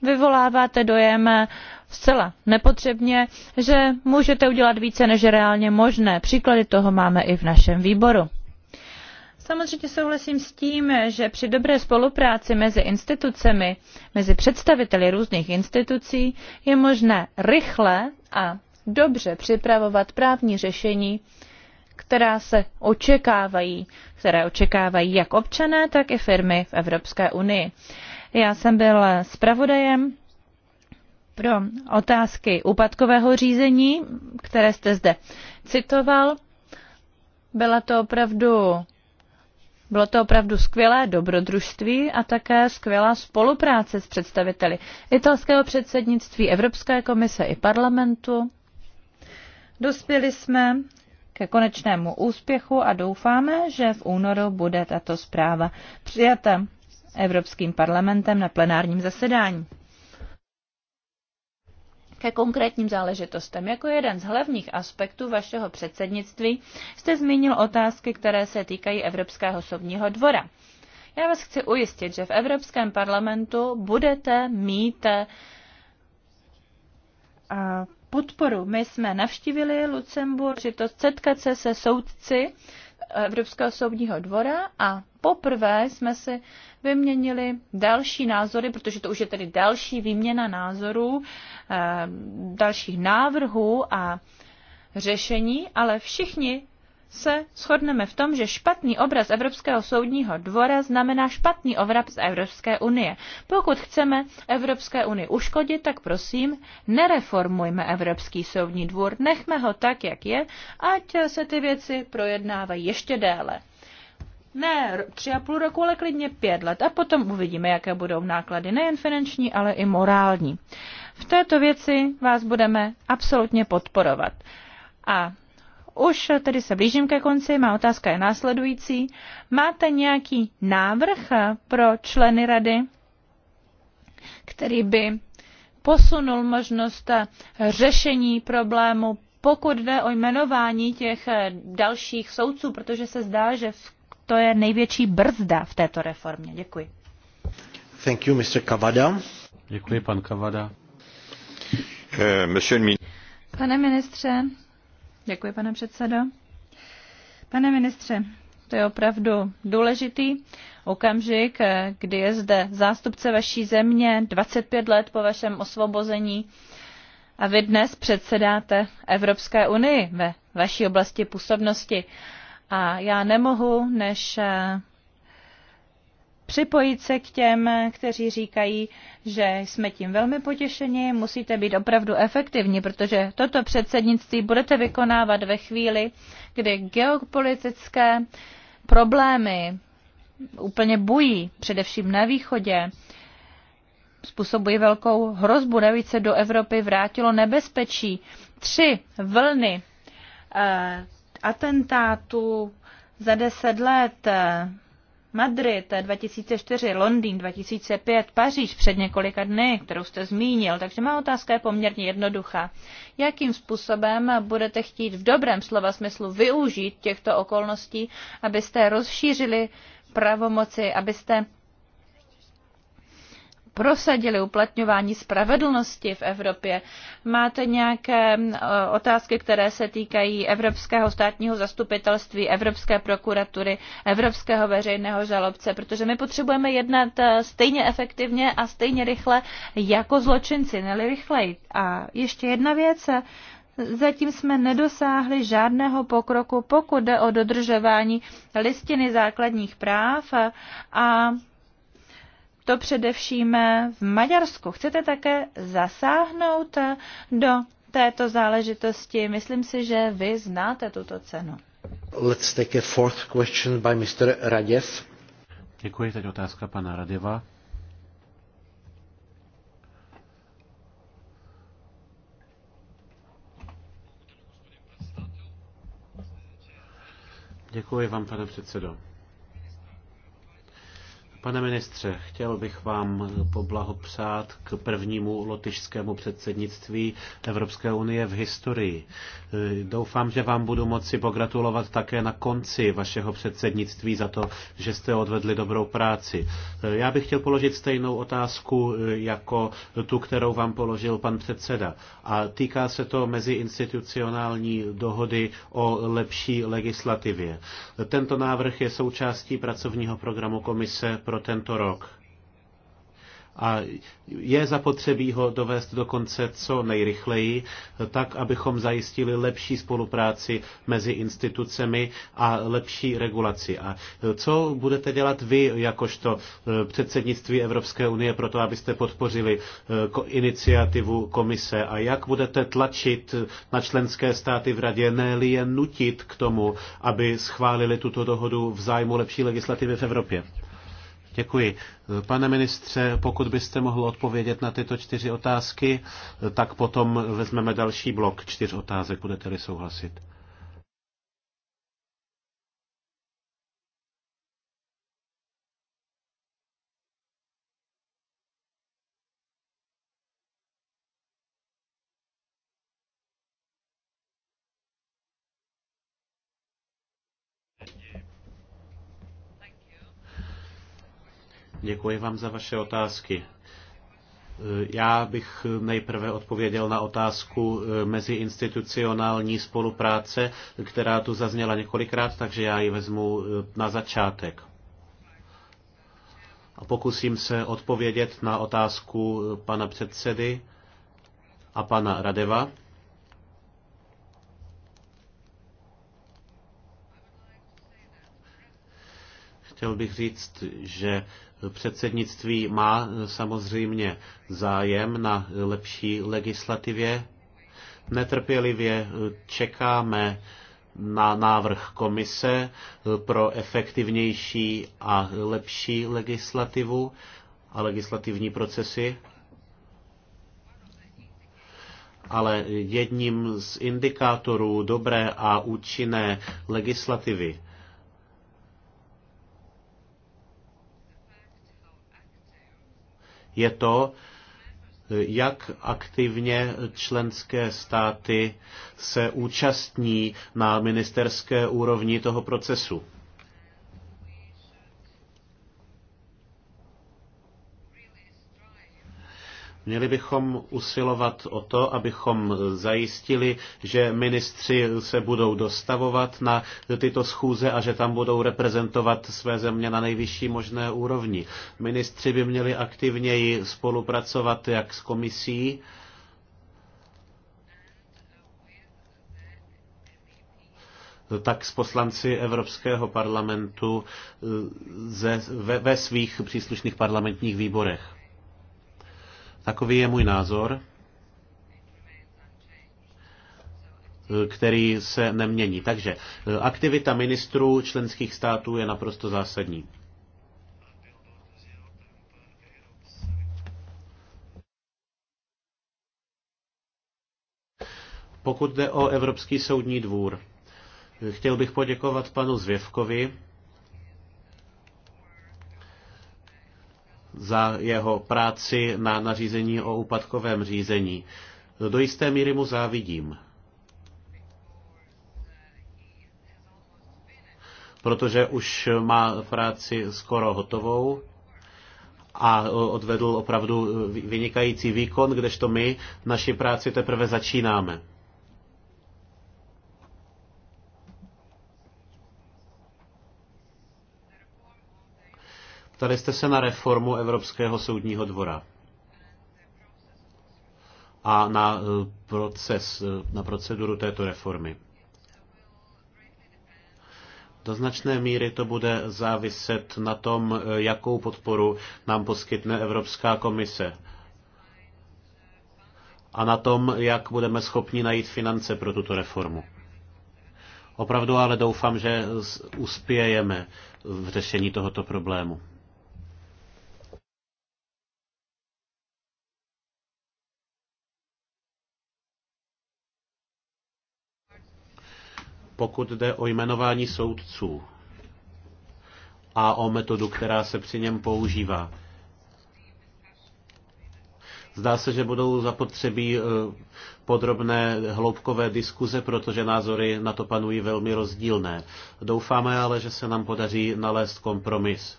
vyvoláváte dojem eh, zcela nepotřebně, že můžete udělat více, než je reálně možné. Příklady toho máme i v našem výboru. Samozřejmě souhlasím s tím, že při dobré spolupráci mezi institucemi, mezi představiteli různých institucí, je možné rychle a dobře připravovat právní řešení, která se očekávají, které očekávají jak občané, tak i firmy v Evropské unii. Já jsem byl zpravodajem pro otázky úpadkového řízení, které jste zde citoval. Byla to opravdu, bylo to opravdu skvělé dobrodružství a také skvělá spolupráce s představiteli italského předsednictví, Evropské komise i parlamentu. Dospěli jsme ke konečnému úspěchu a doufáme, že v únoru bude tato zpráva přijata Evropským parlamentem na plenárním zasedání. Ke konkrétním záležitostem. Jako jeden z hlavních aspektů vašeho předsednictví jste zmínil otázky, které se týkají Evropského soudního dvora. Já vás chci ujistit, že v Evropském parlamentu budete mít eh, podporu. My jsme navštívili Lucemburg, že to setkat se se soudci eh, Evropského soudního dvora a poprvé jsme si vyměnili další názory, protože to už je tedy další výměna názorů, eh, dalších návrhů a řešení, ale všichni se shodneme v tom, že špatný obraz Evropského soudního dvora znamená špatný obraz Evropské unie. Pokud chceme Evropské unii uškodit, tak prosím, nereformujme Evropský soudní dvůr, nechme ho tak, jak je, ať se ty věci projednávají ještě déle. Ne tři a půl roku, ale klidně pět let. A potom uvidíme, jaké budou náklady, nejen finanční, ale i morální. V této věci vás budeme absolutně podporovat. A už tedy se blížím ke konci, má otázka je následující. Máte nějaký návrh pro členy rady, který by posunul možnost řešení problému, pokud jde o jmenování těch dalších soudců, protože se zdá, že to je největší brzda v této reformě. Děkuji. Thank you, Mr. Kavada. Děkuji, pan Kavada. Eh, Pane ministře, Děkuji, pane předsedo. Pane ministře, to je opravdu důležitý okamžik, kdy je zde zástupce vaší země 25 let po vašem osvobození a vy dnes předsedáte Evropské unii ve vaší oblasti působnosti. A já nemohu než připojit se k těm, kteří říkají, že jsme tím velmi potěšeni, musíte být opravdu efektivní, protože toto předsednictví budete vykonávat ve chvíli, kdy geopolitické problémy úplně bují, především na východě, způsobují velkou hrozbu. Navíc se do Evropy vrátilo nebezpečí. Tři vlny eh, atentátů za deset let eh, Madrid 2004, Londýn 2005, Paříž před několika dny, kterou jste zmínil, takže má otázka je poměrně jednoduchá. Jakým způsobem budete chtít v dobrém slova smyslu využít těchto okolností, abyste rozšířili pravomoci, abyste prosadili uplatňování spravedlnosti v Evropě. Máte nějaké otázky, které se týkají Evropského státního zastupitelství, Evropské prokuratury, Evropského veřejného žalobce, protože my potřebujeme jednat e, stejně efektivně a stejně rychle jako zločinci, neli rychleji. A ještě jedna věc, Zatím jsme nedosáhli žádného pokroku, pokud jde o dodržování listiny základních práv a to především v Maďarsku. Chcete také zasáhnout do této záležitosti? Myslím si, že vy znáte tuto cenu. Let's take a fourth question by Mr. Raděv. Děkuji, teď otázka pana Raděva. Děkuji vám, pane předsedo. Pane ministře, chtěl bych vám poblahopřát k prvnímu lotyšskému předsednictví Evropské unie v historii. Doufám, že vám budu moci pogratulovat také na konci vašeho předsednictví za to, že jste odvedli dobrou práci. Já bych chtěl položit stejnou otázku jako tu, kterou vám položil pan předseda. A týká se to meziinstitucionální dohody o lepší legislativě. Tento návrh je součástí pracovního programu Komise pro tento rok. A je zapotřebí ho dovést do konce co nejrychleji, tak abychom zajistili lepší spolupráci mezi institucemi a lepší regulaci. A co budete dělat vy jakožto e, předsednictví Evropské unie pro to, abyste podpořili e, iniciativu komise a jak budete tlačit na členské státy v radě, ne je nutit k tomu, aby schválili tuto dohodu v zájmu lepší legislativy v Evropě? Děkuji. Pane ministře, pokud byste mohl odpovědět na tyto čtyři otázky, tak potom vezmeme další blok čtyř otázek, budete-li souhlasit. Děkuji vám za vaše otázky. Já bych nejprve odpověděl na otázku eh, meziinstitucionální spolupráce, která tu zazněla několikrát, takže já ji vezmu eh, na začátek. A pokusím se odpovědět na otázku eh, pana předsedy a pana Radeva. Chtěl bych říct, že Předsednictví má e, samozřejmě zájem na lepší legislativě. Netrpělivě e, čekáme na návrh komise e, pro efektivnější a lepší legislativu a legislativní procesy. Ale jedním z indikátorů dobré a účinné legislativy je to, jak aktivně členské státy se účastní na ministerské úrovni toho procesu. Měli bychom usilovat o to, abychom zajistili, že ministři se budou dostavovat na tyto schůze a že tam budou reprezentovat své země na nejvyšší možné úrovni. Ministři by měli aktivněji spolupracovat jak s komisí, tak s poslanci Evropského parlamentu eh, ze, ve, ve svých příslušných parlamentních výborech. Takový je můj názor, který se nemění. Takže eh, aktivita ministrů členských států je naprosto zásadní. Pokud jde o Evropský soudní dvůr, chtěl bych poděkovat panu Zvěvkovi, za jeho práci na nařízení o úpadkovém řízení. Do jisté míry mu závidím. protože už má práci skoro hotovou a odvedl opravdu vynikající výkon, kdežto my naši práci teprve začínáme. Ptali jste se na reformu Evropského soudního dvora a na eh, proces, eh, na proceduru této reformy. Do značné míry to bude záviset na tom, eh, jakou podporu nám poskytne Evropská komise a na tom, jak budeme schopni najít finance pro tuto reformu. Opravdu ale doufám, že uspějeme v řešení tohoto problému. pokud jde o jmenování soudců a o metodu, která se při něm používá. Zdá se, že budou zapotřebí eh, podrobné hloubkové diskuze, protože názory na to panují velmi rozdílné. Doufáme ale, že se nám podaří nalézt kompromis.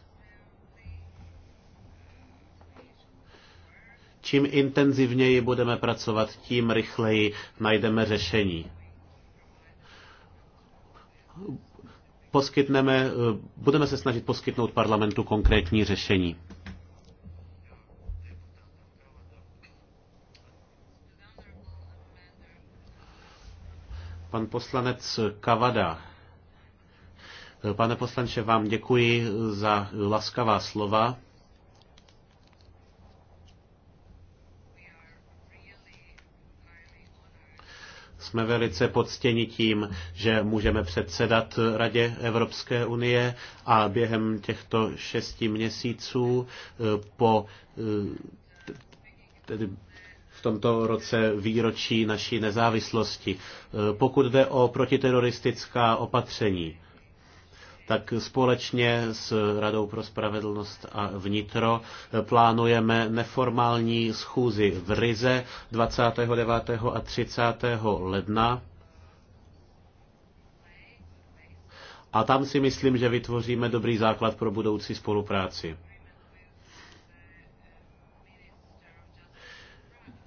Čím intenzivněji budeme pracovat, tím rychleji najdeme řešení poskytneme, eh, budeme se snažit poskytnout parlamentu konkrétní řešení. Pan poslanec Kavada. Eh, pane poslanče, vám děkuji za laskavá slova. Jsme velice poctěni tím, že můžeme předsedat Radě Evropské unie a během těchto šesti měsíců eh, po eh, tedy v tomto roce výročí naší nezávislosti. Eh, pokud jde o protiteroristická opatření, tak společně s Radou pro spravedlnost a vnitro plánujeme neformální schůzi v Rize 29. a 30. ledna. A tam si myslím, že vytvoříme dobrý základ pro budoucí spolupráci.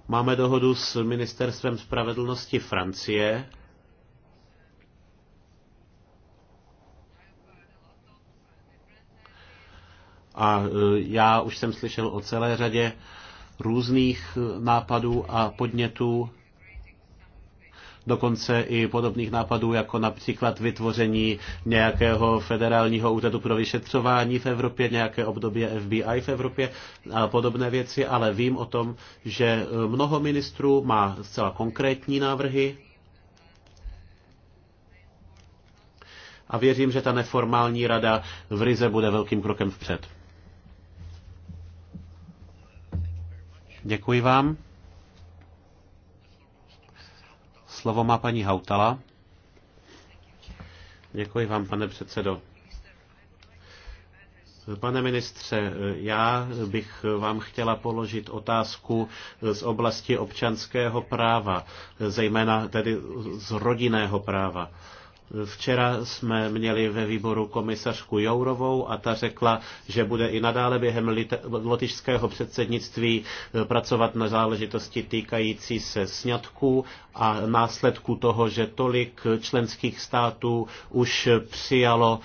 Máme dohodu s Ministerstvem spravedlnosti Francie, A e, já už jsem slyšel o celé řadě různých e, nápadů a podnětů, dokonce i podobných nápadů, jako například vytvoření nějakého federálního úřadu pro vyšetřování v Evropě, nějaké období FBI v Evropě a podobné věci, ale vím o tom, že e, mnoho ministrů má zcela konkrétní návrhy a věřím, že ta neformální rada v Rize bude velkým krokem vpřed. Děkuji vám. Slovo má paní Hautala. Děkuji vám, pane předsedo. Pane ministře, já bych vám chtěla položit otázku z oblasti občanského práva, zejména tedy z rodinného práva. Včera jsme měli ve výboru komisařku Jourovou a ta řekla, že bude i nadále během lotyšského předsednictví e, pracovat na záležitosti týkající se sňatků a následku toho, že tolik členských států už přijalo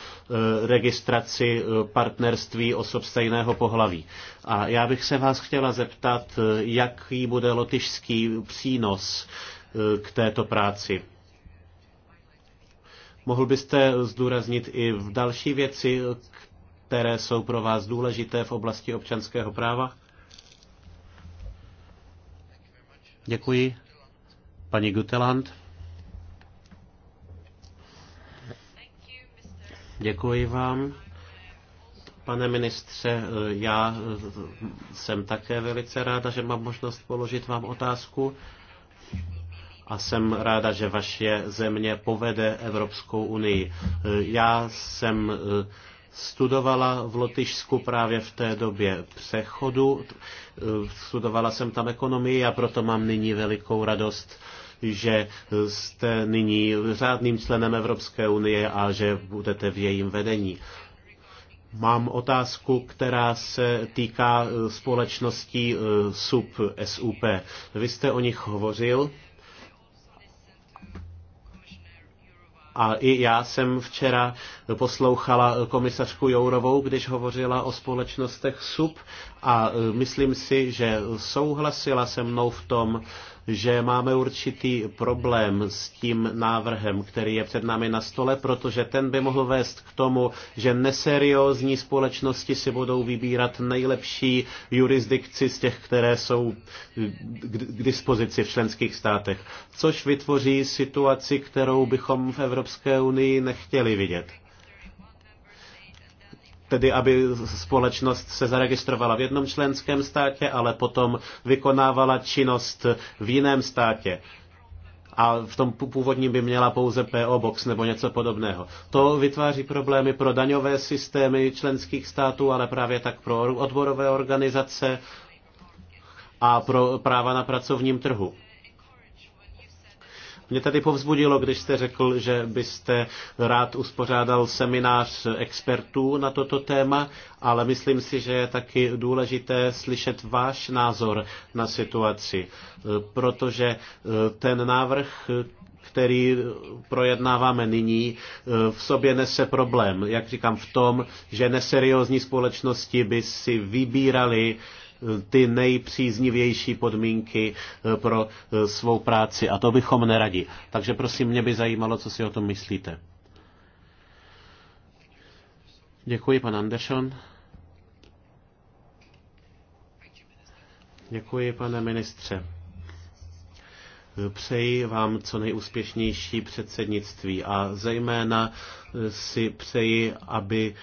e, registraci e, partnerství osob stejného pohlaví. A já bych se vás chtěla zeptat, jaký bude lotyšský přínos k této práci. Mohl byste zdůraznit i v další věci, které jsou pro vás důležité v oblasti občanského práva? Děkuji. Paní Guteland. Děkuji vám. Pane ministře, já jsem také velice ráda, že mám možnost položit vám otázku a jsem ráda, že vaše země povede Evropskou unii. Já jsem e, studovala v Lotyšsku právě v té době přechodu, e, studovala jsem tam ekonomii a proto mám nyní velikou radost, že jste nyní řádným členem Evropské unie a že budete v jejím vedení. Mám otázku, která se týká e, společností SUP. SUP. Vy jste o nich hovořil. A i já jsem včera poslouchala komisařku Jourovou, když hovořila o společnostech SUP a e, myslím si, že souhlasila se mnou v tom, že máme určitý problém s tím návrhem, který je před námi na stole, protože ten by mohl vést k tomu, že neseriózní společnosti si budou vybírat nejlepší jurisdikci z těch, které jsou k dispozici v členských státech, což vytvoří situaci, kterou bychom v Evropské unii nechtěli vidět tedy aby společnost se zaregistrovala v jednom členském státě, ale potom vykonávala činnost v jiném státě a v tom původním by měla pouze PO Box nebo něco podobného. To vytváří problémy pro daňové systémy členských států, ale právě tak pro odborové organizace a pro práva na pracovním trhu. Mě tady povzbudilo, když jste řekl, že byste rád uspořádal seminář expertů na toto téma, ale myslím si, že je taky důležité slyšet váš názor na situaci, protože e, ten návrh, který projednáváme nyní, e, v sobě nese problém, jak říkám, v tom, že neseriózní společnosti by si vybírali ty nejpříznivější podmínky eh, pro eh, svou práci a to bychom neradi. Takže prosím, mě by zajímalo, co si o tom myslíte. Děkuji, pan Anderson. Děkuji, pane ministře. Přeji vám co nejúspěšnější předsednictví a zejména eh, si přeji, aby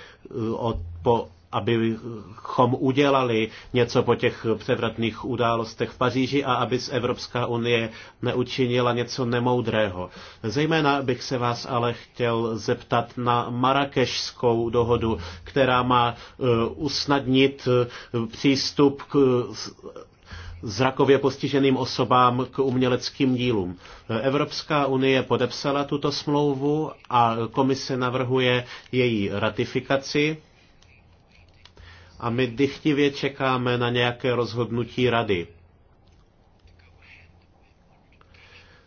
od, po abychom udělali něco po těch převratných událostech v Paříži a aby z Evropská unie neučinila něco nemoudrého. Zejména bych se vás ale chtěl zeptat na marakešskou dohodu, která má e, usnadnit e, přístup k zrakově postiženým osobám k uměleckým dílům. Evropská unie podepsala tuto smlouvu a komise navrhuje její ratifikaci a my dychtivě čekáme na nějaké rozhodnutí rady,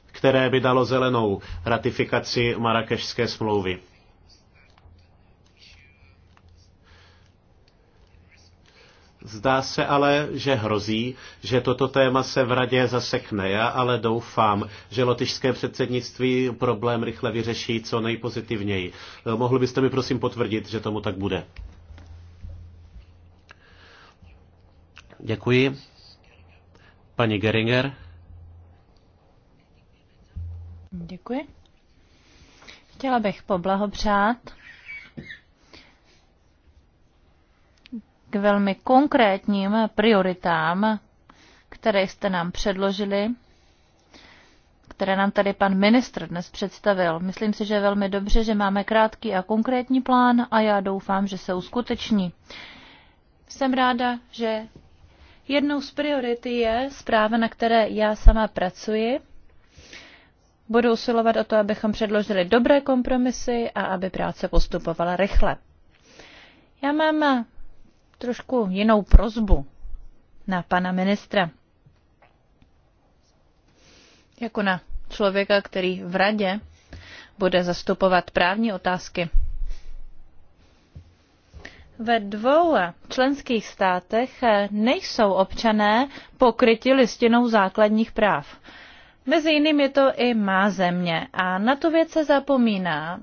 které by dalo zelenou ratifikaci Marrakešské smlouvy. Zdá se ale, že hrozí, že toto téma se v radě zasekne. Já ale doufám, že lotyšské předsednictví problém rychle vyřeší co nejpozitivněji. Mohl byste mi prosím potvrdit, že tomu tak bude? Děkuji. Paní Geringer. Děkuji. Chtěla bych poblahopřát k velmi konkrétním prioritám, které jste nám předložili, které nám tady pan ministr dnes představil. Myslím si, že je velmi dobře, že máme krátký a konkrétní plán a já doufám, že se uskuteční. Jsem ráda, že Jednou z priorit je zpráva, na které já sama pracuji. Budu usilovat o to, abychom předložili dobré kompromisy a aby práce postupovala rychle. Já mám trošku jinou prozbu na pana ministra. Jako na člověka, který v radě bude zastupovat právní otázky ve dvou členských státech nejsou občané pokryti listinou základních práv. Mezi jiným je to i má země a na tu věc se zapomíná.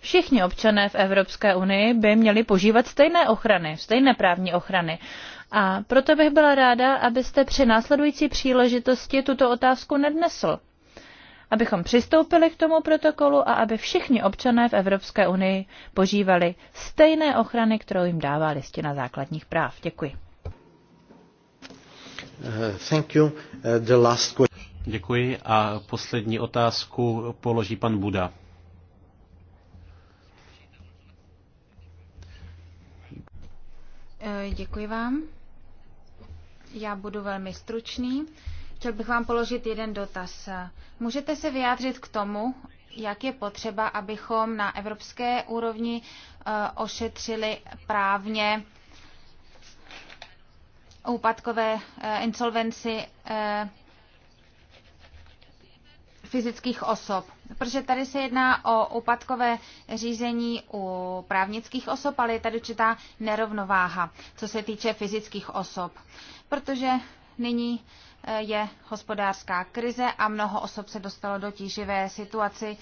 Všichni občané v Evropské unii by měli požívat stejné ochrany, stejné právní ochrany. A proto bych byla ráda, abyste při následující příležitosti tuto otázku nednesl abychom přistoupili k tomu protokolu a aby všichni občané v Evropské unii požívali stejné ochrany, kterou jim dává listina základních práv. Děkuji. Eh, thank you. Eh, the last Děkuji a poslední otázku položí pan Buda. Eh, děkuji vám. Já budu velmi stručný. Chtěl bych vám položit jeden dotaz. Můžete se vyjádřit k tomu, jak je potřeba, abychom na evropské úrovni e, ošetřili právně úpadkové e, insolvenci e, fyzických osob. Protože tady se jedná o úpadkové řízení u právnických osob, ale je tady určitá nerovnováha, co se týče fyzických osob. Protože nyní je hospodářská krize a mnoho osob se dostalo do tíživé situaci.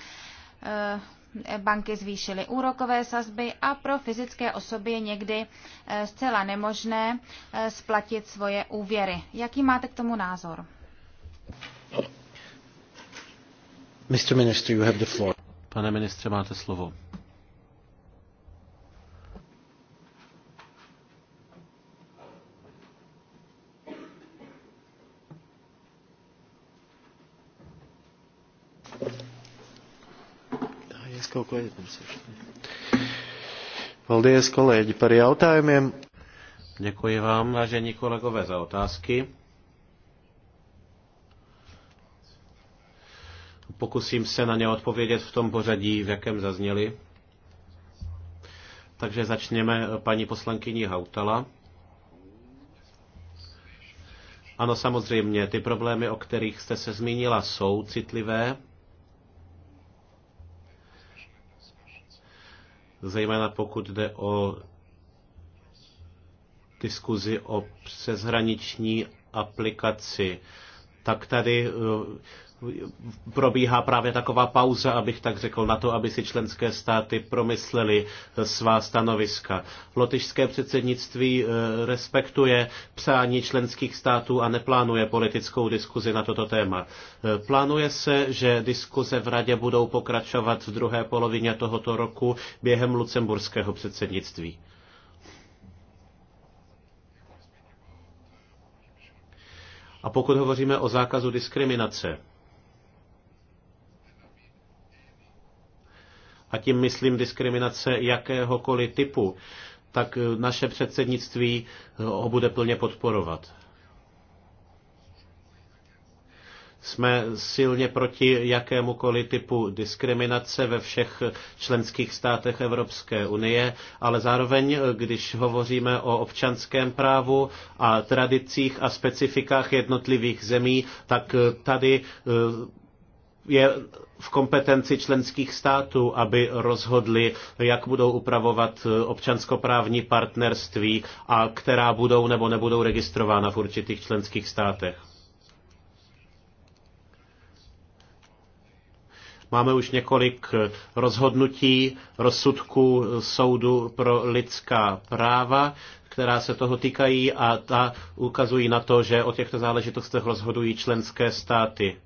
Eh, banky zvýšily úrokové sazby a pro fyzické osoby je někdy eh, zcela nemožné eh, splatit svoje úvěry. Jaký máte k tomu názor? Mr. Minister, you have the floor. Pane ministře, máte slovo. kaut ko aizmirsīšu. Paldies, kolēģi, par jautājumiem. Děkuji vám, vážení kolegové, za otázky. Pokusím se na ně odpovědět v tom pořadí, v jakém zazněly. Takže začněme paní poslankyní Hautala. Ano, samozřejmě, ty problémy, o kterých jste se zmínila, jsou citlivé. zejména pokud jde o diskuzi o přeshraniční aplikaci, tak tady probíhá právě taková pauza, abych tak řekl, na to, aby si členské státy promysleli svá stanoviska. Lotyšské předsednictví eh, respektuje přání členských států a neplánuje politickou diskuzi na toto téma. Eh, plánuje se, že diskuze v Radě budou pokračovat v druhé polovině tohoto roku během lucemburského předsednictví. A pokud hovoříme o zákazu diskriminace, a tím myslím diskriminace jakéhokoliv typu, tak naše předsednictví ho bude plně podporovat. jsme silně proti jakémukoliv typu diskriminace ve všech členských státech Evropské unie, ale zároveň, když hovoříme o občanském právu a tradicích a specifikách jednotlivých zemí, tak tady eh, je v kompetenci členských států, aby rozhodli, jak budou upravovat eh, občanskoprávní partnerství a která budou nebo nebudou registrována v určitých členských státech. Máme už několik eh, rozhodnutí, rozsudků eh, soudu pro lidská práva, která se toho týkají a ta ukazují na to, že o těchto záležitostech rozhodují členské státy.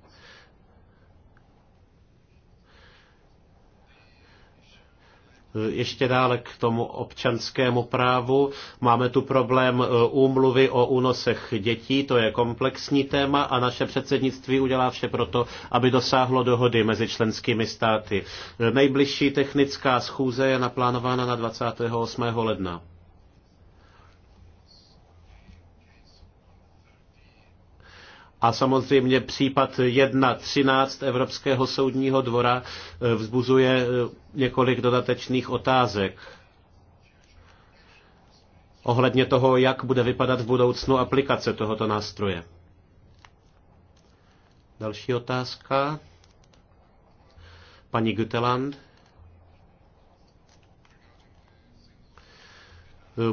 Eh, ještě dále k tomu občanskému právu. Máme tu problém eh, úmluvy o únosech dětí, to je komplexní téma a naše předsednictví udělá vše proto, aby dosáhlo dohody mezi členskými státy. Eh, nejbližší technická schůze je naplánována na 28. ledna. A samozřejmě případ 1.13 Evropského soudního dvora e, vzbuzuje e, několik dodatečných otázek ohledně toho, jak bude vypadat v budoucnu aplikace tohoto nástroje. Další otázka. Paní Guteland. E,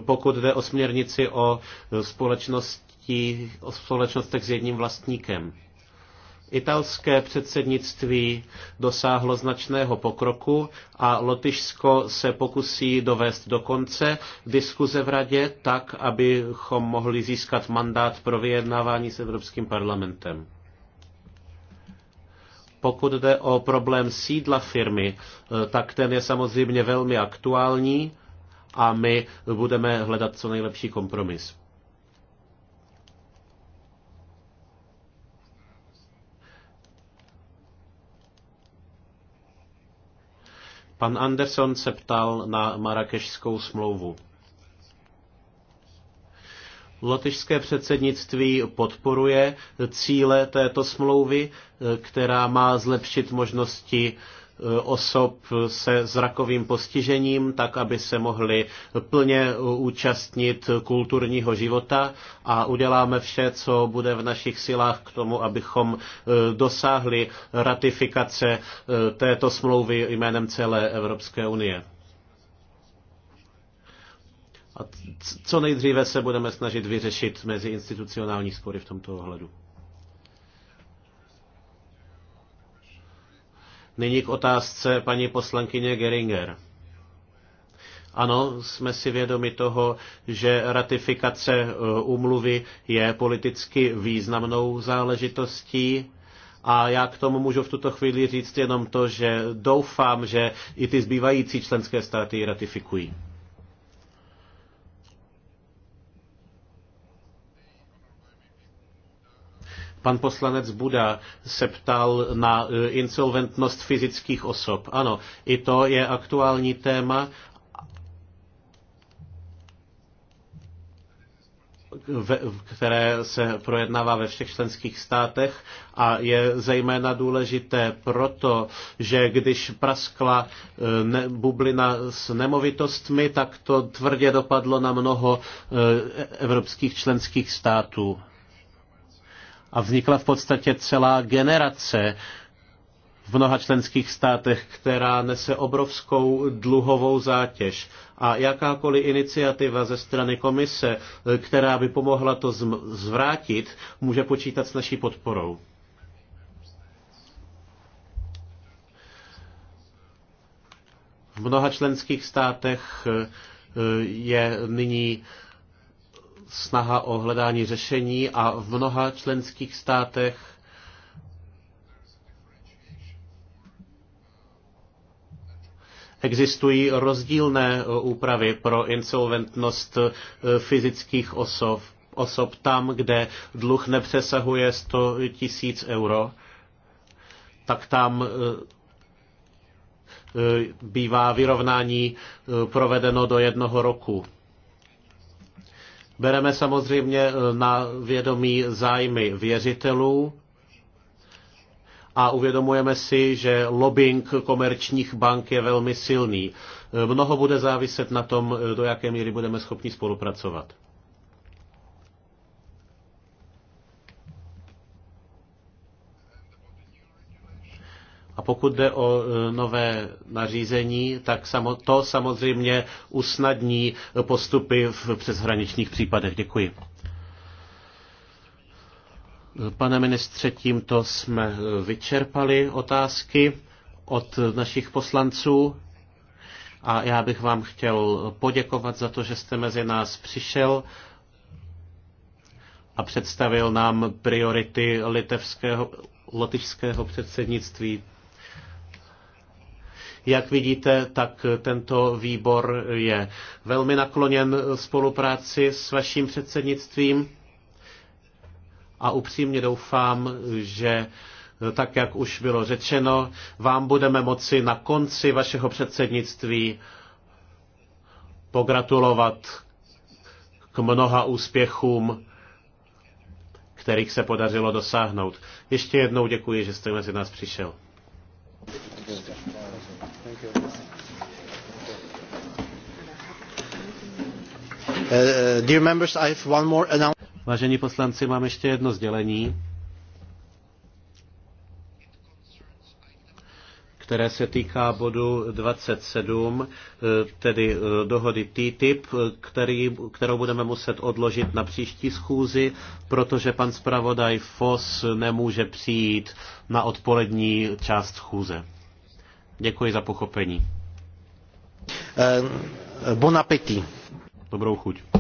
pokud jde o směrnici o společnosti, o společnostech s jedním vlastníkem. Italské předsednictví dosáhlo značného pokroku a Lotyšsko se pokusí dovést do konce diskuze v radě tak, abychom mohli získat mandát pro vyjednávání s Evropským parlamentem. Pokud jde o problém sídla firmy, tak ten je samozřejmě velmi aktuální a my budeme hledat co nejlepší kompromis. Pan Anderson se ptal na marakešskou smlouvu. Lotyšské předsednictví podporuje cíle této smlouvy, eh, která má zlepšit možnosti Eh, osob se zrakovým postižením, tak aby se mohli plně eh, účastnit kulturního života a uděláme vše, co bude v našich silách k tomu, abychom eh, dosáhli ratifikace této smlouvy jménem celé Evropské unie. A co nejdříve se budeme snažit vyřešit mezi institucionální spory v tomto ohledu. Nyní k otázce paní poslankyně Geringer. Ano, jsme si vědomi toho, že ratifikace e, úmluvy je politicky významnou záležitostí. A já k tomu můžu v tuto chvíli říct jenom to, že doufám, že i ty zbývající členské státy ji ratifikují. Pan poslanec Buda se ptal na eh, insolventnost fyzických osob. Ano, i to je aktuální téma které se projednává ve všech členských státech a je zejména důležité proto, že když praskla eh, ne, bublina s nemovitostmi, tak to tvrdě dopadlo na mnoho eh, evropských členských států a vznikla v podstatě celá generace v mnoha členských státech, která nese obrovskou dluhovou zátěž. A jakákoliv iniciativa ze strany komise, která by pomohla to zvrátit, může počítat s naší podporou. V mnoha členských státech eh, je nyní snaha o hledání řešení a v mnoha členských státech existují rozdílné eh, úpravy pro insolventnost eh, fyzických osob, osob tam, kde dluh nepřesahuje 100 tisíc euro, tak tam eh, bývá vyrovnání provedeno do jednoho roku. Bereme samozřejmě eh, na vědomí zájmy věřitelů a uvědomujeme si, že lobbying komerčních bank je velmi silný. Eh, Mnoho bude záviset na tom, eh, do jaké míry budeme schopni spolupracovat. pokud jde o e, nové nařízení, tak to samozřejmě usnadní postupy v přeshraničních případech. Děkuji. Pane ministře, tímto jsme e, vyčerpali otázky od našich poslanců a já bych vám chtěl poděkovat za to, že jste mezi nás přišel a představil nám priority litevského, lotyšského předsednictví jak vidíte, tak tento výbor je velmi nakloněn spolupráci s vaším předsednictvím a upřímně doufám, že tak, jak už bylo řečeno, vám budeme moci na konci vašeho předsednictví pogratulovat k mnoha úspěchům, kterých se podařilo dosáhnout. Ještě jednou děkuji, že jste mezi nás přišel. Uh, uh, Vážení poslanci, mám ještě jedno sdělení. které se týká bodu 27, eh, tedy eh, dohody TTIP, eh, který, kterou budeme muset odložit na příští schůzi, protože pan zpravodaj FOS nemůže přijít na odpolední část schůze. Děkuji za pochopení. Bon appétit. Dobrou chuť.